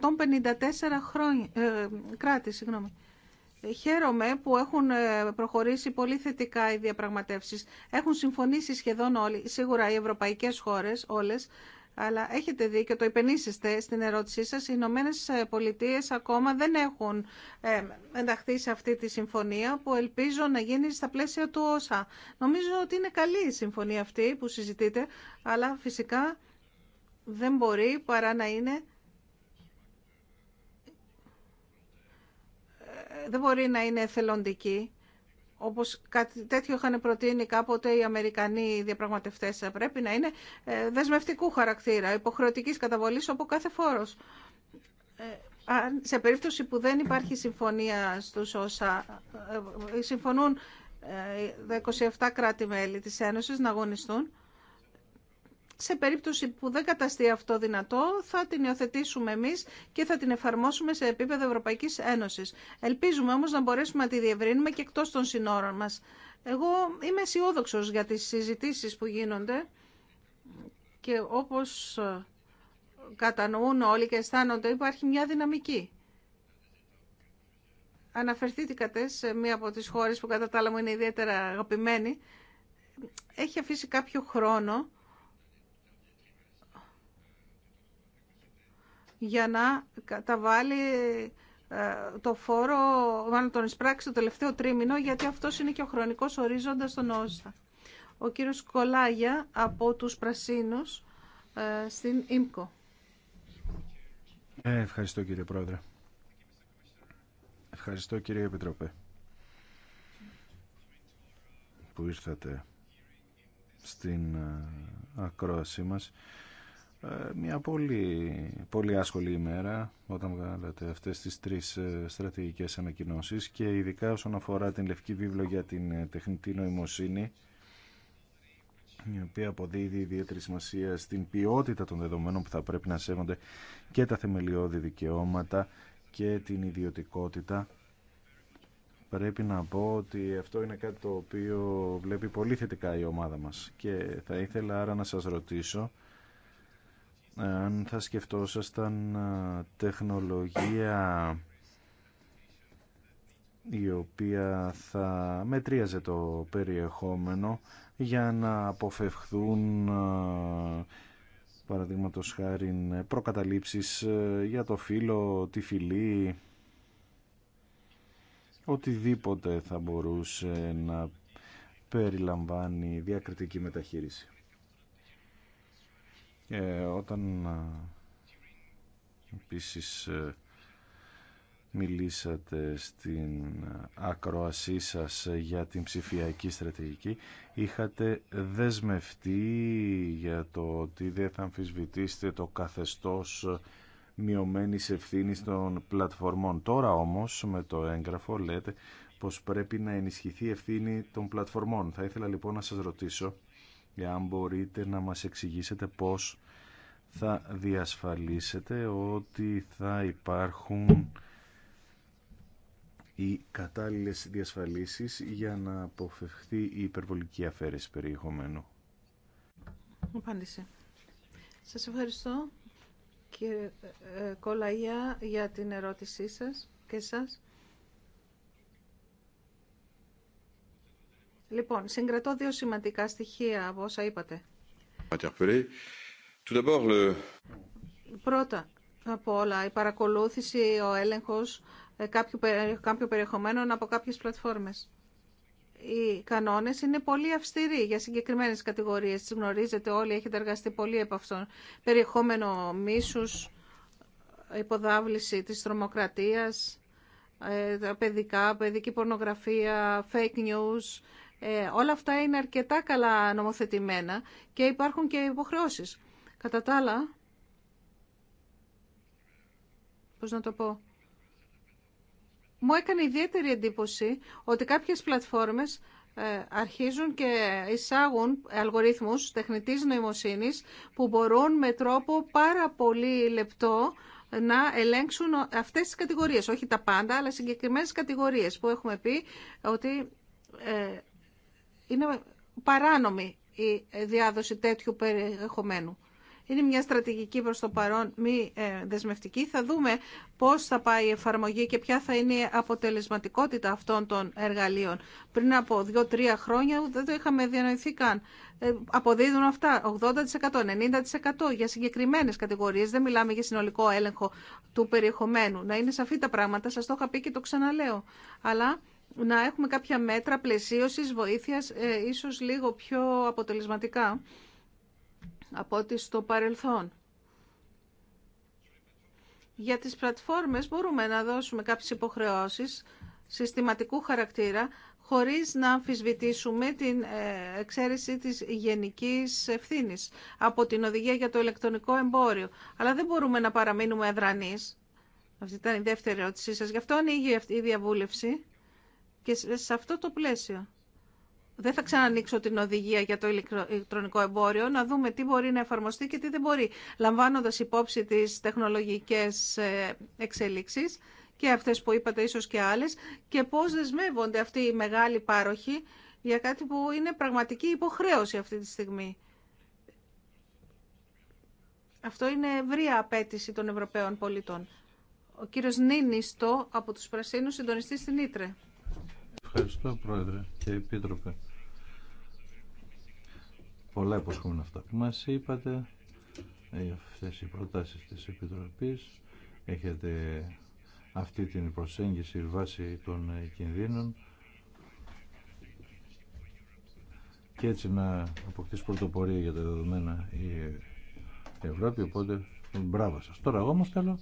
χρόνια, ε, κράτη. Συγγνώμη. Χαίρομαι που έχουν ε, προχωρήσει πολύ θετικά οι διαπραγματεύσεις. Έχουν συμφωνήσει σχεδόν όλοι, σίγουρα οι ευρωπαϊκές χώρες όλες, αλλά έχετε δει και το υπενήσεστε στην ερώτησή σας, οι Ηνωμένε Πολιτείε ακόμα δεν έχουν ε, ενταχθεί σε αυτή τη συμφωνία που ελπίζω να γίνει στα πλαίσια του ΩΣΑ. Νομίζω ότι είναι καλή η συμφωνία αυτή που συζητείτε, αλλά φυσικά δεν μπορεί παρά να είναι... Ε, δεν μπορεί να είναι εθελοντική όπως κάτι τέτοιο είχαν προτείνει κάποτε οι Αμερικανοί διαπραγματευτές, θα πρέπει να είναι ε, δεσμευτικού χαρακτήρα, υποχρεωτικής καταβολής από κάθε φόρος. Ε, σε περίπτωση που δεν υπάρχει συμφωνία στους όσα ε, συμφωνούν τα 27 κράτη-μέλη της Ένωσης να αγωνιστούν σε περίπτωση που δεν καταστεί αυτό δυνατό, θα την υιοθετήσουμε εμείς και θα την εφαρμόσουμε σε επίπεδο Ευρωπαϊκής Ένωσης. Ελπίζουμε όμως να μπορέσουμε να τη διευρύνουμε και εκτός των συνόρων μας. Εγώ είμαι αισιόδοξο για τις συζητήσεις που γίνονται και όπως κατανοούν όλοι και αισθάνονται υπάρχει μια δυναμική. Αναφερθήκατε σε μία από τις χώρες που κατά τα άλλα μου είναι ιδιαίτερα αγαπημένη. Έχει αφήσει κάποιο χρόνο για να καταβάλει ε, το φόρο, μάλλον τον εισπράξει το τελευταίο τρίμηνο, γιατί αυτό είναι και ο χρονικός ορίζοντας των ΩΣΑ. Ο κύριο Κολάγια από τους Πρασίνους ε, στην ΙΜΚΟ. Ε, ευχαριστώ κύριε Πρόεδρε. Ευχαριστώ κύριε Επιτροπέ που ήρθατε στην ακρόασή μας ε, μια πολύ, πολύ άσχολη ημέρα όταν βγάλατε αυτές τις τρεις ε, στρατηγικές ανακοινώσεις και ειδικά όσον αφορά την Λευκή Βίβλο για την ε, τεχνητή νοημοσύνη η οποία αποδίδει ιδιαίτερη σημασία στην ποιότητα των δεδομένων που θα πρέπει να σέβονται και τα θεμελιώδη δικαιώματα και την ιδιωτικότητα πρέπει να πω ότι αυτό είναι κάτι το οποίο βλέπει πολύ θετικά η ομάδα μας και θα ήθελα άρα να σας ρωτήσω αν θα σκεφτόσασταν τεχνολογία η οποία θα μετρίαζε το περιεχόμενο για να αποφευχθούν παραδείγματο χάρη προκαταλήψεις για το φίλο, τη φιλή οτιδήποτε θα μπορούσε να περιλαμβάνει διακριτική μεταχείριση όταν επίσης ε, μιλήσατε στην ακροασή σας για την ψηφιακή στρατηγική είχατε δεσμευτεί για το ότι δεν θα αμφισβητήσετε το καθεστώς μειωμένης ευθύνης των πλατφορμών. Τώρα όμως με το έγγραφο λέτε πως πρέπει να ενισχυθεί η ευθύνη των πλατφορμών. Θα ήθελα λοιπόν να σας ρωτήσω Εάν μπορείτε να μας εξηγήσετε πώς θα διασφαλίσετε ότι θα υπάρχουν οι κατάλληλες διασφαλίσεις για να αποφευχθεί η υπερβολική αφαίρεση περιεχομένου. Απάντηση. Σας ευχαριστώ κύριε ε, ε, Κολαγιά για την ερώτησή σας και σας. Λοιπόν, συγκρατώ δύο σημαντικά στοιχεία από όσα είπατε. Πρώτα από όλα, η παρακολούθηση, ο έλεγχος ε, κάποιου, κάποιου περιεχομένων από κάποιες πλατφόρμες. Οι κανόνες είναι πολύ αυστηροί για συγκεκριμένες κατηγορίες. Τις γνωρίζετε όλοι, έχετε εργαστεί πολύ από αυτόν. Περιεχόμενο μίσους, υποδάβληση της τρομοκρατίας, ε, παιδικά, παιδική πορνογραφία, fake news, ε, όλα αυτά είναι αρκετά καλά νομοθετημένα και υπάρχουν και υποχρεώσεις. Κατά τα άλλα, πώς να το πω, μου έκανε ιδιαίτερη εντύπωση ότι κάποιες πλατφόρμες ε, αρχίζουν και εισάγουν αλγορίθμους τεχνητής νοημοσύνης που μπορούν με τρόπο πάρα πολύ λεπτό να ελέγξουν αυτές τις κατηγορίες, όχι τα πάντα, αλλά συγκεκριμένες κατηγορίες που έχουμε πει ότι ε, είναι παράνομη η διάδοση τέτοιου περιεχομένου. Είναι μια στρατηγική προς το παρόν μη ε, δεσμευτική. Θα δούμε πώς θα πάει η εφαρμογή και ποια θα είναι η αποτελεσματικότητα αυτών των εργαλείων. Πριν από δύο-τρία χρόνια δεν το είχαμε διανοηθεί καν. Ε, αποδίδουν αυτά 80%, 90% για συγκεκριμένες κατηγορίες. Δεν μιλάμε για συνολικό έλεγχο του περιεχομένου. Να είναι σαφή τα πράγματα, σας το είχα πει και το ξαναλέω. Αλλά να έχουμε κάποια μέτρα πλαισίωσης, βοήθειας, ε, ίσως λίγο πιο αποτελεσματικά από ό,τι στο παρελθόν. Για τις πλατφόρμες μπορούμε να δώσουμε κάποιες υποχρεώσεις συστηματικού χαρακτήρα, χωρίς να αμφισβητήσουμε την ε, εξαίρεση της γενικής ευθύνης από την οδηγία για το ηλεκτρονικό εμπόριο. Αλλά δεν μπορούμε να παραμείνουμε αδρανείς. Αυτή ήταν η δεύτερη ερώτησή σας. Γι' αυτό ανοίγει η διαβούλευση και σε αυτό το πλαίσιο. Δεν θα ξανανοίξω την οδηγία για το ηλεκτρονικό εμπόριο, να δούμε τι μπορεί να εφαρμοστεί και τι δεν μπορεί, λαμβάνοντας υπόψη τις τεχνολογικές ε, εξελίξεις και αυτές που είπατε ίσως και άλλες και πώς δεσμεύονται αυτοί οι μεγάλοι πάροχοι για κάτι που είναι πραγματική υποχρέωση αυτή τη στιγμή. Αυτό είναι ευρία απέτηση των Ευρωπαίων πολιτών. Ο κύριος Νίνιστο από τους Πρασίνους συντονιστή στην Ήτρε. Ευχαριστώ Πρόεδρε και Επίτροπε. Πολλά υποσχόμενα αυτά που μας είπατε, ε, αυτές οι προτάσεις της Επιτροπής. Έχετε αυτή την προσέγγιση βάσει των ε, κινδύνων και έτσι να αποκτήσει πρωτοπορία για τα δεδομένα η Ευρώπη, οπότε μπράβο σας. Τώρα εγώ όμως θέλω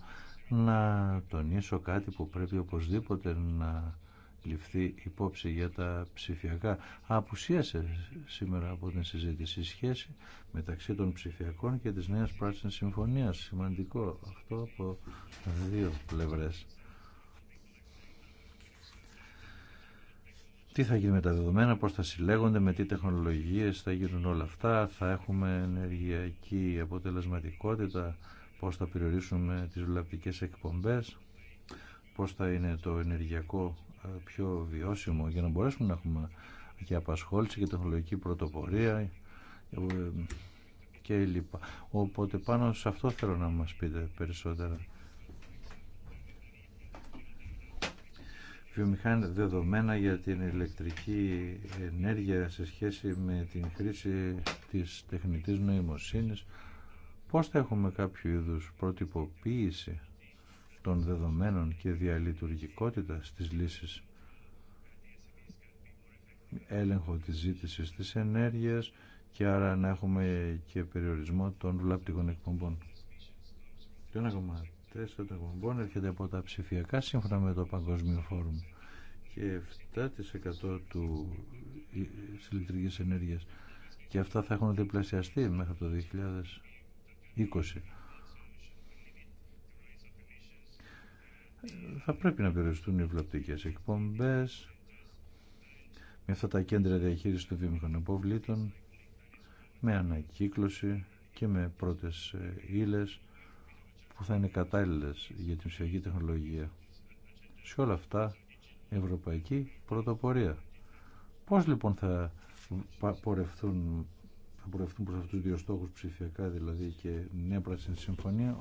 να τονίσω κάτι που πρέπει οπωσδήποτε να ληφθεί υπόψη για τα ψηφιακά. Απουσίασε σήμερα από την συζήτηση η σχέση μεταξύ των ψηφιακών και της νέας πράσινης συμφωνίας. Σημαντικό αυτό από δύο πλευρές. Τι θα γίνει με τα δεδομένα, πώς θα συλλέγονται, με τι τεχνολογίες θα γίνουν όλα αυτά, θα έχουμε ενεργειακή αποτελεσματικότητα, πώς θα περιορίσουμε τις βλαπτικές εκπομπές, πώς θα είναι το ενεργειακό πιο βιώσιμο για να μπορέσουμε να έχουμε και απασχόληση και τεχνολογική πρωτοπορία ε, και λοιπά. Οπότε πάνω σε αυτό θέλω να μας πείτε περισσότερα. Βιομηχάνη δεδομένα για την ηλεκτρική ενέργεια σε σχέση με την χρήση της τεχνητής νοημοσύνης. Πώς θα έχουμε κάποιο είδους πρωτυποποίηση των δεδομένων και διαλειτουργικότητας της λύσης έλεγχο της ζήτησης της ενέργειας και άρα να έχουμε και περιορισμό των βλάπτικων εκπομπών. Το 1,4 των εκπομπών έρχεται από τα ψηφιακά σύμφωνα με το Παγκόσμιο Φόρουμ και 7% του ε, ηλεκτρικής ενέργειας και αυτά θα έχουν διπλασιαστεί μέχρι το 2020. θα πρέπει να περιοριστούν οι βλαπτικές εκπομπές με αυτά τα κέντρα διαχείρισης των βιομηχανικών αποβλήτων με ανακύκλωση και με πρώτες ε, ύλες που θα είναι κατάλληλες για την ψηφιακή τεχνολογία. Σε όλα αυτά ευρωπαϊκή πρωτοπορία. Πώς λοιπόν θα πορευτούν θα πορευτούν προς αυτούς τους δύο στόχους ψηφιακά δηλαδή και νέα πράσινη συμφωνία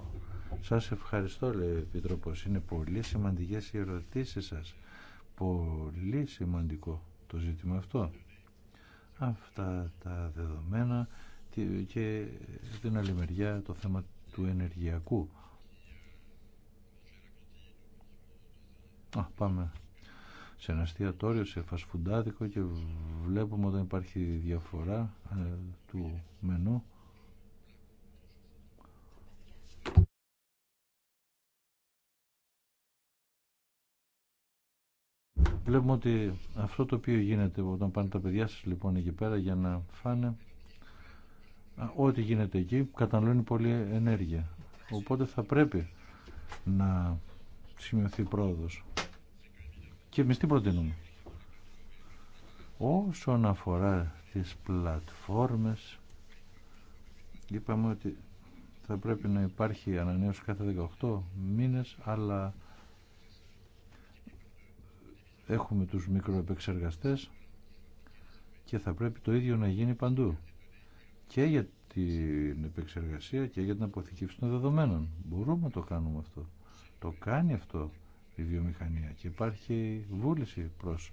σας ευχαριστώ, λέει ο Επιτρόπος. Είναι πολύ σημαντικές οι ερωτήσεις σας. Πολύ σημαντικό το ζήτημα αυτό. Αυτά τα δεδομένα και την άλλη μεριά το θέμα του ενεργειακού. Α, πάμε σε ένα εστιατόριο, σε φασφουντάδικο και βλέπουμε όταν υπάρχει διαφορά ε, του μενού Βλέπουμε ότι αυτό το οποίο γίνεται όταν πάνε τα παιδιά σας λοιπόν εκεί πέρα για να φάνε ό,τι γίνεται εκεί καταναλώνει πολύ ενέργεια. Οπότε θα πρέπει να σημειωθεί πρόοδος. Και εμείς τι προτείνουμε. Όσον αφορά τις πλατφόρμες είπαμε ότι θα πρέπει να υπάρχει ανανέωση κάθε 18 μήνες αλλά Έχουμε τους μικροεπεξεργαστές και θα πρέπει το ίδιο να γίνει παντού. Και για την επεξεργασία και για την αποθηκεύση των δεδομένων. Μπορούμε να το κάνουμε αυτό. Το κάνει αυτό η βιομηχανία και υπάρχει βούληση προς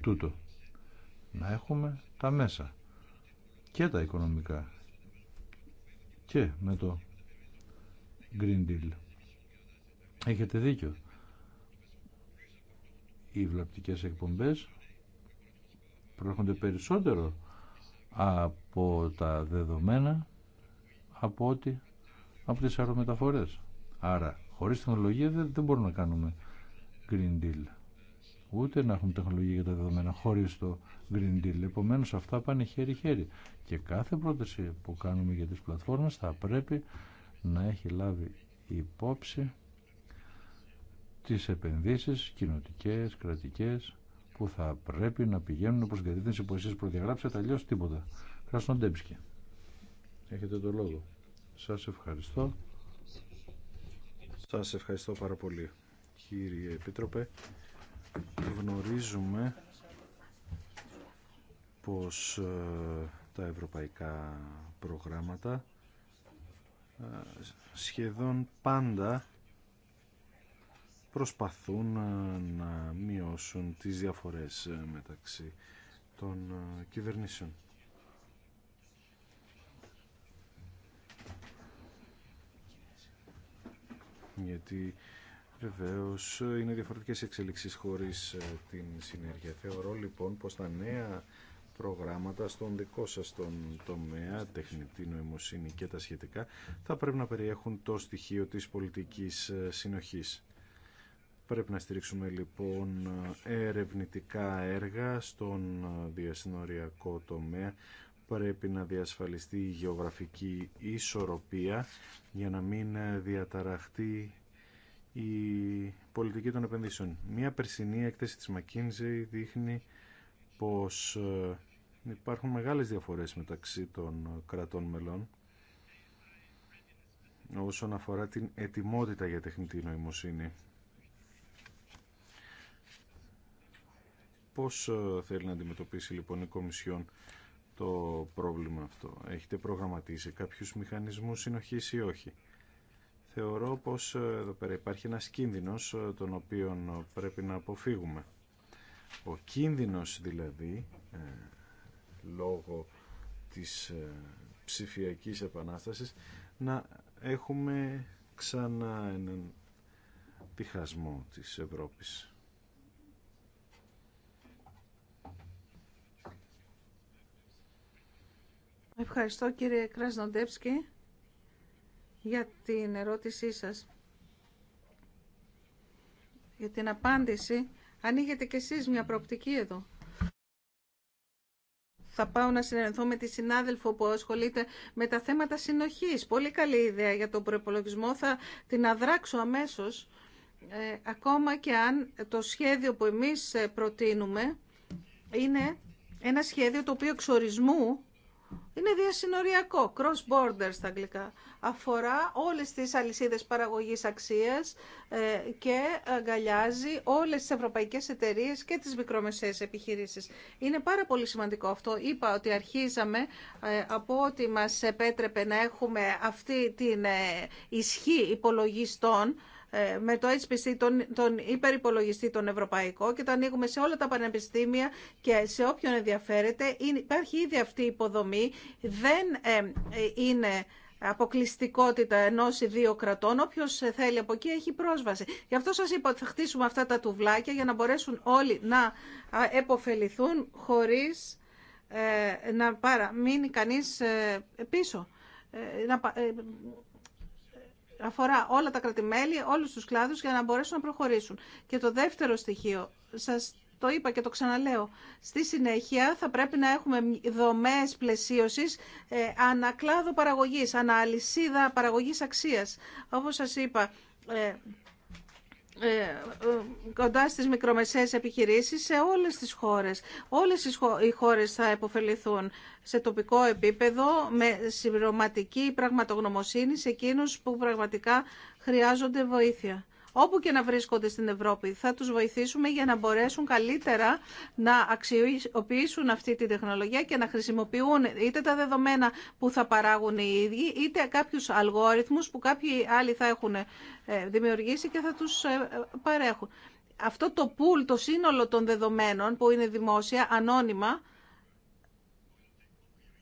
τούτο. Να έχουμε τα μέσα και τα οικονομικά και με το Green Deal. Έχετε δίκιο οι βλαπτικές εκπομπές προέρχονται περισσότερο από τα δεδομένα από ότι από τις αερομεταφορές. Άρα, χωρίς τεχνολογία δεν, δεν μπορούμε να κάνουμε Green Deal. Ούτε να έχουμε τεχνολογία για τα δεδομένα χωρίς το Green Deal. Επομένως, αυτά πάνε χέρι-χέρι. Και κάθε πρόταση που κάνουμε για τις πλατφόρμες θα πρέπει να έχει λάβει υπόψη τις επενδύσεις κοινοτικές, κρατικές που θα πρέπει να πηγαίνουν προς την κατεύθυνση που εσείς προδιαγράψατε αλλιώς τίποτα. Κρασνοντέμψκι. Έχετε το λόγο. Σας ευχαριστώ. Σας ευχαριστώ πάρα πολύ κύριε Επίτροπε. Γνωρίζουμε πως ε, τα ευρωπαϊκά προγράμματα ε, σχεδόν πάντα προσπαθούν ε, να μειώσουν τις διαφορές ε, μεταξύ των ε, κυβερνήσεων. Γιατί Βεβαίω είναι διαφορετικές εξελίξεις χωρίς την συνέργεια. Θεωρώ λοιπόν πως τα νέα προγράμματα στον δικό σας τον τομέα, τεχνητή νοημοσύνη και τα σχετικά, θα πρέπει να περιέχουν το στοιχείο της πολιτικής συνοχής. Πρέπει να στηρίξουμε λοιπόν ερευνητικά έργα στον διασυνοριακό τομέα. Πρέπει να διασφαλιστεί η γεωγραφική ισορροπία για να μην διαταραχτεί η πολιτική των επενδύσεων. Μία περσινή έκθεση της McKinsey δείχνει πως ε, υπάρχουν μεγάλες διαφορές μεταξύ των κρατών μελών όσον αφορά την ετοιμότητα για τεχνητή νοημοσύνη. Πώς ε, θέλει να αντιμετωπίσει λοιπόν η Κομισιόν το πρόβλημα αυτό. Έχετε προγραμματίσει κάποιους μηχανισμούς συνοχής ή όχι. Θεωρώ πως ε, εδώ πέρα υπάρχει ένας κίνδυνος ε, τον οποίο πρέπει να αποφύγουμε. Ο κίνδυνος δηλαδή λόγω της ψηφιακής επανάστασης να έχουμε ξανά έναν διχασμό της Ευρώπης. Ευχαριστώ κύριε Κρασνοντέψκη για την ερώτησή σας. Για την απάντηση ανοίγετε κι εσείς μια προοπτική εδώ. Θα πάω να συνεργαθώ με τη συνάδελφο που ασχολείται με τα θέματα συνοχής. Πολύ καλή ιδέα για τον προπολογισμό. Θα την αδράξω αμέσως. Ε, ακόμα και αν το σχέδιο που εμείς ε, προτείνουμε είναι ένα σχέδιο το οποίο εξορισμού είναι διασυνοριακό, cross border στα αγγλικά. Αφορά όλες τις αλυσίδες παραγωγής αξίας ε, και αγκαλιάζει όλες τις ευρωπαϊκές εταιρείες και τις μικρομεσαίες επιχειρήσεις. Είναι πάρα πολύ σημαντικό αυτό. Είπα ότι αρχίζαμε ε, από ότι μας επέτρεπε να έχουμε αυτή την ε, ισχύ υπολογιστών ε, με το HPC, τον, τον υπερυπολογιστή τον ευρωπαϊκό και το ανοίγουμε σε όλα τα πανεπιστήμια και σε όποιον ενδιαφέρεται. Υπάρχει ήδη αυτή η υποδομή, δεν ε, είναι αποκλειστικότητα ενό ή δύο κρατών. Όποιο θέλει από εκεί έχει πρόσβαση. Γι' αυτό σα είπα ότι θα χτίσουμε αυτά τα τουβλάκια για να μπορέσουν όλοι να επωφεληθούν χωρί ε, να παραμείνει κανεί πίσω. Να αφορά όλα τα κρατημέλη, όλους τους κλάδους για να μπορέσουν να προχωρήσουν. Και το δεύτερο στοιχείο, σας το είπα και το ξαναλέω, στη συνέχεια θα πρέπει να έχουμε δομές πλαισίωσης ε, ανακλάδου παραγωγής, αναλυσίδα παραγωγής αξίας. Όπως σας είπα, ε, ε, ε, κοντά στις μικρομεσαίες επιχειρήσεις σε όλες τις χώρες. Όλες οι χώρες θα επωφεληθούν σε τοπικό επίπεδο με συμπληρωματική πραγματογνωμοσύνη σε εκείνους που πραγματικά χρειάζονται βοήθεια όπου και να βρίσκονται στην Ευρώπη. Θα τους βοηθήσουμε για να μπορέσουν καλύτερα να αξιοποιήσουν αυτή τη τεχνολογία και να χρησιμοποιούν είτε τα δεδομένα που θα παράγουν οι ίδιοι, είτε κάποιους αλγόριθμους που κάποιοι άλλοι θα έχουν ε, δημιουργήσει και θα τους ε, παρέχουν. Αυτό το πουλ, το σύνολο των δεδομένων που είναι δημόσια, ανώνυμα,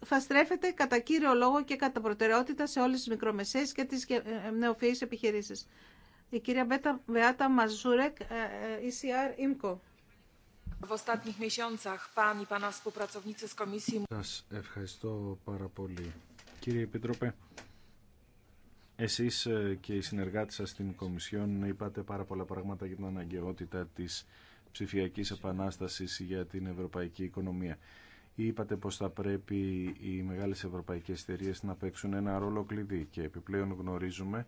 θα στρέφεται κατά κύριο λόγο και κατά προτεραιότητα σε όλες τις μικρομεσαίες και τις ε, νεοφυείς επιχειρήσεις. Η κυρία Μπέτα, Μπεάτα Μαζούρεκ, ε, ε, ECR IMCO. Σας ευχαριστώ πάρα πολύ. Κύριε Επίτροπε, εσείς ε, και οι συνεργάτες σας στην Κομισιόν είπατε πάρα πολλά πράγματα για την αναγκαιότητα της ψηφιακής επανάστασης για την ευρωπαϊκή οικονομία. Είπατε πως θα πρέπει οι μεγάλες ευρωπαϊκές εταιρείε να παίξουν ένα ρόλο κλειδί και επιπλέον γνωρίζουμε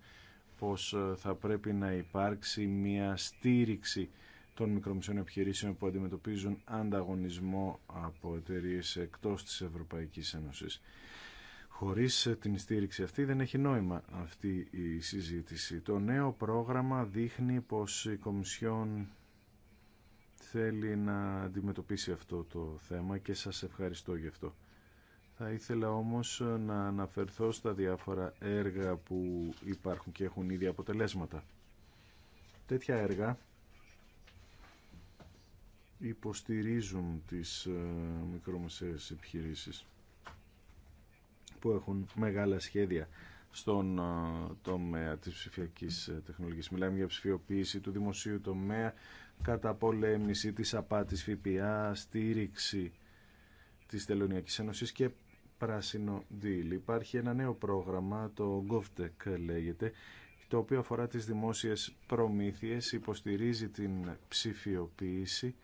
πως ε, θα πρέπει να υπάρξει μια στήριξη των μικρομεσαίων επιχειρήσεων που αντιμετωπίζουν ανταγωνισμό από εταιρείε εκτός της Ευρωπαϊκής Ένωσης. Χωρίς ε, την στήριξη αυτή δεν έχει νόημα αυτή η συζήτηση. Το νέο πρόγραμμα δείχνει πως η Κομισιόν θέλει να αντιμετωπίσει αυτό το θέμα και σας ευχαριστώ γι' αυτό. Θα ήθελα όμως ε, να αναφερθώ στα διάφορα έργα που υπάρχουν και έχουν ήδη αποτελέσματα. Τέτοια έργα υποστηρίζουν τις ε, μικρομεσαίες επιχειρήσεις που έχουν μεγάλα σχέδια στον ε, τομέα της ψηφιακής τεχνολογίας. Μιλάμε για ψηφιοποίηση του δημοσίου τομέα, καταπολέμηση της απάτης ΦΠΑ, στήριξη της Τελωνιακής Ένωσης και πράσινο deal. Υπάρχει ένα νέο πρόγραμμα, το GovTech λέγεται, το οποίο αφορά τις δημόσιες προμήθειες, υποστηρίζει την ψηφιοποίηση.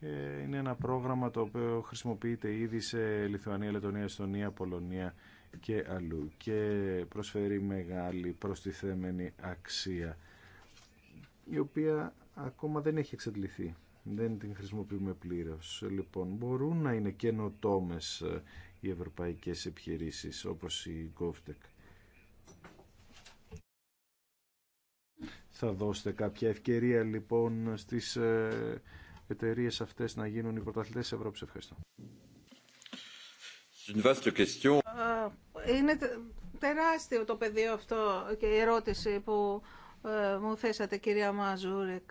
Ε, είναι ένα πρόγραμμα το οποίο χρησιμοποιείται ήδη σε Λιθουανία, Λετωνία, Εστονία, Πολωνία και αλλού και προσφέρει μεγάλη προστιθέμενη αξία η οποία ακόμα δεν έχει εξαντληθεί. Δεν την χρησιμοποιούμε πλήρως. Λοιπόν, μπορούν να είναι καινοτόμε οι ευρωπαϊκές επιχειρήσεις όπως η GovTech. Θα δώσετε κάποια ευκαιρία λοιπόν στις ε, εταιρείες αυτές να γίνουν οι πρωταθλητές της Ευρώπης. Ευχαριστώ. Είναι τεράστιο το πεδίο αυτό και η ερώτηση που ε, μου θέσατε κυρία Μαζούρεκ.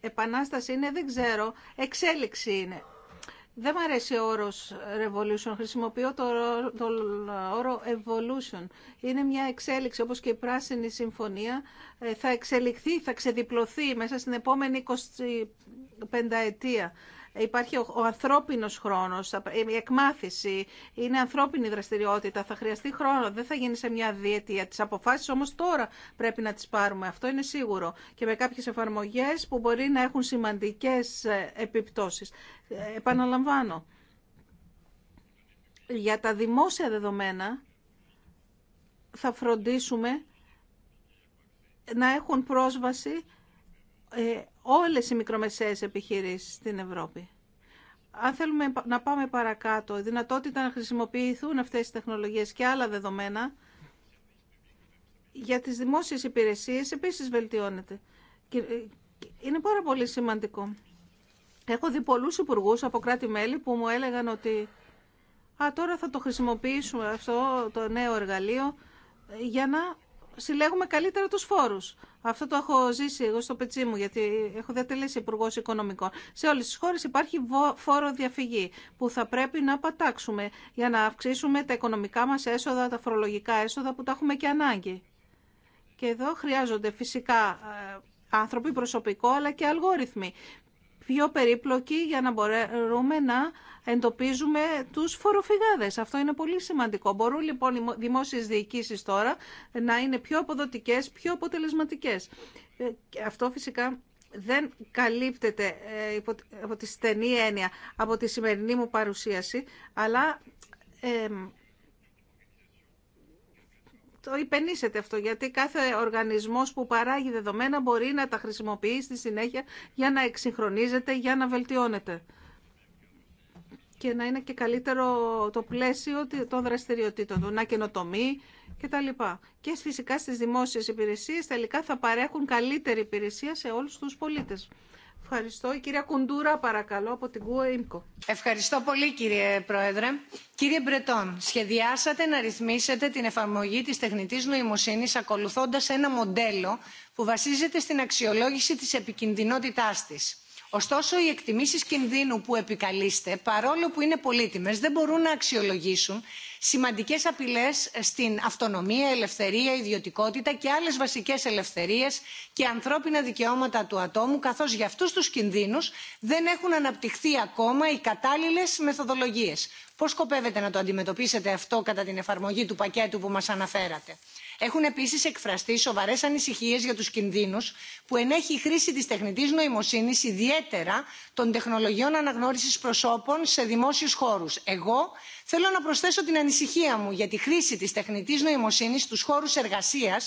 Επανάσταση είναι, δεν ξέρω, εξέλιξη είναι. Δεν μου αρέσει ο όρος revolution, χρησιμοποιώ το, όρο evolution. Είναι μια εξέλιξη, όπως και η Πράσινη Συμφωνία, ε, θα εξελιχθεί, θα ξεδιπλωθεί μέσα στην επόμενη 25 ετία. Υπάρχει ο, ο ανθρώπινος χρόνος, η εκμάθηση, είναι ανθρώπινη δραστηριότητα, θα χρειαστεί χρόνο, δεν θα γίνει σε μια διετία. Τις αποφάσεις όμως τώρα πρέπει να τις πάρουμε, αυτό είναι σίγουρο. Και με κάποιες εφαρμογές που μπορεί να έχουν σημαντικές ε, επιπτώσεις. Ε, επαναλαμβάνω, για τα δημόσια δεδομένα θα φροντίσουμε να έχουν πρόσβαση ε, όλες οι μικρομεσαίες επιχειρήσεις στην Ευρώπη. Αν θέλουμε να πάμε παρακάτω, η δυνατότητα να χρησιμοποιηθούν αυτές οι τεχνολογίες και άλλα δεδομένα για τις δημόσιες υπηρεσίες επίσης βελτιώνεται. Ε, είναι πάρα πολύ σημαντικό. Έχω δει πολλούς υπουργού από κράτη-μέλη που μου έλεγαν ότι «Α, τώρα θα το χρησιμοποιήσουμε αυτό το νέο εργαλείο για να συλλέγουμε καλύτερα τους φόρους. Αυτό το έχω ζήσει εγώ στο πετσί μου, γιατί έχω διατελέσει υπουργό Οικονομικών. Σε όλες τις χώρες υπάρχει φόρο διαφυγή, που θα πρέπει να πατάξουμε για να αυξήσουμε τα οικονομικά μας έσοδα, τα φορολογικά έσοδα που τα έχουμε και ανάγκη. Και εδώ χρειάζονται φυσικά ε, άνθρωποι προσωπικό, αλλά και αλγόριθμοι πιο περίπλοκοι για να μπορούμε να εντοπίζουμε τους φοροφυγάδες. Αυτό είναι πολύ σημαντικό. Μπορούν λοιπόν οι δημόσιες διοικήσεις τώρα να είναι πιο αποδοτικές, πιο αποτελεσματικές. Ε, αυτό φυσικά δεν καλύπτεται ε, από τη στενή έννοια από τη σημερινή μου παρουσίαση, αλλά το υπενήσετε αυτό, γιατί κάθε οργανισμός που παράγει δεδομένα μπορεί να τα χρησιμοποιεί στη συνέχεια για να εξυγχρονίζεται, για να βελτιώνεται και να είναι και καλύτερο το πλαίσιο των δραστηριοτήτων του, να καινοτομεί κτλ. Και φυσικά στις δημόσιες υπηρεσίες τελικά θα παρέχουν καλύτερη υπηρεσία σε όλους τους πολίτες. Ευχαριστώ. Η κυρία Κουντούρα, παρακαλώ, από την ΚΟΕ ΙΜΚΟ. Ευχαριστώ πολύ, κύριε Πρόεδρε. Κύριε Μπρετόν, σχεδιάσατε να ρυθμίσετε την εφαρμογή της τεχνητής νοημοσύνης ακολουθώντας ένα μοντέλο που βασίζεται στην αξιολόγηση της επικινδυνότητάς της Ωστόσο, οι εκτιμήσεις κινδύνου που επικαλείστε, παρόλο που είναι πολύτιμες, δεν μπορούν να αξιολογήσουν σημαντικές απειλές στην αυτονομία, ελευθερία, ιδιωτικότητα και άλλες βασικές ελευθερίες και ανθρώπινα δικαιώματα του ατόμου, καθώς για αυτούς τους κινδύνους δεν έχουν αναπτυχθεί ακόμα οι κατάλληλες μεθοδολογίες. Πώς σκοπεύετε να το αντιμετωπίσετε αυτό κατά την εφαρμογή του πακέτου που μας αναφέρατε. Έχουν επίση εκφραστεί σοβαρέ ανησυχίε για του κινδύνου που ενέχει η χρήση τη τεχνητή νοημοσύνη, ιδιαίτερα των τεχνολογιών αναγνώριση προσώπων σε δημόσιου χώρου. Εγώ θέλω να προσθέσω την ανησυχία μου για τη χρήση τη τεχνητή νοημοσύνη στου χώρου εργασία,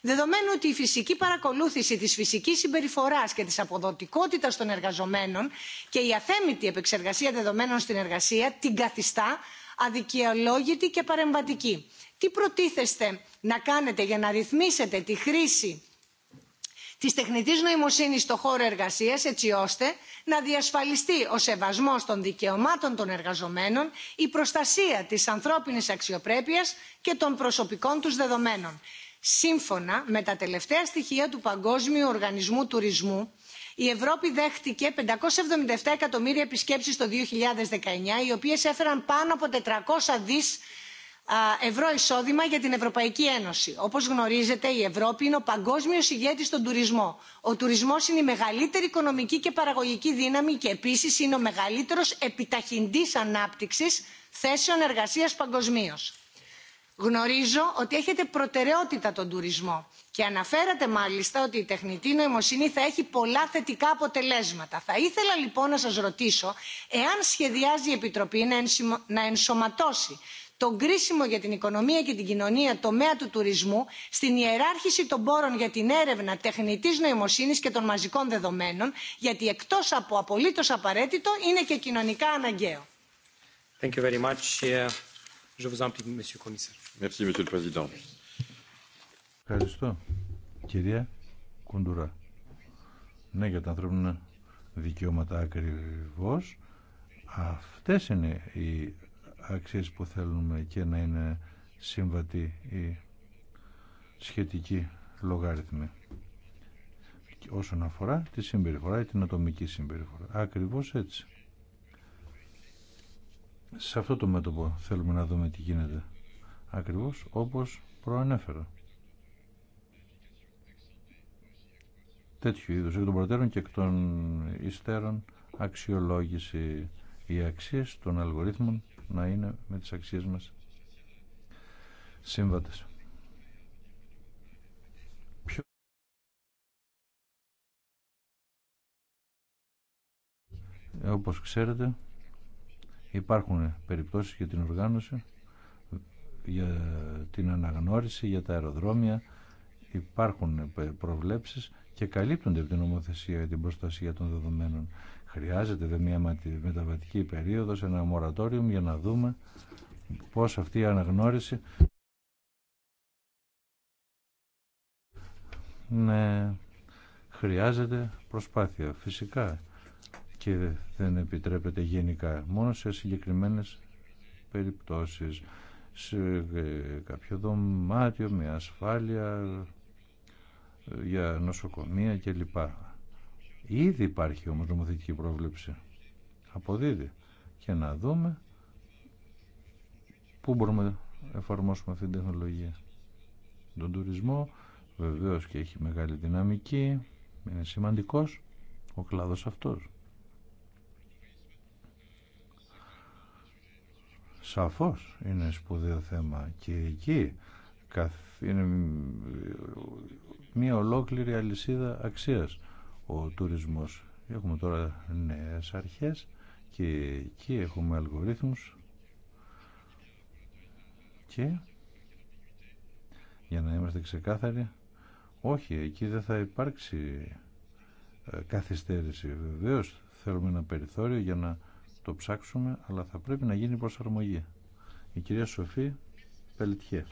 δεδομένου ότι η φυσική παρακολούθηση τη φυσική συμπεριφορά και τη αποδοτικότητα των εργαζομένων και η αθέμητη επεξεργασία δεδομένων στην εργασία την καθιστά αδικαιολόγητη και παρεμβατική τι προτίθεστε να κάνετε για να ρυθμίσετε τη χρήση της τεχνητής νοημοσύνης στο χώρο εργασίας έτσι ώστε να διασφαλιστεί ο σεβασμός των δικαιωμάτων των εργαζομένων η προστασία της ανθρώπινης αξιοπρέπειας και των προσωπικών τους δεδομένων. σύμφωνα με τα τελευταία στοιχεία του παγκόσμιου οργανισμού τουρισμού η Ευρώπη δέχτηκε 577 εκατομμύρια επισκέψεις το 2019, οι οποίες έφεραν πάνω από 400 δις ευρώ εισόδημα για την Ευρωπαϊκή Ένωση. Όπως γνωρίζετε η Ευρώπη είναι ο παγκόσμιος ηγέτης στον τουρισμό. Ο τουρισμός είναι η μεγαλύτερη οικονομική και παραγωγική δύναμη και επίσης είναι ο μεγαλύτερος επιταχυντής ανάπτυξης θέσεων εργασίας παγκοσμίω. Γνωρίζω ότι έχετε προτεραιότητα τον τουρισμό και αναφέρατε μάλιστα ότι η τεχνητή νοημοσύνη θα έχει πολλά θετικά αποτελέσματα. Θα ήθελα λοιπόν να σας ρωτήσω εάν σχεδιάζει η Επιτροπή να ενσωματώσει τον κρίσιμο για την οικονομία και την κοινωνία τομέα του τουρισμού στην ιεράρχηση των πόρων για την έρευνα τεχνητής νοημοσύνης και των μαζικών δεδομένων γιατί εκτός από απολύτως απαραίτητο είναι και κοινωνικά αναγκαίο. Thank you very much. Je vous Monsieur Ευχαριστώ. Κυρία Κουντουρά. Ναι, για τα ανθρώπινα δικαιώματα ακριβώς. Αυτές είναι οι αξίες που θέλουμε και να είναι σύμβατοι η σχετική και όσον αφορά τη συμπεριφορά ή την ατομική συμπεριφορά. Ακριβώς έτσι. Σε αυτό το μέτωπο θέλουμε να δούμε τι γίνεται. Ακριβώς όπως προανέφερα. Τέτοιου είδους εκ των προτέρων και εκ των υστέρων αξιολόγηση οι αξίες των αλγορίθμων να είναι με τις αξίες μας σύμβατες. Όπως ξέρετε υπάρχουν περιπτώσεις για την οργάνωση, για την αναγνώριση, για τα αεροδρόμια, υπάρχουν προβλέψεις και καλύπτονται από την νομοθεσία για την προστασία των δεδομένων. Χρειάζεται μια μεταβατική περίοδος, ένα μορατόριο για να δούμε πώς αυτή η αναγνώριση ναι, χρειάζεται προσπάθεια φυσικά και δεν επιτρέπεται γενικά μόνο σε συγκεκριμένες περιπτώσεις σε ε, κάποιο δωμάτιο με ασφάλεια ε, για νοσοκομεία κλπ. Ήδη υπάρχει όμως νομοθετική πρόβλεψη. Αποδίδει. Και να δούμε πού μπορούμε να εφαρμόσουμε αυτή την τεχνολογία. Τον τουρισμό βεβαίως και έχει μεγάλη δυναμική. Είναι σημαντικός ο κλάδος αυτός. Σαφώς είναι σπουδαίο θέμα και εκεί είναι μια ολόκληρη αλυσίδα αξίας ο τουρισμός. Έχουμε τώρα νέες αρχές και εκεί έχουμε αλγορίθμους και για να είμαστε ξεκάθαροι όχι, εκεί δεν θα υπάρξει ε, καθυστέρηση. Βεβαίως θέλουμε ένα περιθώριο για να το ψάξουμε αλλά θα πρέπει να γίνει προσαρμογή. Η κυρία Σοφή Πελτιέ.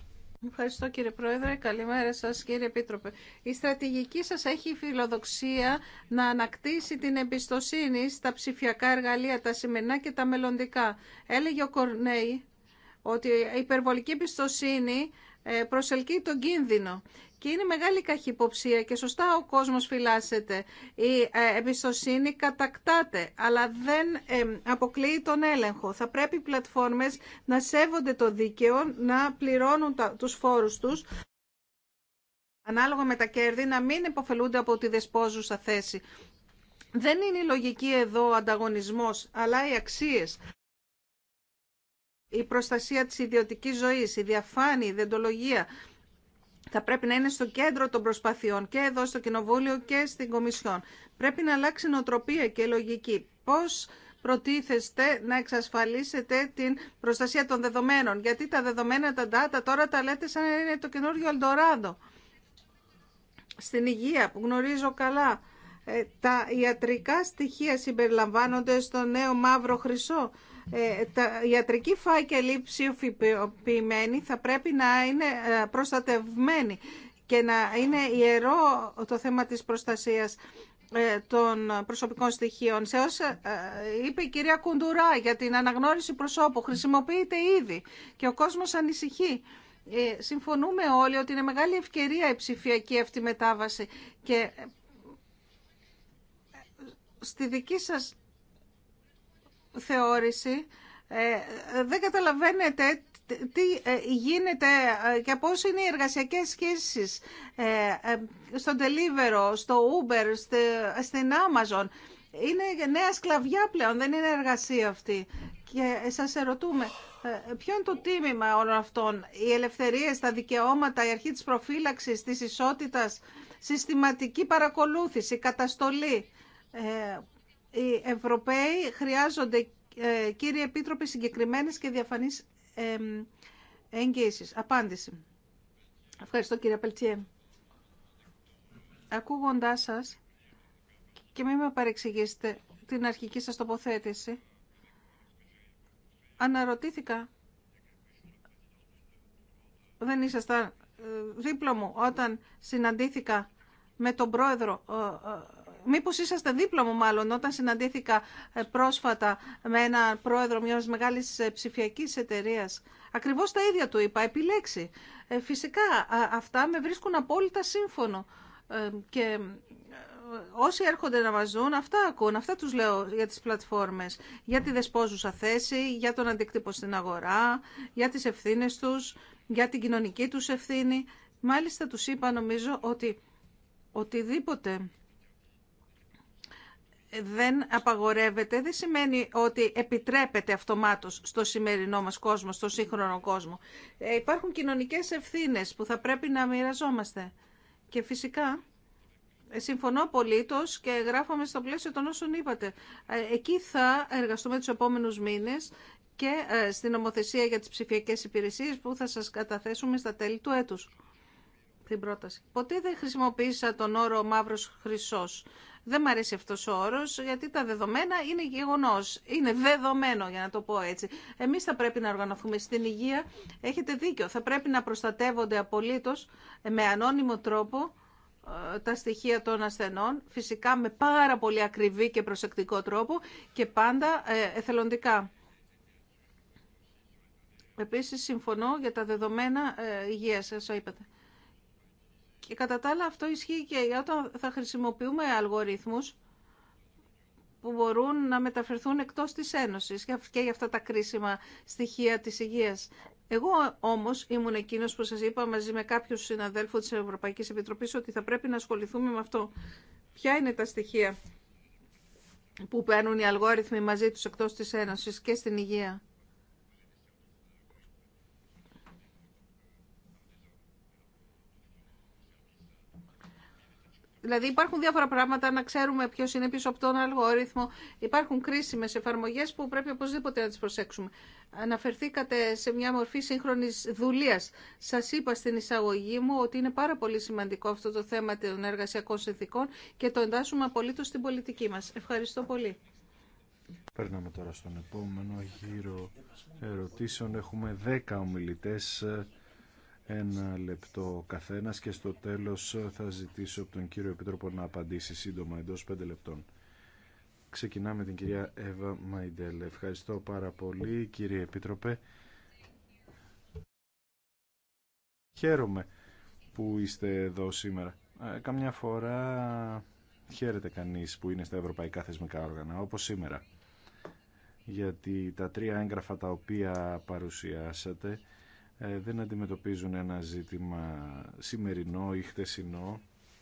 Ευχαριστώ κύριε Πρόεδρε. Καλημέρα σας κύριε Επίτροπε. Η στρατηγική σας έχει φιλοδοξία να ανακτήσει την εμπιστοσύνη στα ψηφιακά εργαλεία, τα σημερινά και τα μελλοντικά. Έλεγε ο Κορνέη ότι η υπερβολική εμπιστοσύνη ε, προσελκύει τον κίνδυνο. Και είναι μεγάλη καχυποψία και σωστά ο κόσμος φυλάσσεται. Η ε, εμπιστοσύνη κατακτάται, αλλά δεν αποκλείει τον έλεγχο. Θα πρέπει οι πλατφόρμες να σέβονται το δίκαιο, να πληρώνουν τους φόρους τους, ανάλογα με τα κέρδη, να μην υποφελούνται από τη δεσπόζουσα θέση. Δεν είναι η λογική εδώ ο ανταγωνισμός, αλλά οι αξίες η προστασία της ιδιωτικής ζωής, η διαφάνεια, η δεντολογία θα πρέπει να είναι στο κέντρο των προσπαθειών και εδώ στο Κοινοβούλιο και στην Κομισιόν. Πρέπει να αλλάξει νοοτροπία και λογική. Πώς προτίθεστε να εξασφαλίσετε την προστασία των δεδομένων, γιατί τα δεδομένα, τα data τώρα τα λέτε σαν να είναι το καινούργιο Αλντοράδο. Στην υγεία που γνωρίζω καλά, ε, τα ιατρικά στοιχεία συμπεριλαμβάνονται στο νέο μαύρο χρυσό ε, τα ιατρική λήψη ψηφιοποιημένη θα πρέπει να είναι ε, προστατευμένη και να είναι ιερό το θέμα της προστασίας ε, των προσωπικών στοιχείων. Σε όσα είπε η κυρία Κουντουρά για την αναγνώριση προσώπου, χρησιμοποιείται ήδη και ο κόσμος ανησυχεί. συμφωνούμε όλοι ότι είναι μεγάλη ευκαιρία η ψηφιακή αυτή μετάβαση και στη σας θεώρηση ε, δεν καταλαβαίνετε τι ε, γίνεται ε, και πώς είναι οι εργασιακές σχέσεις στον Deliveroo, στο Uber, στην Amazon. Είναι νέα σκλαβιά πλέον, δεν είναι εργασία αυτή. Και σας ερωτούμε, ποιο είναι το τίμημα όλων αυτών, οι ελευθερίες, τα δικαιώματα, η αρχή της προφύλαξης, της ισότητας, συστηματική παρακολούθηση, καταστολή οι Ευρωπαίοι χρειάζονται, ε, κύριε Επίτροπε, συγκεκριμένες και διαφανείς εγγύησεις. Απάντηση. Ευχαριστώ, κύριε Πελτσιέ. Ακούγοντάς σας, και μην με παρεξηγήσετε την αρχική σας τοποθέτηση, αναρωτήθηκα, δεν ήσασταν ε, δίπλα μου όταν συναντήθηκα με τον πρόεδρο ε, μήπως είσαστε δίπλα μου μάλλον όταν συναντήθηκα ε, πρόσφατα με ένα πρόεδρο μιας μεγάλης ε, ψηφιακής εταιρείας. Ακριβώς τα ίδια του είπα, επιλέξει. Ε, φυσικά αυτά με βρίσκουν απόλυτα σύμφωνο και όσοι έρχονται να μας δουν, αυτά ακούν, αυτά τους λέω για τις πλατφόρμες, για τη δεσπόζουσα θέση, για τον αντίκτυπο στην αγορά, για τις ευθύνες τους, για την κοινωνική τους ευθύνη. Μάλιστα τους είπα νομίζω ότι οτιδήποτε δεν απαγορεύεται, δεν σημαίνει ότι επιτρέπεται αυτομάτως στο σημερινό μας κόσμο, στο σύγχρονο κόσμο. Ε, υπάρχουν κοινωνικές ευθύνες που θα πρέπει να μοιραζόμαστε. Και φυσικά, ε, συμφωνώ απολύτως και γράφαμε στο πλαίσιο των όσων είπατε. Ε, εκεί θα εργαστούμε τους επόμενους μήνες και στην Ομοθεσία για τις ψηφιακές υπηρεσίες που θα σας καταθέσουμε στα τέλη του έτους την πρόταση. Ποτέ δεν χρησιμοποίησα τον όρο μαύρος χρυσός. Δεν μ' αρέσει αυτός ο όρος, γιατί τα δεδομένα είναι γεγονός. Είναι δεδομένο, για να το πω έτσι. Εμείς θα πρέπει να οργανωθούμε στην υγεία. Έχετε δίκιο. Θα πρέπει να προστατεύονται απολύτω ε, με ανώνυμο τρόπο, ε, τα στοιχεία των ασθενών, φυσικά με πάρα πολύ ακριβή και προσεκτικό τρόπο και πάντα ε, εθελοντικά. Επίσης, συμφωνώ για τα δεδομένα υγείας, σας είπατε. Και κατά τα άλλα αυτό ισχύει και όταν θα χρησιμοποιούμε αλγορίθμους που μπορούν να μεταφερθούν εκτός της Ένωσης και για αυτά τα κρίσιμα στοιχεία της υγείας. Εγώ όμως ήμουν εκείνος που σας είπα μαζί με κάποιους συναδέλφους της Ευρωπαϊκή Επιτροπής ότι θα πρέπει να ασχοληθούμε με αυτό. Ποια είναι τα στοιχεία που παίρνουν οι αλγόριθμοι μαζί τους εκτός της Ένωσης και στην υγεία. Δηλαδή υπάρχουν διάφορα πράγματα να ξέρουμε ποιο είναι πίσω από τον αλγόριθμο. Υπάρχουν κρίσιμε εφαρμογέ που πρέπει οπωσδήποτε να τι προσέξουμε. Αναφερθήκατε σε μια μορφή σύγχρονη δουλεία. Σα είπα στην εισαγωγή μου ότι είναι πάρα πολύ σημαντικό αυτό το θέμα των εργασιακών συνθηκών και το εντάσσουμε απολύτω στην πολιτική μα. Ευχαριστώ πολύ. Περνάμε τώρα στον επόμενο γύρο ερωτήσεων. Έχουμε δέκα ομιλητές ένα λεπτό καθένας και στο τέλος θα ζητήσω από τον κύριο Επίτροπο να απαντήσει σύντομα εντός πέντε λεπτών. Ξεκινάμε την κυρία Εύα Μαϊντέλ. Ευχαριστώ πάρα πολύ κύριε Επίτροπε. Χαίρομαι που είστε εδώ σήμερα. Ε, καμιά φορά χαίρεται κανείς που είναι στα ευρωπαϊκά θεσμικά όργανα, όπως σήμερα. Γιατί τα τρία έγγραφα τα οποία παρουσιάσατε ε, δεν αντιμετωπίζουν ένα ζήτημα σημερινό ή χτεσινό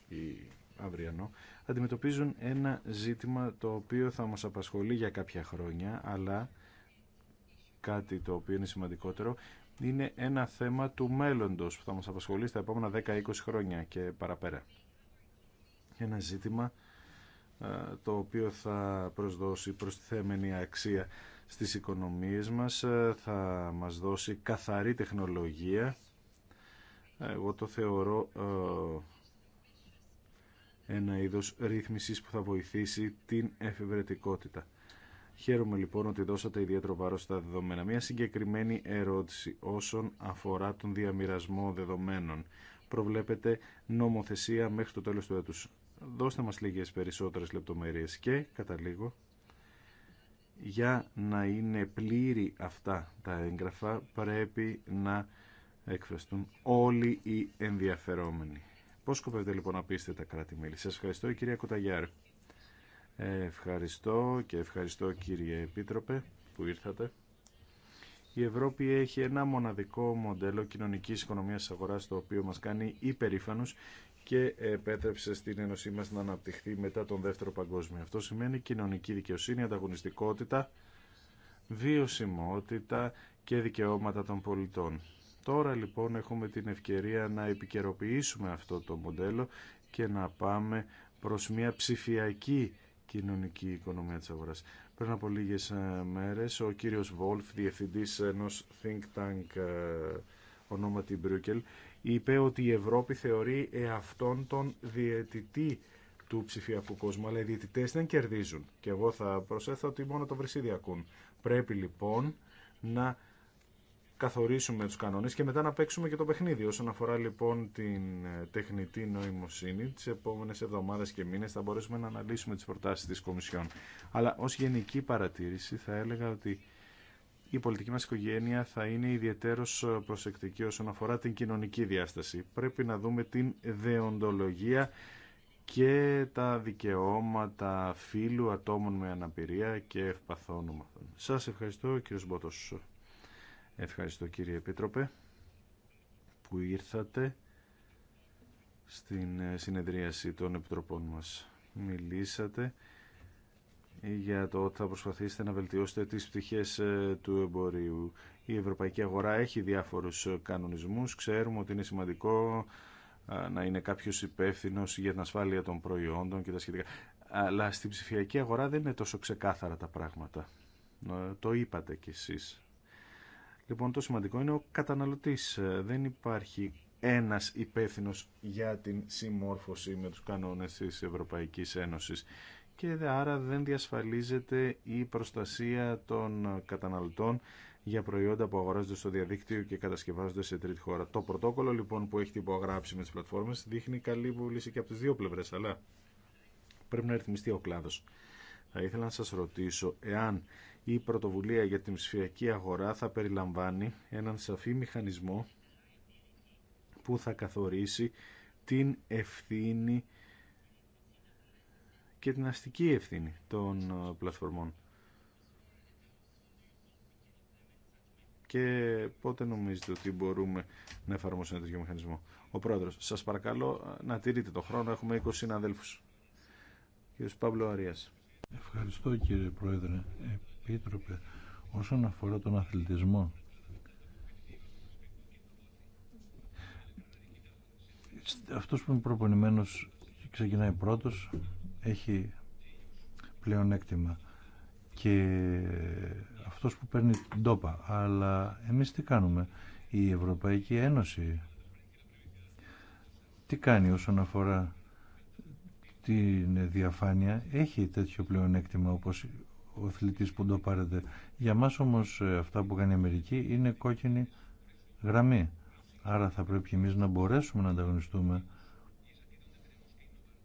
ή αυριανό. Αντιμετωπίζουν ένα ζήτημα το οποίο θα μας απασχολεί για κάποια χρόνια, αλλά κάτι το οποίο είναι σημαντικότερο, είναι ένα θέμα του μέλλοντος που θα μας απασχολεί στα επόμενα 10-20 χρόνια και παραπέρα. Ένα ζήτημα ε, το οποίο θα προσδώσει προστιθέμενη αξία στις οικονομίες μας, ε, θα μας δώσει καθαρή τεχνολογία. Εγώ το θεωρώ ε, ένα είδος ρύθμισης που θα βοηθήσει την εφευρετικότητα. Χαίρομαι λοιπόν ότι δώσατε ιδιαίτερο βάρος στα δεδομένα. Μια συγκεκριμένη ερώτηση όσον αφορά τον διαμοιρασμό δεδομένων. Προβλέπετε νομοθεσία μέχρι το τέλος του έτους. Δώστε μας λίγες περισσότερες λεπτομέρειες και καταλήγω για να είναι πλήρη αυτά τα έγγραφα πρέπει να εκφραστούν όλοι οι ενδιαφερόμενοι. Πώς σκοπεύετε λοιπόν να πείστε τα κράτη-μέλη. Σας ευχαριστώ κυρία Κοταγιάρ. Ε, ευχαριστώ και ευχαριστώ κύριε Επίτροπε που ήρθατε. Η Ευρώπη έχει ένα μοναδικό μοντέλο κοινωνικής οικονομίας αγοράς το οποίο μας κάνει υπερήφανους και επέτρεψε στην Ένωσή μας να αναπτυχθεί μετά τον Δεύτερο Παγκόσμιο. Αυτό σημαίνει κοινωνική δικαιοσύνη, ανταγωνιστικότητα, βιωσιμότητα και δικαιώματα των πολιτών. Τώρα λοιπόν έχουμε την ευκαιρία να επικαιροποιήσουμε αυτό το μοντέλο και να πάμε προς μια ψηφιακή κοινωνική οικονομία της αγοράς. Πριν από λίγες ε, μέρες ο κύριος Βόλφ, διευθυντής ενός Think Tank ε, ονόματι Μπρούκελ, είπε ότι η Ευρώπη θεωρεί εαυτόν τον διαιτητή του ψηφιακού κόσμου, αλλά οι διαιτητέ δεν κερδίζουν. Και εγώ θα προσέθω ότι μόνο το βρεσίδι ακούν. Πρέπει λοιπόν να καθορίσουμε τους κανόνες και μετά να παίξουμε και το παιχνίδι. Όσον αφορά λοιπόν την ε, τεχνητή νοημοσύνη, τις επόμενες εβδομάδες και μήνες θα μπορέσουμε να αναλύσουμε τις προτάσεις της Κομισιόν. Αλλά ως γενική παρατήρηση θα έλεγα ότι η πολιτική μας οικογένεια θα είναι ιδιαίτερος ε, προσεκτική όσον αφορά την κοινωνική διάσταση. Πρέπει να δούμε την δεοντολογία και τα δικαιώματα φίλου ατόμων με αναπηρία και ευπαθών ομάθων. Σας ευχαριστώ κύριε Μπότος. Ευχαριστώ κύριε Επίτροπε που ήρθατε στην ε, συνεδρίαση των επιτροπών μας. Μιλήσατε για το ότι θα προσπαθήσετε να βελτιώσετε τις πτυχές ε, του εμπορίου. Η ευρωπαϊκή αγορά έχει διάφορους ε, κανονισμούς. Ξέρουμε ότι είναι σημαντικό ε, να είναι κάποιος υπεύθυνο για την ασφάλεια των προϊόντων και τα σχετικά. Αλλά στην ψηφιακή αγορά δεν είναι τόσο ξεκάθαρα τα πράγματα. Το είπατε κι εσείς. Λοιπόν, το σημαντικό είναι ο καταναλωτής. Δεν υπάρχει ένας υπεύθυνο για την συμμόρφωση με τους κανόνες της Ευρωπαϊκής Ένωσης και άρα δεν διασφαλίζεται η προστασία των καταναλωτών για προϊόντα που αγοράζονται στο διαδίκτυο και κατασκευάζονται σε τρίτη χώρα. Το πρωτόκολλο λοιπόν που έχει υπογράψει με τι πλατφόρμες δείχνει καλή βούληση και από τι δύο πλευρές, αλλά πρέπει να ρυθμιστεί ο κλάδος. Θα ήθελα να σας ρωτήσω εάν η πρωτοβουλία για την ψηφιακή αγορά θα περιλαμβάνει έναν σαφή μηχανισμό που θα καθορίσει την ευθύνη και την αστική ευθύνη των ε, πλατφορμών. Και πότε νομίζετε ότι μπορούμε να εφαρμόσουμε τέτοιο μηχανισμό. Ο πρόεδρος, σας παρακαλώ ε, να τηρείτε το χρόνο, έχουμε 20 συναδέλφους. Κύριος Παύλο Αρίας. Ευχαριστώ κύριε Πρόεδρε. Επίτροπε, όσον αφορά τον αθλητισμό, αυτός που είναι προπονημένος ξεκινάει πρώτος έχει πλεονέκτημα και αυτός που παίρνει την τόπα. Αλλά εμείς τι κάνουμε. Η Ευρωπαϊκή Ένωση τι κάνει όσον αφορά την διαφάνεια. Έχει τέτοιο πλεονέκτημα όπως ο αθλητής που το πάρετε. Για μας όμως ε, αυτά που κάνει η Αμερική είναι κόκκινη γραμμή. Άρα θα πρέπει εμείς να μπορέσουμε να ανταγωνιστούμε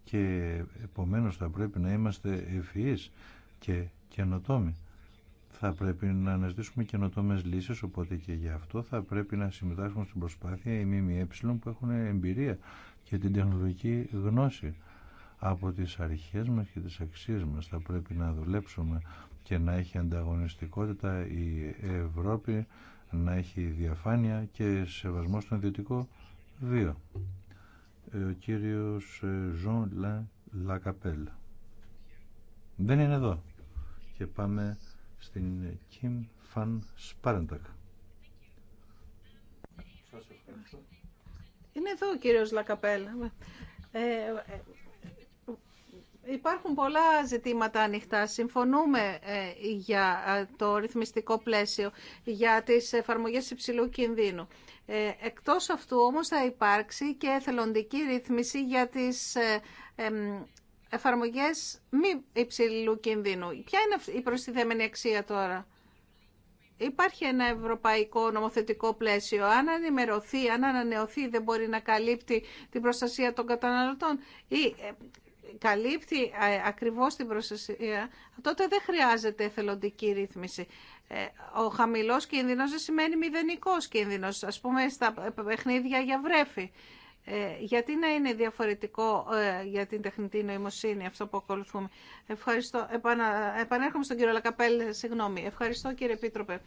και επομένως θα πρέπει να είμαστε ευφυείς και καινοτόμοι. Θα πρέπει να αναζητήσουμε καινοτόμε λύσεις, οπότε και γι' αυτό θα πρέπει να συμμετάσχουμε στην προσπάθεια οι ΜΜΕ που έχουν εμπειρία και την τεχνολογική γνώση. Από τις αρχές μας και τις αξίες μας θα πρέπει να δουλέψουμε και να έχει ανταγωνιστικότητα η Ευρώπη, να έχει διαφάνεια και σεβασμό στον ιδιωτικό βίο. Ε, ο κύριος Ζων Λα Λακαπέλ. Δεν είναι εδώ. Και πάμε στην Κιμ Φαν Σπάρεντακ. Είναι εδώ ο κύριος Λακαπέλα. Ε, ε, υπάρχουν πολλά ζητήματα ανοιχτά. Συμφωνούμε ε, για το ρυθμιστικό πλαίσιο, για τις εφαρμογές υψηλού κινδύνου. Ε, εκτός αυτού όμως θα υπάρξει και εθελοντική ρύθμιση για τις ε, εφαρμογές μη υψηλού κινδύνου. Ποια είναι η προστιθέμενη αξία τώρα. Υπάρχει ένα ευρωπαϊκό νομοθετικό πλαίσιο. Αν ανημερωθεί, αν ανανεωθεί, δεν μπορεί να καλύπτει την προστασία των καταναλωτών. Ή ε, καλύπτει ε, ακριβώς την προστασία, τότε δεν χρειάζεται εθελοντική ρύθμιση. Ε, ο χαμηλός κίνδυνος δεν σημαίνει μηδενικός κίνδυνος, ας πούμε στα παιχνίδια για βρέφη. Ε, γιατί να είναι διαφορετικό για την τεχνητή νοημοσύνη αυτό που ακολουθούμε. Ευχαριστώ. Επανα... Επανέρχομαι στον κύριο Λακαπέλ, συγγνώμη. Ευχαριστώ κύριε Επίτροπε.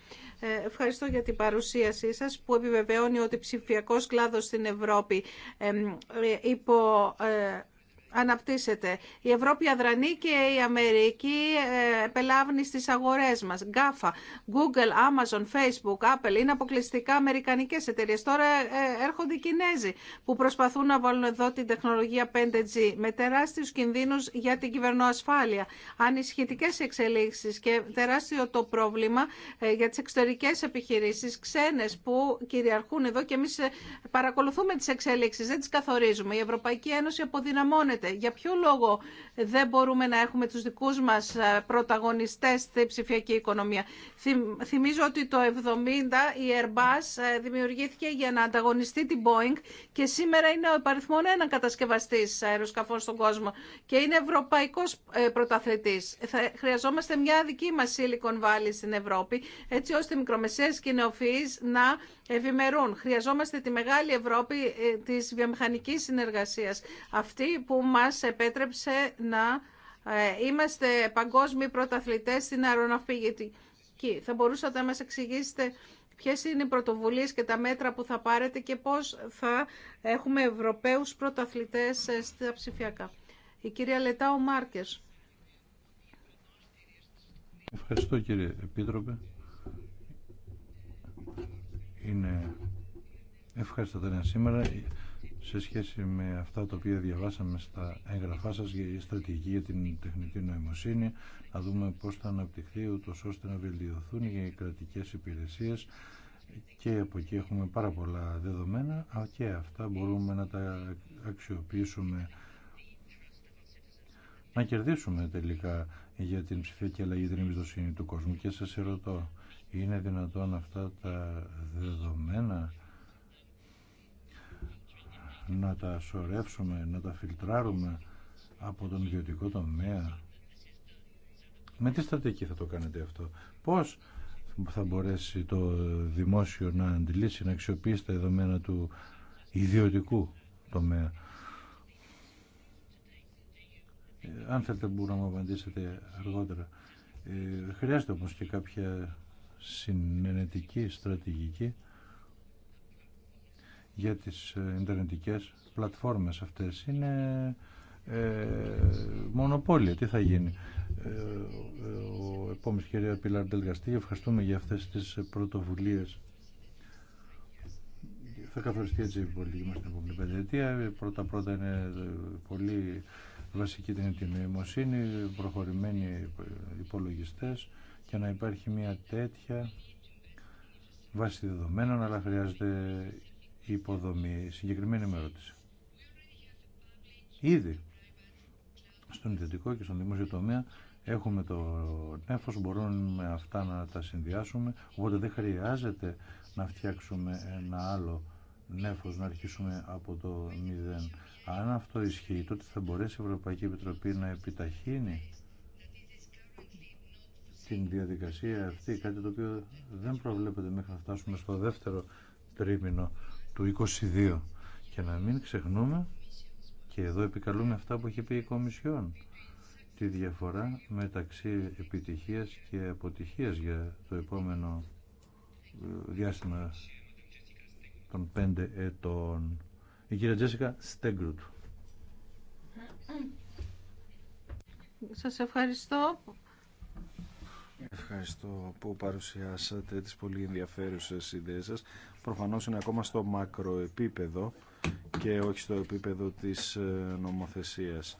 Ευχαριστώ για την παρουσίασή σας που επιβεβαιώνει ότι ψηφιακός κλάδος στην Ευρώπη υπό αναπτύσσεται. Η Ευρώπη αδρανεί και η Αμερική ε, επελάβνει στις αγορές μας. Γκάφα, Google, Amazon, Facebook, Apple είναι αποκλειστικά αμερικανικές εταιρείες. Τώρα ε, έρχονται οι Κινέζοι που προσπαθούν να βάλουν εδώ την τεχνολογία 5G με τεράστιους κινδύνους για την κυβερνοασφάλεια. Ανισχυτικές εξελίξεις και τεράστιο το πρόβλημα ε, για τις εξωτερικές επιχειρήσεις ξένες που κυριαρχούν εδώ και εμείς παρακολουθούμε τις εξελίξεις, δεν τις καθορίζουμε. Η Ευρωπαϊκή Ένωση αποδυναμώνεται για ποιο λόγο δεν μπορούμε να έχουμε τους δικούς μας ε, πρωταγωνιστές στη ψηφιακή οικονομία. Θυμίζω ότι το 70 η Airbus ε, δημιουργήθηκε για να ανταγωνιστεί την Boeing και σήμερα είναι ο επαριθμόν ένα κατασκευαστής αεροσκαφών στον κόσμο και είναι ευρωπαϊκός ε, πρωταθλητής. Θα χρειαζόμαστε μια δική μας Silicon Valley στην Ευρώπη έτσι ώστε οι μικρομεσαίες και οι να ευημερούν. Χρειαζόμαστε τη μεγάλη Ευρώπη της βιομηχανικής συνεργασίας αυτή που μας επέτρεψε να ε, είμαστε παγκόσμιοι πρωταθλητές στην αεροναυπηγητική. Θα μπορούσατε να μας εξηγήσετε ποιες είναι οι πρωτοβουλίες και τα μέτρα που θα πάρετε και πώς θα έχουμε Ευρωπαίους πρωταθλητές ε, στα ψηφιακά. Η κυρία Λετάου Μάρκες. Ευχαριστώ κύριε Επίτροπε. Είναι ευχαριστώ τώρα σήμερα σε σχέση με αυτά τα οποία διαβάσαμε στα έγγραφά σας για η στρατηγική για την τεχνητή νοημοσύνη, να δούμε πώς θα αναπτυχθεί ούτως ώστε να βελτιωθούν οι κρατικές υπηρεσίες και από εκεί έχουμε πάρα πολλά δεδομένα και αυτά μπορούμε να τα αξιοποιήσουμε να κερδίσουμε τελικά για την ψηφιακή αλλαγή την εμπιστοσύνη του κόσμου και σας ερωτώ είναι δυνατόν αυτά τα δεδομένα να τα σωρεύσουμε, να τα φιλτράρουμε από τον ιδιωτικό τομέα. Με τι στρατηγική θα το κάνετε αυτό. Πώς θα μπορέσει το δημόσιο να αντιλήσει, να αξιοποιήσει τα δεδομένα του ιδιωτικού τομέα. Ε, αν θέλετε μπορείτε να μου απαντήσετε αργότερα. Ε, χρειάζεται όμως και κάποια συνενετική στρατηγική για τις ε, ιντερνετικές πλατφόρμες αυτές. Είναι ε, μονοπόλια. Τι θα γίνει. Ε, ε, ο επόμενος κυρία Πιλάρ Ντελγαστή, ευχαριστούμε για αυτές τις πρωτοβουλίες. Θα καθοριστεί έτσι η πολιτική μας την επόμενη πενταετία. Πρώτα-πρώτα είναι ε, πολύ βασική την ετοιμοσύνη, προχωρημένοι υπολογιστές και να υπάρχει μια τέτοια βάση δεδομένων, αλλά χρειάζεται υποδομή. Συγκεκριμένη με ερώτηση. Ήδη στον ιδιωτικό και στον δημόσιο τομέα έχουμε το νέφος, μπορούμε αυτά να τα συνδυάσουμε, οπότε δεν χρειάζεται να φτιάξουμε ένα άλλο νέφος, να αρχίσουμε από το μηδέν. Αν αυτό ισχύει, τότε θα μπορέσει η Ευρωπαϊκή Επιτροπή να επιταχύνει την διαδικασία αυτή, κάτι το οποίο δεν προβλέπεται μέχρι να φτάσουμε στο δεύτερο τρίμηνο του 22 και να μην ξεχνούμε και εδώ επικαλούμε αυτά που έχει πει η Κομισιόν τη διαφορά μεταξύ επιτυχίας και αποτυχίας για το επόμενο ε, διάστημα των πέντε ετών. Η κυρία Τζέσικα Στέγκρουτ. Σας ευχαριστώ Ευχαριστώ που παρουσιάσατε τις πολύ ενδιαφέρουσες ιδέες σας. Προφανώς είναι ακόμα στο μακροεπίπεδο και όχι στο επίπεδο της ε, νομοθεσίας.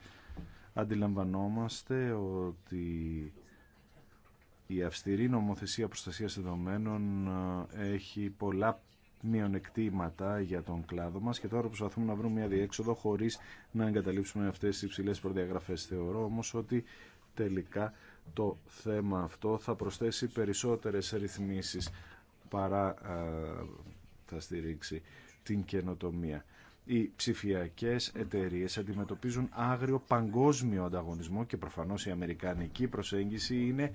Αντιλαμβανόμαστε ότι η αυστηρή νομοθεσία προστασίας δεδομένων ε, έχει πολλά μειονεκτήματα για τον κλάδο μας και τώρα προσπαθούμε να βρούμε μια διέξοδο χωρίς να εγκαταλείψουμε αυτές τις υψηλές προδιαγραφές. Θεωρώ όμως ότι τελικά το θέμα αυτό θα προσθέσει περισσότερες ρυθμίσεις παρά θα στηρίξει την καινοτομία. Οι ψηφιακές εταιρείες αντιμετωπίζουν άγριο παγκόσμιο ανταγωνισμό και προφανώς η αμερικανική προσέγγιση είναι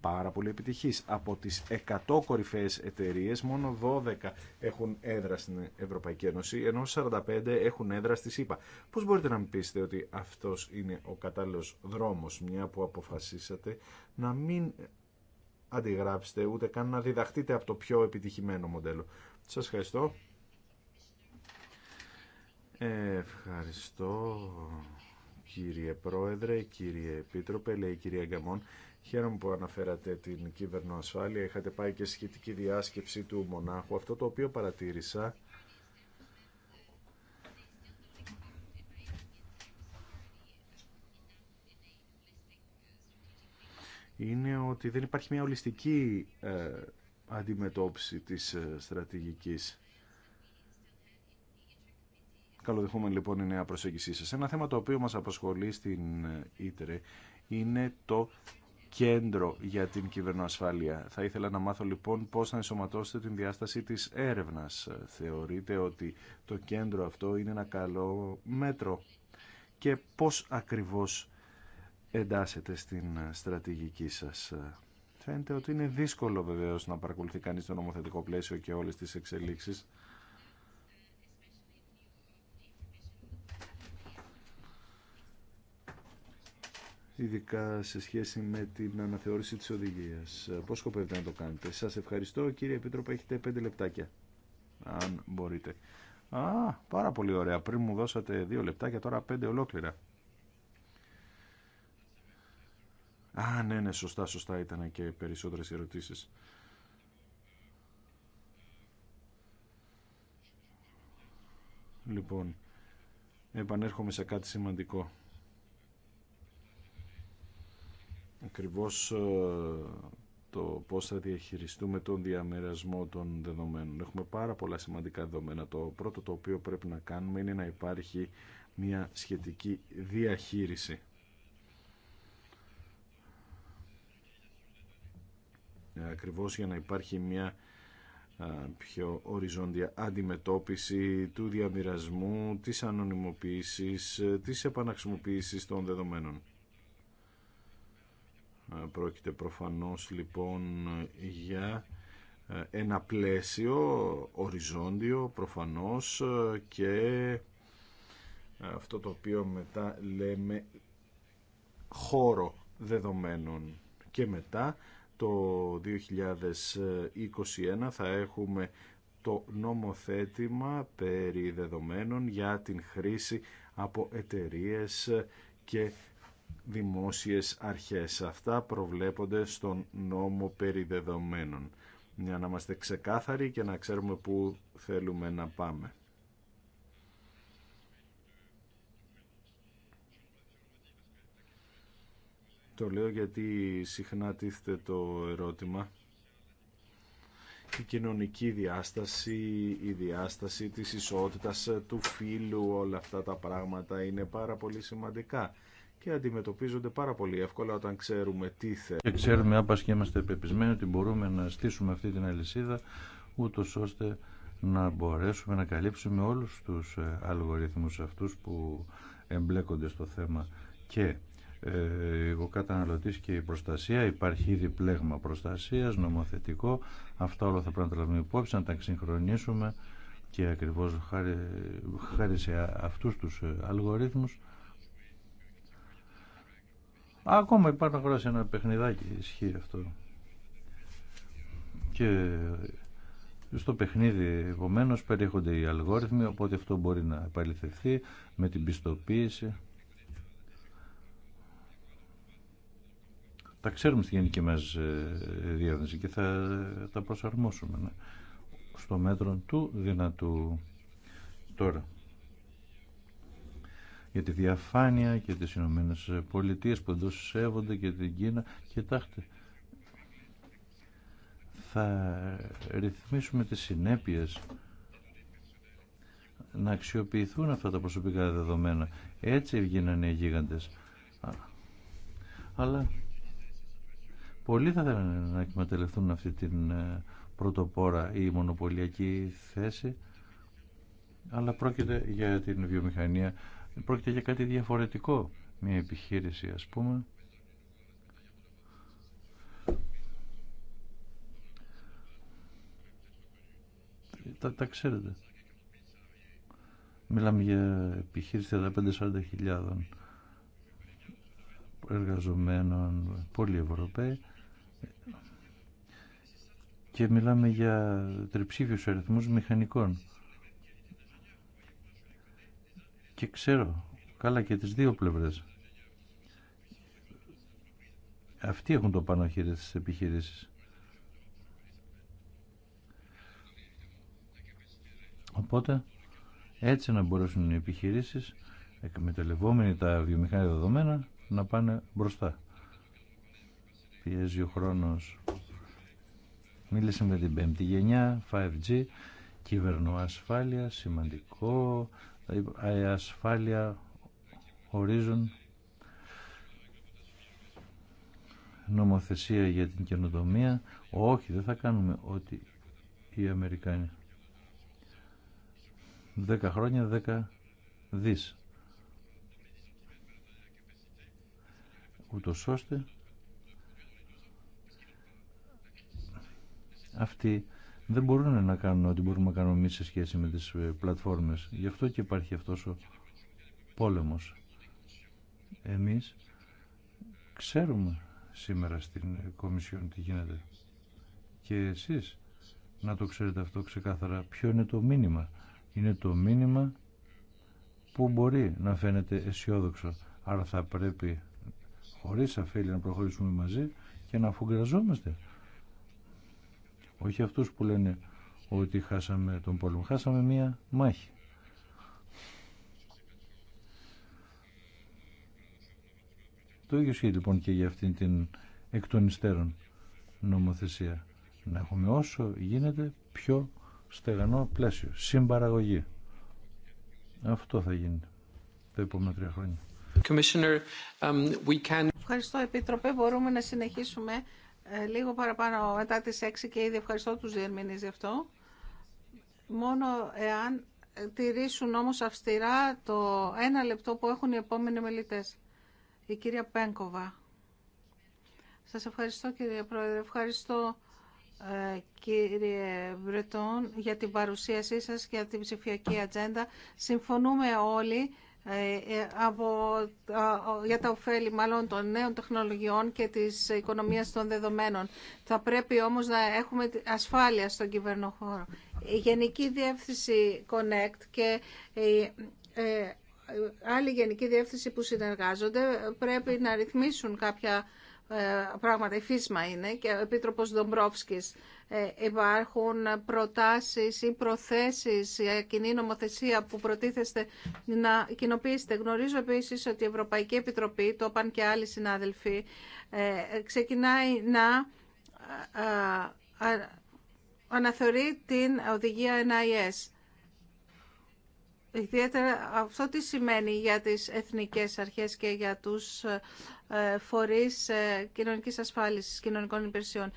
πάρα πολύ επιτυχής. Από τις 100 κορυφαίες εταιρείες, μόνο 12 έχουν έδρα στην Ευρωπαϊκή Ένωση, ενώ 45 έχουν έδρα στη ΣΥΠΑ. Πώς μπορείτε να μην πείσετε ότι αυτός είναι ο κατάλληλος δρόμος, μια που αποφασίσατε να μην αντιγράψετε, ούτε καν να διδαχτείτε από το πιο επιτυχημένο μοντέλο. Σας ευχαριστώ. Ευχαριστώ κύριε Πρόεδρε, κύριε Επίτροπε, λέει η κυρία Γκαμόν. Χαίρομαι που αναφέρατε την ασφάλεια. Είχατε πάει και σχετική διάσκεψη του Μονάχου. Αυτό το οποίο παρατήρησα είναι ότι δεν υπάρχει μια ολιστική ε, αντιμετώπιση της ε, στρατηγικής. Καλοδεχούμε λοιπόν η νέα προσέγγισή σας. Ένα θέμα το οποίο μας απασχολεί στην ε, Ήτρε είναι το κέντρο για την κυβερνοασφάλεια. Θα ήθελα να μάθω λοιπόν πώς να ενσωματώσετε την διάσταση της έρευνας. Θεωρείτε ότι το κέντρο αυτό είναι ένα καλό μέτρο και πώς ακριβώς εντάσσεται στην στρατηγική σας. Φαίνεται ότι είναι δύσκολο βεβαίως να παρακολουθεί κανείς το νομοθετικό πλαίσιο και όλες τις εξελίξεις ειδικά σε σχέση με την αναθεώρηση της οδηγίας. Πώς σκοπεύετε να το κάνετε. Σας ευχαριστώ κύριε Επίτροπε, έχετε πέντε λεπτάκια, αν μπορείτε. Α, πάρα πολύ ωραία. Πριν μου δώσατε δύο λεπτάκια, τώρα πέντε ολόκληρα. Α, ναι, ναι, σωστά, σωστά ήταν και περισσότερες ερωτήσεις. Λοιπόν, επανέρχομαι σε κάτι σημαντικό. ακριβώς ε, το πώς θα διαχειριστούμε τον διαμερασμό των δεδομένων. Έχουμε πάρα πολλά σημαντικά δεδομένα. Το πρώτο το οποίο πρέπει να κάνουμε είναι να υπάρχει μια σχετική διαχείριση. Ε, ακριβώς για να υπάρχει μια ε, πιο οριζόντια αντιμετώπιση του διαμοιρασμού, της ανωνυμοποίησης, της επαναξιμοποίησης των δεδομένων. Ε, πρόκειται προφανώς λοιπόν για ε, ένα πλαίσιο οριζόντιο προφανώς ε, και αυτό το οποίο μετά λέμε χώρο δεδομένων και μετά το 2021 θα έχουμε το νομοθέτημα περί δεδομένων για την χρήση από εταιρείες και δημόσιες αρχές. Αυτά προβλέπονται στον νόμο περί δεδομένων. Για να είμαστε ξεκάθαροι και να ξέρουμε πού θέλουμε να πάμε. Το λέω γιατί συχνά τίθεται το ερώτημα. Η κοινωνική διάσταση, η διάσταση της ισότητας του φύλου, όλα αυτά τα πράγματα είναι πάρα πολύ σημαντικά και αντιμετωπίζονται πάρα πολύ εύκολα όταν ξέρουμε τι θέλουμε. Και ξέρουμε άπα και είμαστε πεπισμένοι ότι μπορούμε να στήσουμε αυτή την αλυσίδα ούτω ώστε να μπορέσουμε να καλύψουμε όλους τους ε, αλγορίθμους αυτούς που εμπλέκονται στο θέμα και ο ε, καταναλωτής και η προστασία υπάρχει ήδη πλέγμα προστασίας νομοθετικό αυτά όλα θα πρέπει να τα λάβουμε υπόψη να τα συγχρονίσουμε και ακριβώς χάρη, χάρη σε αυτούς τους ε, αλγορίθμους Ακόμα υπάρχει να σε ένα παιχνιδάκι ισχύει αυτό. Και στο παιχνίδι επομένω περιέχονται οι αλγόριθμοι, οπότε αυτό μπορεί να επαληθευθεί με την πιστοποίηση. Τα ξέρουμε στη γενική μας ε, διεύθυνση και θα τα προσαρμόσουμε ναι, στο μέτρο του δυνατού τώρα για τη διαφάνεια και τις Ηνωμένε Πολιτείε που εντό σέβονται και την Κίνα. Κοιτάξτε, θα ρυθμίσουμε τις συνέπειες να αξιοποιηθούν αυτά τα προσωπικά δεδομένα. Έτσι γίνανε οι γίγαντες. Αλλά πολλοί θα θέλανε να εκμεταλλευτούν αυτή την ε, πρωτοπόρα ή μονοπωλιακή θέση, αλλά πρόκειται για την βιομηχανία πρόκειται για κάτι διαφορετικό μια επιχείρηση ας πούμε τα, ξέρετε μιλάμε για επιχείρηση 35-40 εργαζομένων πολυευρωπαίοι και μιλάμε για τριψήφιους αριθμούς μηχανικών και ξέρω καλά και τις δύο πλευρές. Αυτοί έχουν το πάνω χέρι στις επιχειρήσεις. Οπότε έτσι να μπορέσουν οι επιχειρήσεις εκμεταλλευόμενοι τα βιομηχανικά δεδομένα να πάνε μπροστά. Πιέζει ο χρόνος. Μίλησε με την πέμπτη γενιά, 5G, κυβερνοασφάλεια, σημαντικό, η ασφάλεια ορίζουν νομοθεσία για την καινοτομία. Όχι, δεν θα κάνουμε ότι οι Αμερικάνοι. Δέκα χρόνια, δέκα δις. Ούτως ώστε αυτοί δεν μπορούν να κάνουν ό,τι μπορούμε να κάνουμε εμεί σε σχέση με τις ε, πλατφόρμες. Γι' αυτό και υπάρχει αυτός ο πόλεμος. Εμείς ξέρουμε σήμερα στην ε, Κομισιόν τι γίνεται. Και εσείς να το ξέρετε αυτό ξεκάθαρα. Ποιο είναι το μήνυμα. Είναι το μήνυμα που μπορεί να φαίνεται αισιόδοξο. Άρα θα πρέπει χωρίς αφέλεια να προχωρήσουμε μαζί και να αφουγκραζόμαστε όχι αυτούς που λένε ότι χάσαμε τον πόλεμο. Χάσαμε μία μάχη. Το ίδιο ισχύει λοιπόν και για αυτήν την εκ των υστέρων νομοθεσία. Να έχουμε όσο γίνεται πιο στεγανό πλαίσιο. Συμπαραγωγή. Αυτό θα γίνει τα επόμενα τρία χρόνια. Um, Ευχαριστώ, Επίτροπε. Μπορούμε να συνεχίσουμε ε, λίγο παραπάνω μετά τις 6 και ήδη ευχαριστώ τους διερμηνείς γι' αυτό. Μόνο εάν τηρήσουν όμως αυστηρά το ένα λεπτό που έχουν οι επόμενοι μελητές. Η κυρία Πένκοβα. Σας ευχαριστώ κύριε Πρόεδρε. Ευχαριστώ ε, κύριε Βρετών για την παρουσίασή σας και για την ψηφιακή ατζέντα. Συμφωνούμε όλοι ε, ε, για τα ωφέλη μάλλον των νέων τεχνολογιών και της οικονομίας των δεδομένων. Θα πρέπει όμως να έχουμε ασφάλεια στον κυβερνοχώρο. Η Γενική Διεύθυνση Connect και η ε, άλλη Γενική Διεύθυνση που συνεργάζονται πρέπει να ρυθμίσουν κάποια πράγματα. Η φύσμα είναι και ο Επίτροπος Δομπρόφσκης ε, υπάρχουν προτάσεις ή προθέσεις για κοινή νομοθεσία που προτίθεστε να κοινοποιήσετε. Γνωρίζω επίσης ότι η Ευρωπαϊκή Επιτροπή, το είπαν και άλλοι συνάδελφοι, ε, ξεκινάει να ε, αναθεωρεί την οδηγία NIS. Ιδιαίτερα αυτό τι σημαίνει για τις εθνικές αρχές και για τους ε, φορείς ε, κοινωνικής ασφάλισης, κοινωνικών υπηρεσιών.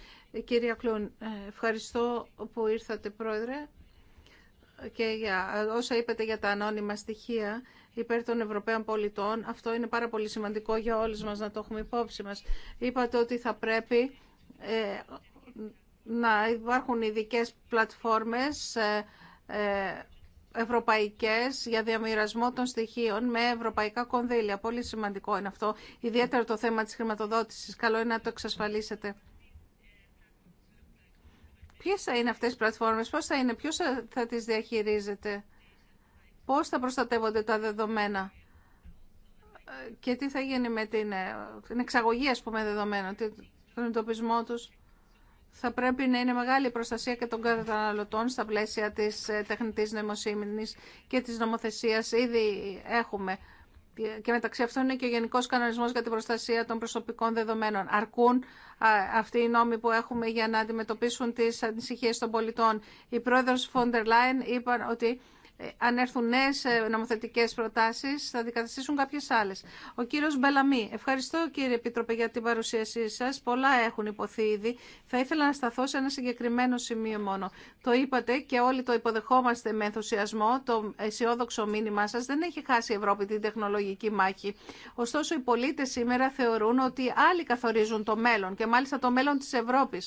Κύριε Κλούν, ε, ευχαριστώ που ήρθατε πρόεδρε και για όσα είπατε για τα ανώνυμα στοιχεία υπέρ των Ευρωπαίων πολιτών. Αυτό είναι πάρα πολύ σημαντικό για όλους μας να το έχουμε υπόψη μας. Είπατε ότι θα πρέπει να υπάρχουν ειδικέ πλατφόρμες ευρωπαϊκές για διαμοιρασμό των στοιχείων με ευρωπαϊκά κονδύλια. Πολύ σημαντικό είναι αυτό, ιδιαίτερα το θέμα της χρηματοδότησης. Καλό είναι να το εξασφαλίσετε. Ποιε θα είναι αυτές οι πλατφόρμες, πώς θα είναι, ποιος θα τις διαχειρίζεται, πώς θα προστατεύονται τα δεδομένα και τι θα γίνει με την, ε, την εξαγωγή, ας πούμε, δεδομένων, τον εντοπισμό τους θα πρέπει να είναι μεγάλη η προστασία και των καταναλωτών στα πλαίσια της ε, τεχνητής νοημοσύνης και της νομοθεσίας. Ήδη έχουμε και μεταξύ αυτών είναι και ο Γενικό Κανονισμό για την Προστασία των Προσωπικών Δεδομένων. Αρκούν αυτοί οι νόμοι που έχουμε για να αντιμετωπίσουν τις ανησυχίες των πολιτών. Η πρόεδρο Φόντερ Λάιν είπαν ότι ε, αν έρθουν νέε νομοθετικέ προτάσει, θα αντικαταστήσουν κάποιε άλλε. Ο κύριο Μπελαμή, ευχαριστώ κύριε Επίτροπε για την παρουσίασή σα. Πολλά έχουν υποθεί ήδη. Θα ήθελα να σταθώ σε ένα συγκεκριμένο σημείο μόνο. Το είπατε και όλοι το υποδεχόμαστε με ενθουσιασμό. Το αισιόδοξο μήνυμά σα δεν έχει χάσει η Ευρώπη την τεχνολογική μάχη. Ωστόσο οι πολίτε σήμερα θεωρούν ότι άλλοι καθορίζουν το μέλλον και μάλιστα το μέλλον τη Ευρώπη.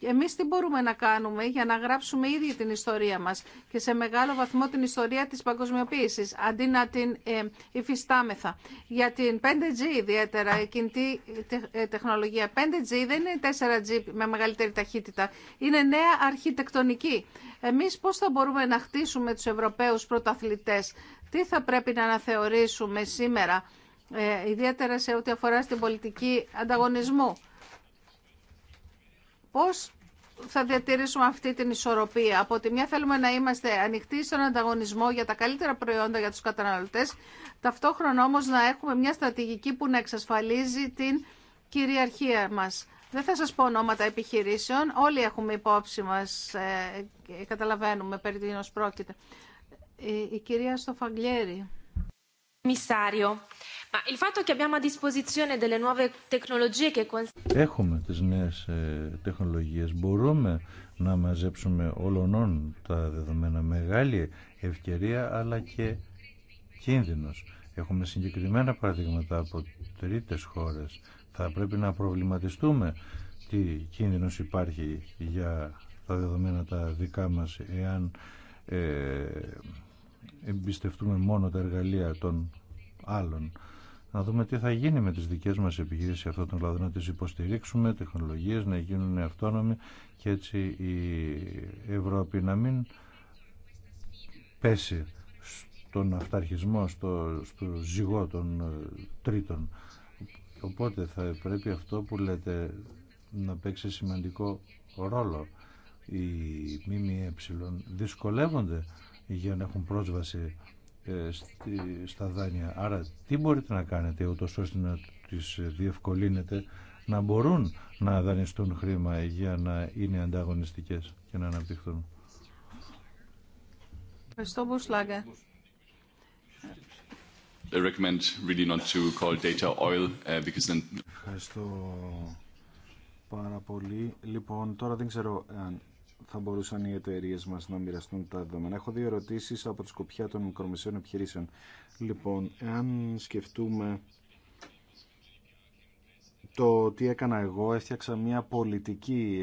Εμείς τι μπορούμε να κάνουμε για να γράψουμε ήδη την ιστορία μας και σε μεγάλο βαθμό την ιστορία της παγκοσμιοποίησης, αντί να την ε, υφιστάμεθα. Για την 5G ιδιαίτερα, η κινητή ε, τεχνολογία 5G δεν είναι 4G με μεγαλύτερη ταχύτητα, είναι νέα αρχιτεκτονική. Εμείς πώς θα μπορούμε να χτίσουμε τους Ευρωπαίους πρωταθλητές, τι θα πρέπει να αναθεωρήσουμε σήμερα, ε, ιδιαίτερα σε ό,τι αφορά στην πολιτική ανταγωνισμού Πώς θα διατηρήσουμε αυτή την ισορροπία. Από τη μια θέλουμε να είμαστε ανοιχτοί στον ανταγωνισμό για τα καλύτερα προϊόντα για τους καταναλωτές, ταυτόχρονα όμως να έχουμε μια στρατηγική που να εξασφαλίζει την κυριαρχία μας. Δεν θα σας πω ονόματα επιχειρήσεων, όλοι έχουμε υπόψη μας, ε, καταλαβαίνουμε περί τίνος πρόκειται. Η, κυρία Στοφαγγλέρη. Μισάριο. Έχουμε τις νέες ε, τεχνολογίες. Μπορούμε να μαζέψουμε όλων τα δεδομένα. Μεγάλη ευκαιρία αλλά και κίνδυνος. Έχουμε συγκεκριμένα παραδείγματα από τρίτες χώρες. Θα πρέπει να προβληματιστούμε τι κίνδυνος υπάρχει για τα δεδομένα τα δικά μας εάν ε, εμπιστευτούμε μόνο τα εργαλεία των άλλων να δούμε τι θα γίνει με τις δικές μας επιχειρήσεις σε αυτόν τον κλάδο, να τις υποστηρίξουμε, τεχνολογίες να γίνουν αυτόνομοι και έτσι η Ευρώπη να μην πέσει στον αυταρχισμό, στο, στο ζυγό των ε, τρίτων. Οπότε θα πρέπει αυτό που λέτε να παίξει σημαντικό ρόλο. Οι ΜΜΕ δυσκολεύονται για να έχουν πρόσβαση ε, στα δάνεια. Άρα τι μπορείτε να κάνετε ούτως ώστε να τις διευκολύνετε να μπορούν να δανειστούν χρήμα για να είναι ανταγωνιστικές και να αναπτυχθούν. Ευχαριστώ, Μπουσλάγκα. I recommend really not to call data oil uh, because then... Ευχαριστώ πάρα πολύ. Λοιπόν, τώρα δεν ξέρω αν θα μπορούσαν οι εταιρείε μας να μοιραστούν τα δεδομένα. Έχω δύο ερωτήσεις από τη σκοπιά των μικρομεσαίων επιχειρήσεων. Λοιπόν, εάν σκεφτούμε το τι έκανα εγώ, έφτιαξα μια πολιτική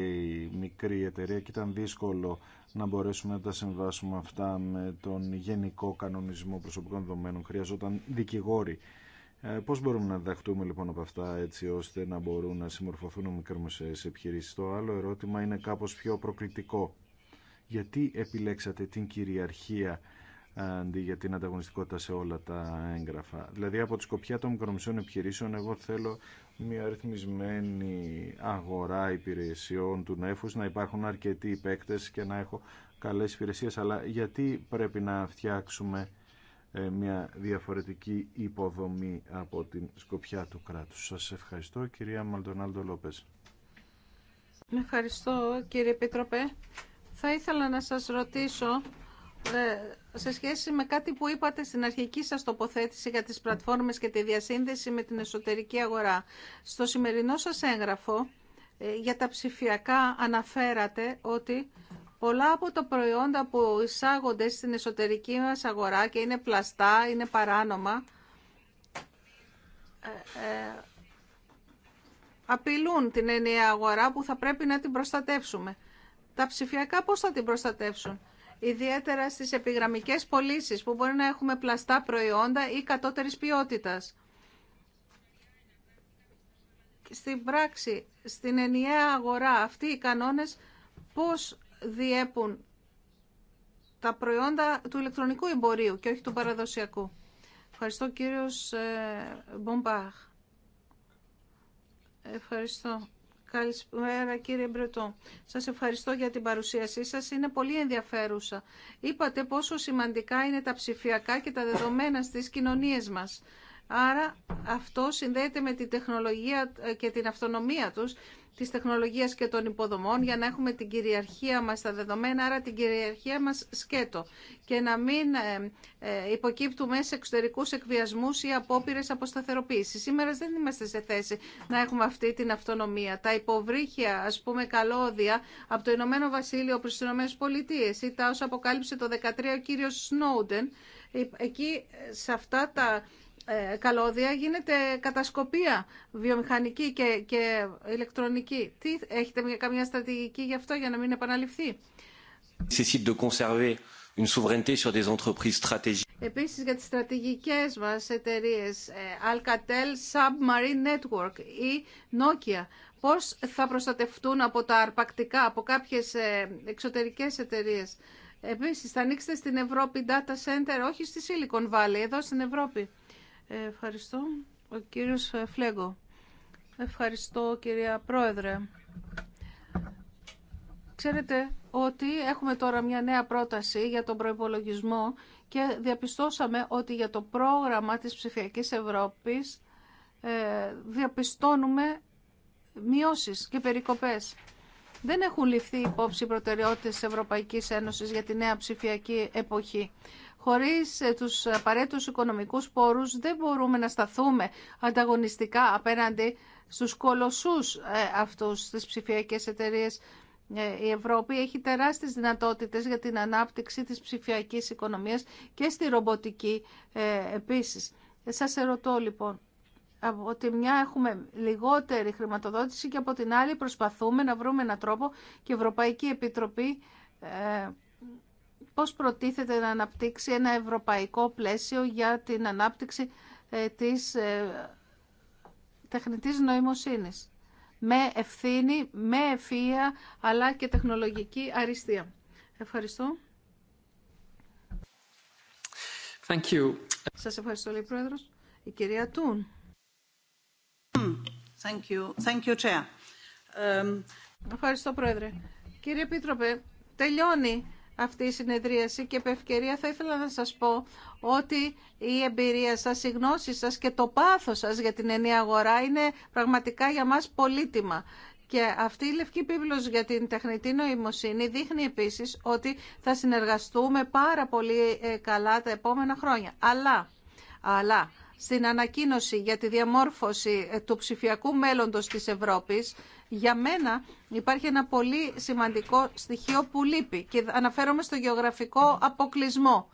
μικρή εταιρεία και ήταν δύσκολο να μπορέσουμε να τα συμβάσουμε αυτά με τον γενικό κανονισμό προσωπικών δεδομένων. Χρειαζόταν δικηγόροι ε, πώς μπορούμε να διδαχτούμε λοιπόν από αυτά έτσι ώστε να μπορούν να συμμορφωθούν οι μικρομεσαίες επιχειρήσεις. Το άλλο ερώτημα είναι κάπως πιο προκλητικό. Γιατί επιλέξατε την κυριαρχία ε, αντί για την ανταγωνιστικότητα σε όλα τα έγγραφα. Δηλαδή από τη σκοπιά των μικρομεσαίων επιχειρήσεων εγώ θέλω μια αριθμισμένη αγορά υπηρεσιών του νέφους, να υπάρχουν αρκετοί παίκτες και να έχω καλές υπηρεσίες, αλλά γιατί πρέπει να φτιάξουμε ε, μια διαφορετική υποδομή από την σκοπιά του κράτους. Σας ευχαριστώ κυρία Μαλτονάλντο Λόπες. Ευχαριστώ κύριε Επίτροπε. Θα ήθελα να σας ρωτήσω ε, σε σχέση με κάτι που είπατε στην αρχική σας τοποθέτηση για τις πλατφόρμες και τη διασύνδεση με την εσωτερική αγορά. Στο σημερινό σας έγγραφο ε, για τα ψηφιακά αναφέρατε ότι Πολλά από τα προϊόντα που εισάγονται στην εσωτερική μας αγορά και είναι πλαστά, είναι παράνομα, ε, ε, απειλούν την ενιαία αγορά που θα πρέπει να την προστατεύσουμε. Τα ψηφιακά πώς θα την προστατεύσουν. Ιδιαίτερα στις επιγραμμικές πωλήσει που μπορεί να έχουμε πλαστά προϊόντα ή κατώτερης ποιότητας. Στην πράξη, στην ενιαία αγορά αυτοί οι κανόνες πώς διέπουν τα προϊόντα του ηλεκτρονικού εμπορίου και όχι του παραδοσιακού. Ευχαριστώ κύριος ε, Μπομπάχ. Ευχαριστώ. Καλησπέρα κύριε Μπρετό. Σας ευχαριστώ για την παρουσίασή σας. Είναι πολύ ενδιαφέρουσα. Είπατε πόσο σημαντικά είναι τα ψηφιακά και τα δεδομένα στις κοινωνίες μας. Άρα αυτό συνδέεται με την τεχνολογία ε, και την αυτονομία τους της τεχνολογίας και των υποδομών για να έχουμε την κυριαρχία μας στα δεδομένα, άρα την κυριαρχία μας σκέτο και να μην ε, ε, υποκύπτουμε σε εξωτερικούς εκβιασμούς ή απόπειρε αποσταθεροποίηση. Σήμερα δεν είμαστε σε θέση να έχουμε αυτή την αυτονομία. Τα υποβρύχια, ας πούμε, καλώδια από το Ηνωμένο Βασίλειο προς τις Ηνωμένες Πολιτείες ή τα όσα αποκάλυψε το 2013 ο κύριος Σνόντεν, ε, εκεί σε αυτά τα ε, καλώδια γίνεται κατασκοπία βιομηχανική και, και ηλεκτρονική. Τι, έχετε μια, καμιά στρατηγική γι' αυτό για να μην επαναληφθεί. Επίσης για τις στρατηγικές μας εταιρείες ε, Alcatel Submarine Network ή Nokia πώς θα προστατευτούν από τα αρπακτικά από κάποιες ε, εξωτερικές εταιρείες. Επίσης θα ανοίξετε στην Ευρώπη data center όχι στη Silicon Valley, εδώ στην Ευρώπη. Ευχαριστώ. Ο κύριος Φλέγκο. Ευχαριστώ κυρία Πρόεδρε. Ξέρετε ότι έχουμε τώρα μια νέα πρόταση για τον προϋπολογισμό και διαπιστώσαμε ότι για το πρόγραμμα της ψηφιακής Ευρώπης ε, διαπιστώνουμε μειώσεις και περικοπές. Δεν έχουν ληφθεί υπόψη οι προτεραιότητες της Ευρωπαϊκής Ένωσης για τη νέα ψηφιακή εποχή. Χωρίς ε, τους απαραίτητους οικονομικούς πόρους δεν μπορούμε να σταθούμε ανταγωνιστικά απέναντι στους κολοσσούς ε, αυτούς της ψηφιακές εταιρείες. Ε, η Ευρώπη έχει τεράστιες δυνατότητες για την ανάπτυξη της ψηφιακής οικονομίας και στη ρομποτική επίσης. Σας ερωτώ λοιπόν, από τη μια έχουμε λιγότερη χρηματοδότηση και από την άλλη προσπαθούμε να βρούμε έναν τρόπο και η Ευρωπαϊκή Επιτροπή πώς προτίθεται να αναπτύξει ένα ευρωπαϊκό πλαίσιο για την ανάπτυξη ε, της ε, τεχνητής νοημοσύνης. Με ευθύνη, με ευφύεια, αλλά και τεχνολογική αριστεία. Ευχαριστώ. Thank you. Σας ευχαριστώ, λέει Πρόεδρος. Η κυρία Τούν. Thank you. Thank you, Chair. Ευχαριστώ, Πρόεδρε. Κύριε Επίτροπε, τελειώνει αυτή η συνεδρίαση και επ' ευκαιρία θα ήθελα να σας πω ότι η εμπειρία σας, η γνώση σας και το πάθος σας για την ενιαία αγορά είναι πραγματικά για μας πολύτιμα. Και αυτή η Λευκή Πίπλος για την τεχνητή νοημοσύνη δείχνει επίσης ότι θα συνεργαστούμε πάρα πολύ ε, καλά τα επόμενα χρόνια. Αλλά, αλλά στην ανακοίνωση για τη διαμόρφωση ε, του ψηφιακού μέλλοντος της Ευρώπης, για μένα υπάρχει ένα πολύ σημαντικό στοιχείο που λείπει και αναφέρομαι στο γεωγραφικό αποκλεισμό,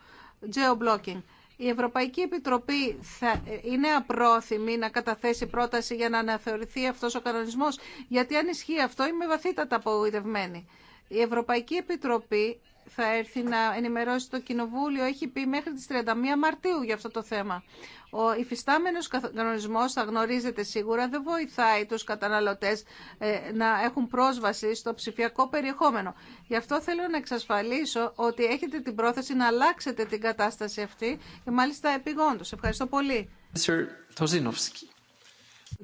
geo-blocking. Η Ευρωπαϊκή Επιτροπή θα ε, είναι απρόθυμη να καταθέσει πρόταση για να αναθεωρηθεί αυτός ο κανονισμός, γιατί αν ισχύει αυτό είμαι βαθύτατα απογοητευμένη. Η Ευρωπαϊκή Επιτροπή θα έρθει να ενημερώσει το Κοινοβούλιο. Έχει πει μέχρι τις 31 Μαρτίου για αυτό το θέμα. Ο υφιστάμενος κανονισμός, θα γνωρίζετε σίγουρα, δεν βοηθάει τους καταναλωτές ε, να έχουν πρόσβαση στο ψηφιακό περιεχόμενο. Γι' αυτό θέλω να εξασφαλίσω ότι έχετε την πρόθεση να αλλάξετε την κατάσταση αυτή και μάλιστα επιγόντως. Ευχαριστώ πολύ.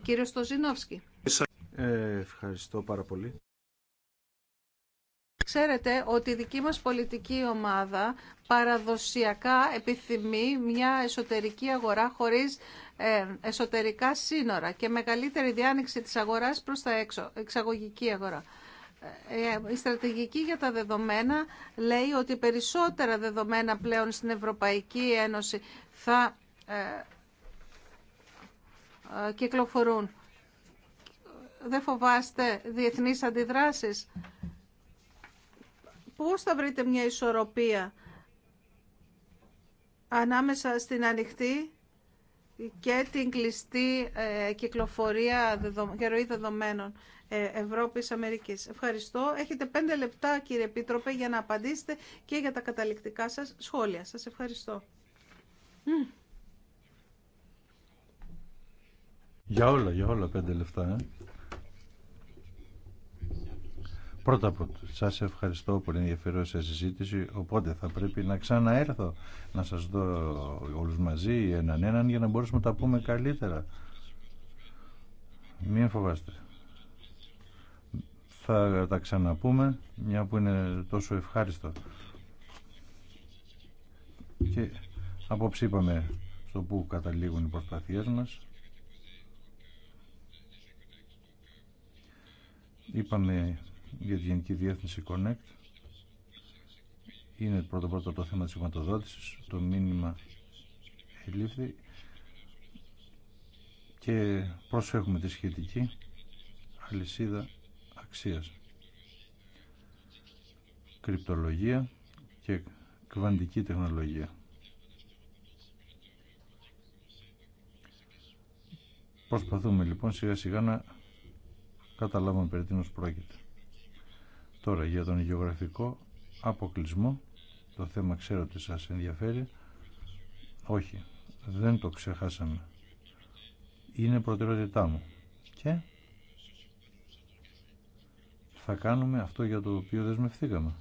Κύριο ε, ευχαριστώ πάρα πολύ. Ξέρετε ότι η δική μας πολιτική ομάδα παραδοσιακά επιθυμεί μια εσωτερική αγορά χωρίς ε, εσωτερικά σύνορα και μεγαλύτερη διάνοιξη της αγοράς προς τα έξω, εξαγωγική αγορά. Ε, ε, η στρατηγική για τα δεδομένα λέει ότι περισσότερα δεδομένα πλέον στην Ευρωπαϊκή Ένωση θα κυκλοφορούν. Δεν φοβάστε διεθνείς αντιδράσεις Πώς θα βρείτε μια ισορροπία ανάμεσα στην ανοιχτή και την κλειστή ε, κυκλοφορία και ροή δεδομένων ε, Ευρώπης Αμερικής. Ευχαριστώ. Έχετε πέντε λεπτά κύριε Επίτροπε για να απαντήσετε και για τα καταληκτικά σας σχόλια. Σας ευχαριστώ. Για όλα, για όλα πέντε λεπτά. Ε. Πρώτα απ' όλα, σας ευχαριστώ που είναι σε συζήτηση, οπότε θα πρέπει να ξαναέρθω να σας δω όλους μαζί έναν έναν για να μπορέσουμε να τα πούμε καλύτερα. Μην φοβάστε. Θα τα ξαναπούμε, μια που είναι τόσο ευχάριστο. Και απόψε είπαμε στο που καταλήγουν οι προσπαθίες μας. Είπαμε για τη Γενική Διεύθυνση Connect. Είναι πρώτο πρώτο το θέμα της χρηματοδότησης, το μήνυμα ελήφθη και προσέχουμε τη σχετική αλυσίδα αξίας. Κρυπτολογία και κβαντική τεχνολογία. Προσπαθούμε λοιπόν σιγά σιγά να καταλάβουμε περί τίνος πρόκειται. Τώρα για τον γεωγραφικό αποκλεισμό, το θέμα ξέρω ότι σας ενδιαφέρει. Όχι, δεν το ξεχάσαμε. Είναι προτεραιότητά μου. Και θα κάνουμε αυτό για το οποίο δεσμευθήκαμε.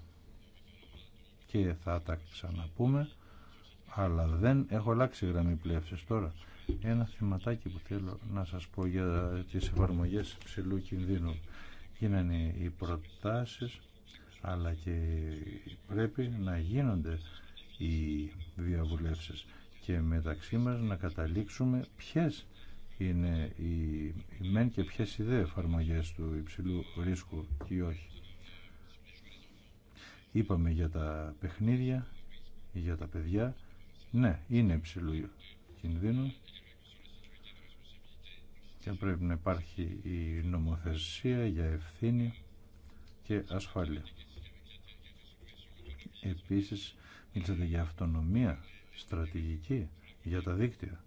Και θα τα ξαναπούμε, αλλά δεν έχω αλλάξει γραμμή πλεύσης τώρα. Ένα θεματάκι που θέλω να σας πω για τις εφαρμογές ψηλού κινδύνου γίνανε οι προτάσεις αλλά και πρέπει να γίνονται οι διαβουλεύσεις και μεταξύ μας να καταλήξουμε ποιες είναι οι, μεν και ποιες οι δε εφαρμογές του υψηλού ρίσκου ή όχι. Είπαμε για τα παιχνίδια, για τα παιδιά, ναι, είναι υψηλού κινδύνου και πρέπει να υπάρχει η νομοθεσία για ευθύνη και ασφάλεια. Επίσης, μιλήσατε για αυτονομία στρατηγική για τα δίκτυα.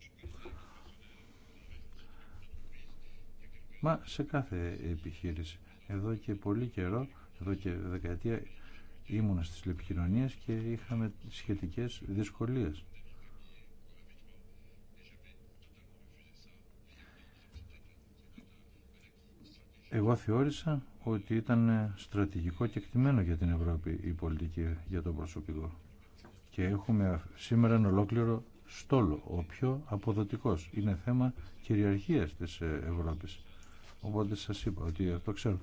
Μα σε κάθε επιχείρηση. Εδώ και πολύ καιρό, εδώ και δεκαετία ήμουνα στις λεπικοινωνίες και είχαμε σχετικές δυσκολίες. Εγώ θεώρησα ότι ήταν στρατηγικό και εκτιμένο για την Ευρώπη η πολιτική για το προσωπικό. Και έχουμε σήμερα ένα ολόκληρο στόλο, ο πιο αποδοτικός. Είναι θέμα κυριαρχίας της ε, Ευρώπης. Οπότε σας είπα ότι αυτό ξέρω.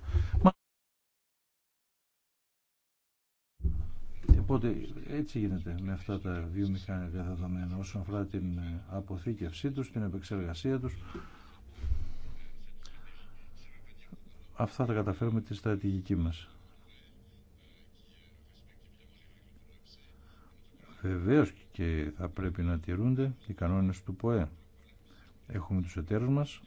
Οπότε έτσι γίνεται με αυτά τα βιομηχανικά δεδομένα όσον αφορά την ε, αποθήκευσή τους, την επεξεργασία τους αυτά θα καταφέρουμε τη στρατηγική μας. Βεβαίως και θα πρέπει να τηρούνται οι κανόνες του ΠΟΕ. Έχουμε τους εταίρους μας,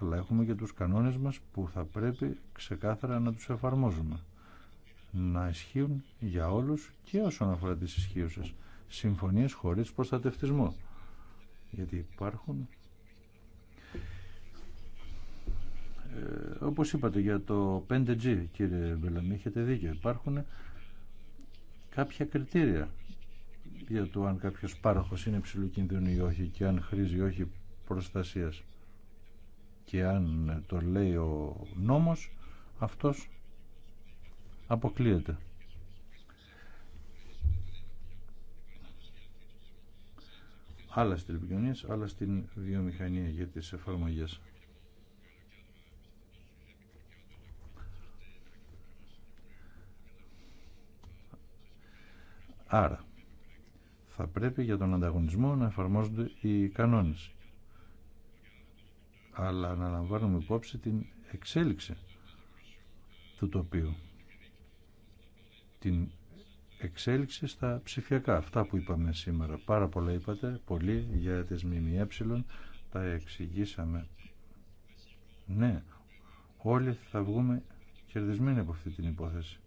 αλλά έχουμε και τους κανόνες μας που θα πρέπει ξεκάθαρα να τους εφαρμόζουμε. Να ισχύουν για όλους και όσον αφορά τις ισχύωσες συμφωνίες χωρίς προστατευτισμό. Γιατί υπάρχουν Ε, όπως είπατε για το 5G κύριε Μπελαμή έχετε δίκιο υπάρχουν κάποια κριτήρια για το αν κάποιος πάροχος είναι υψηλού κινδύνου ή όχι και αν χρήζει όχι προστασίας και αν το λέει ο νόμος αυτός αποκλείεται άλλα στην επικοινωνία, άλλα στην βιομηχανία για τις εφαρμογές Άρα, θα πρέπει για τον ανταγωνισμό να εφαρμόζονται οι κανόνες. Αλλά να λαμβάνουμε υπόψη την εξέλιξη του τοπίου. Την εξέλιξη στα ψηφιακά. Αυτά που είπαμε σήμερα. Πάρα πολλά είπατε, πολύ για τις ΜΜΕ. Τα εξηγήσαμε. Ναι, όλοι θα βγούμε κερδισμένοι από αυτή την υπόθεση.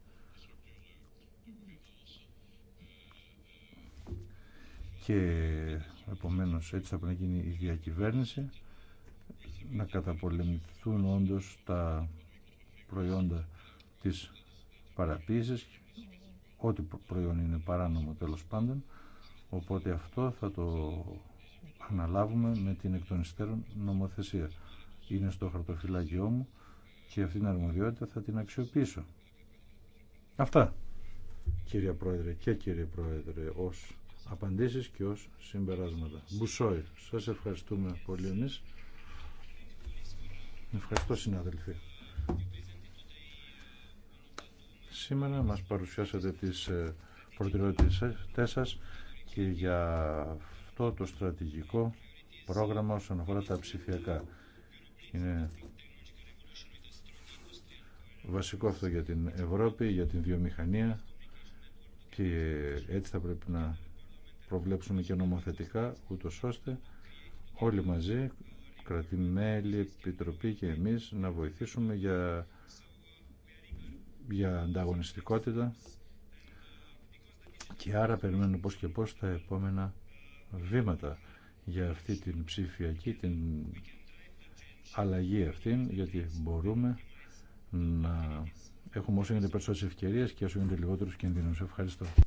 και επομένως έτσι θα πρέπει να γίνει η διακυβέρνηση να καταπολεμηθούν όντως τα προϊόντα της παραποίησης ό,τι προϊόν είναι παράνομο τέλος πάντων οπότε αυτό θα το αναλάβουμε με την εκτονιστέρων νομοθεσία είναι στο χαρτοφυλάκιό μου και αυτή την αρμοδιότητα θα την αξιοποιήσω αυτά κύριε Πρόεδρε και κύριε Πρόεδρε ως απαντήσεις και ως συμπεράσματα. Μπουσόι. σας ευχαριστούμε πολύ εμείς. Ευχαριστώ συνάδελφοι. Σήμερα μας παρουσιάσατε τις ε, προτεραιότητες σας και για αυτό το στρατηγικό πρόγραμμα όσον αφορά τα ψηφιακά. Είναι βασικό αυτό για την Ευρώπη, για την βιομηχανία και έτσι θα πρέπει να προβλέψουμε και νομοθετικά, ούτω ώστε όλοι μαζί, κρατημέλη, επιτροπή και εμείς, να βοηθήσουμε για, για ανταγωνιστικότητα και άρα περιμένουμε πώς και πώς τα επόμενα βήματα για αυτή την ψηφιακή, την αλλαγή αυτήν, γιατί μπορούμε να έχουμε όσο γίνεται περισσότερες ευκαιρίες και όσο γίνεται λιγότερους κινδύνους. Ευχαριστώ.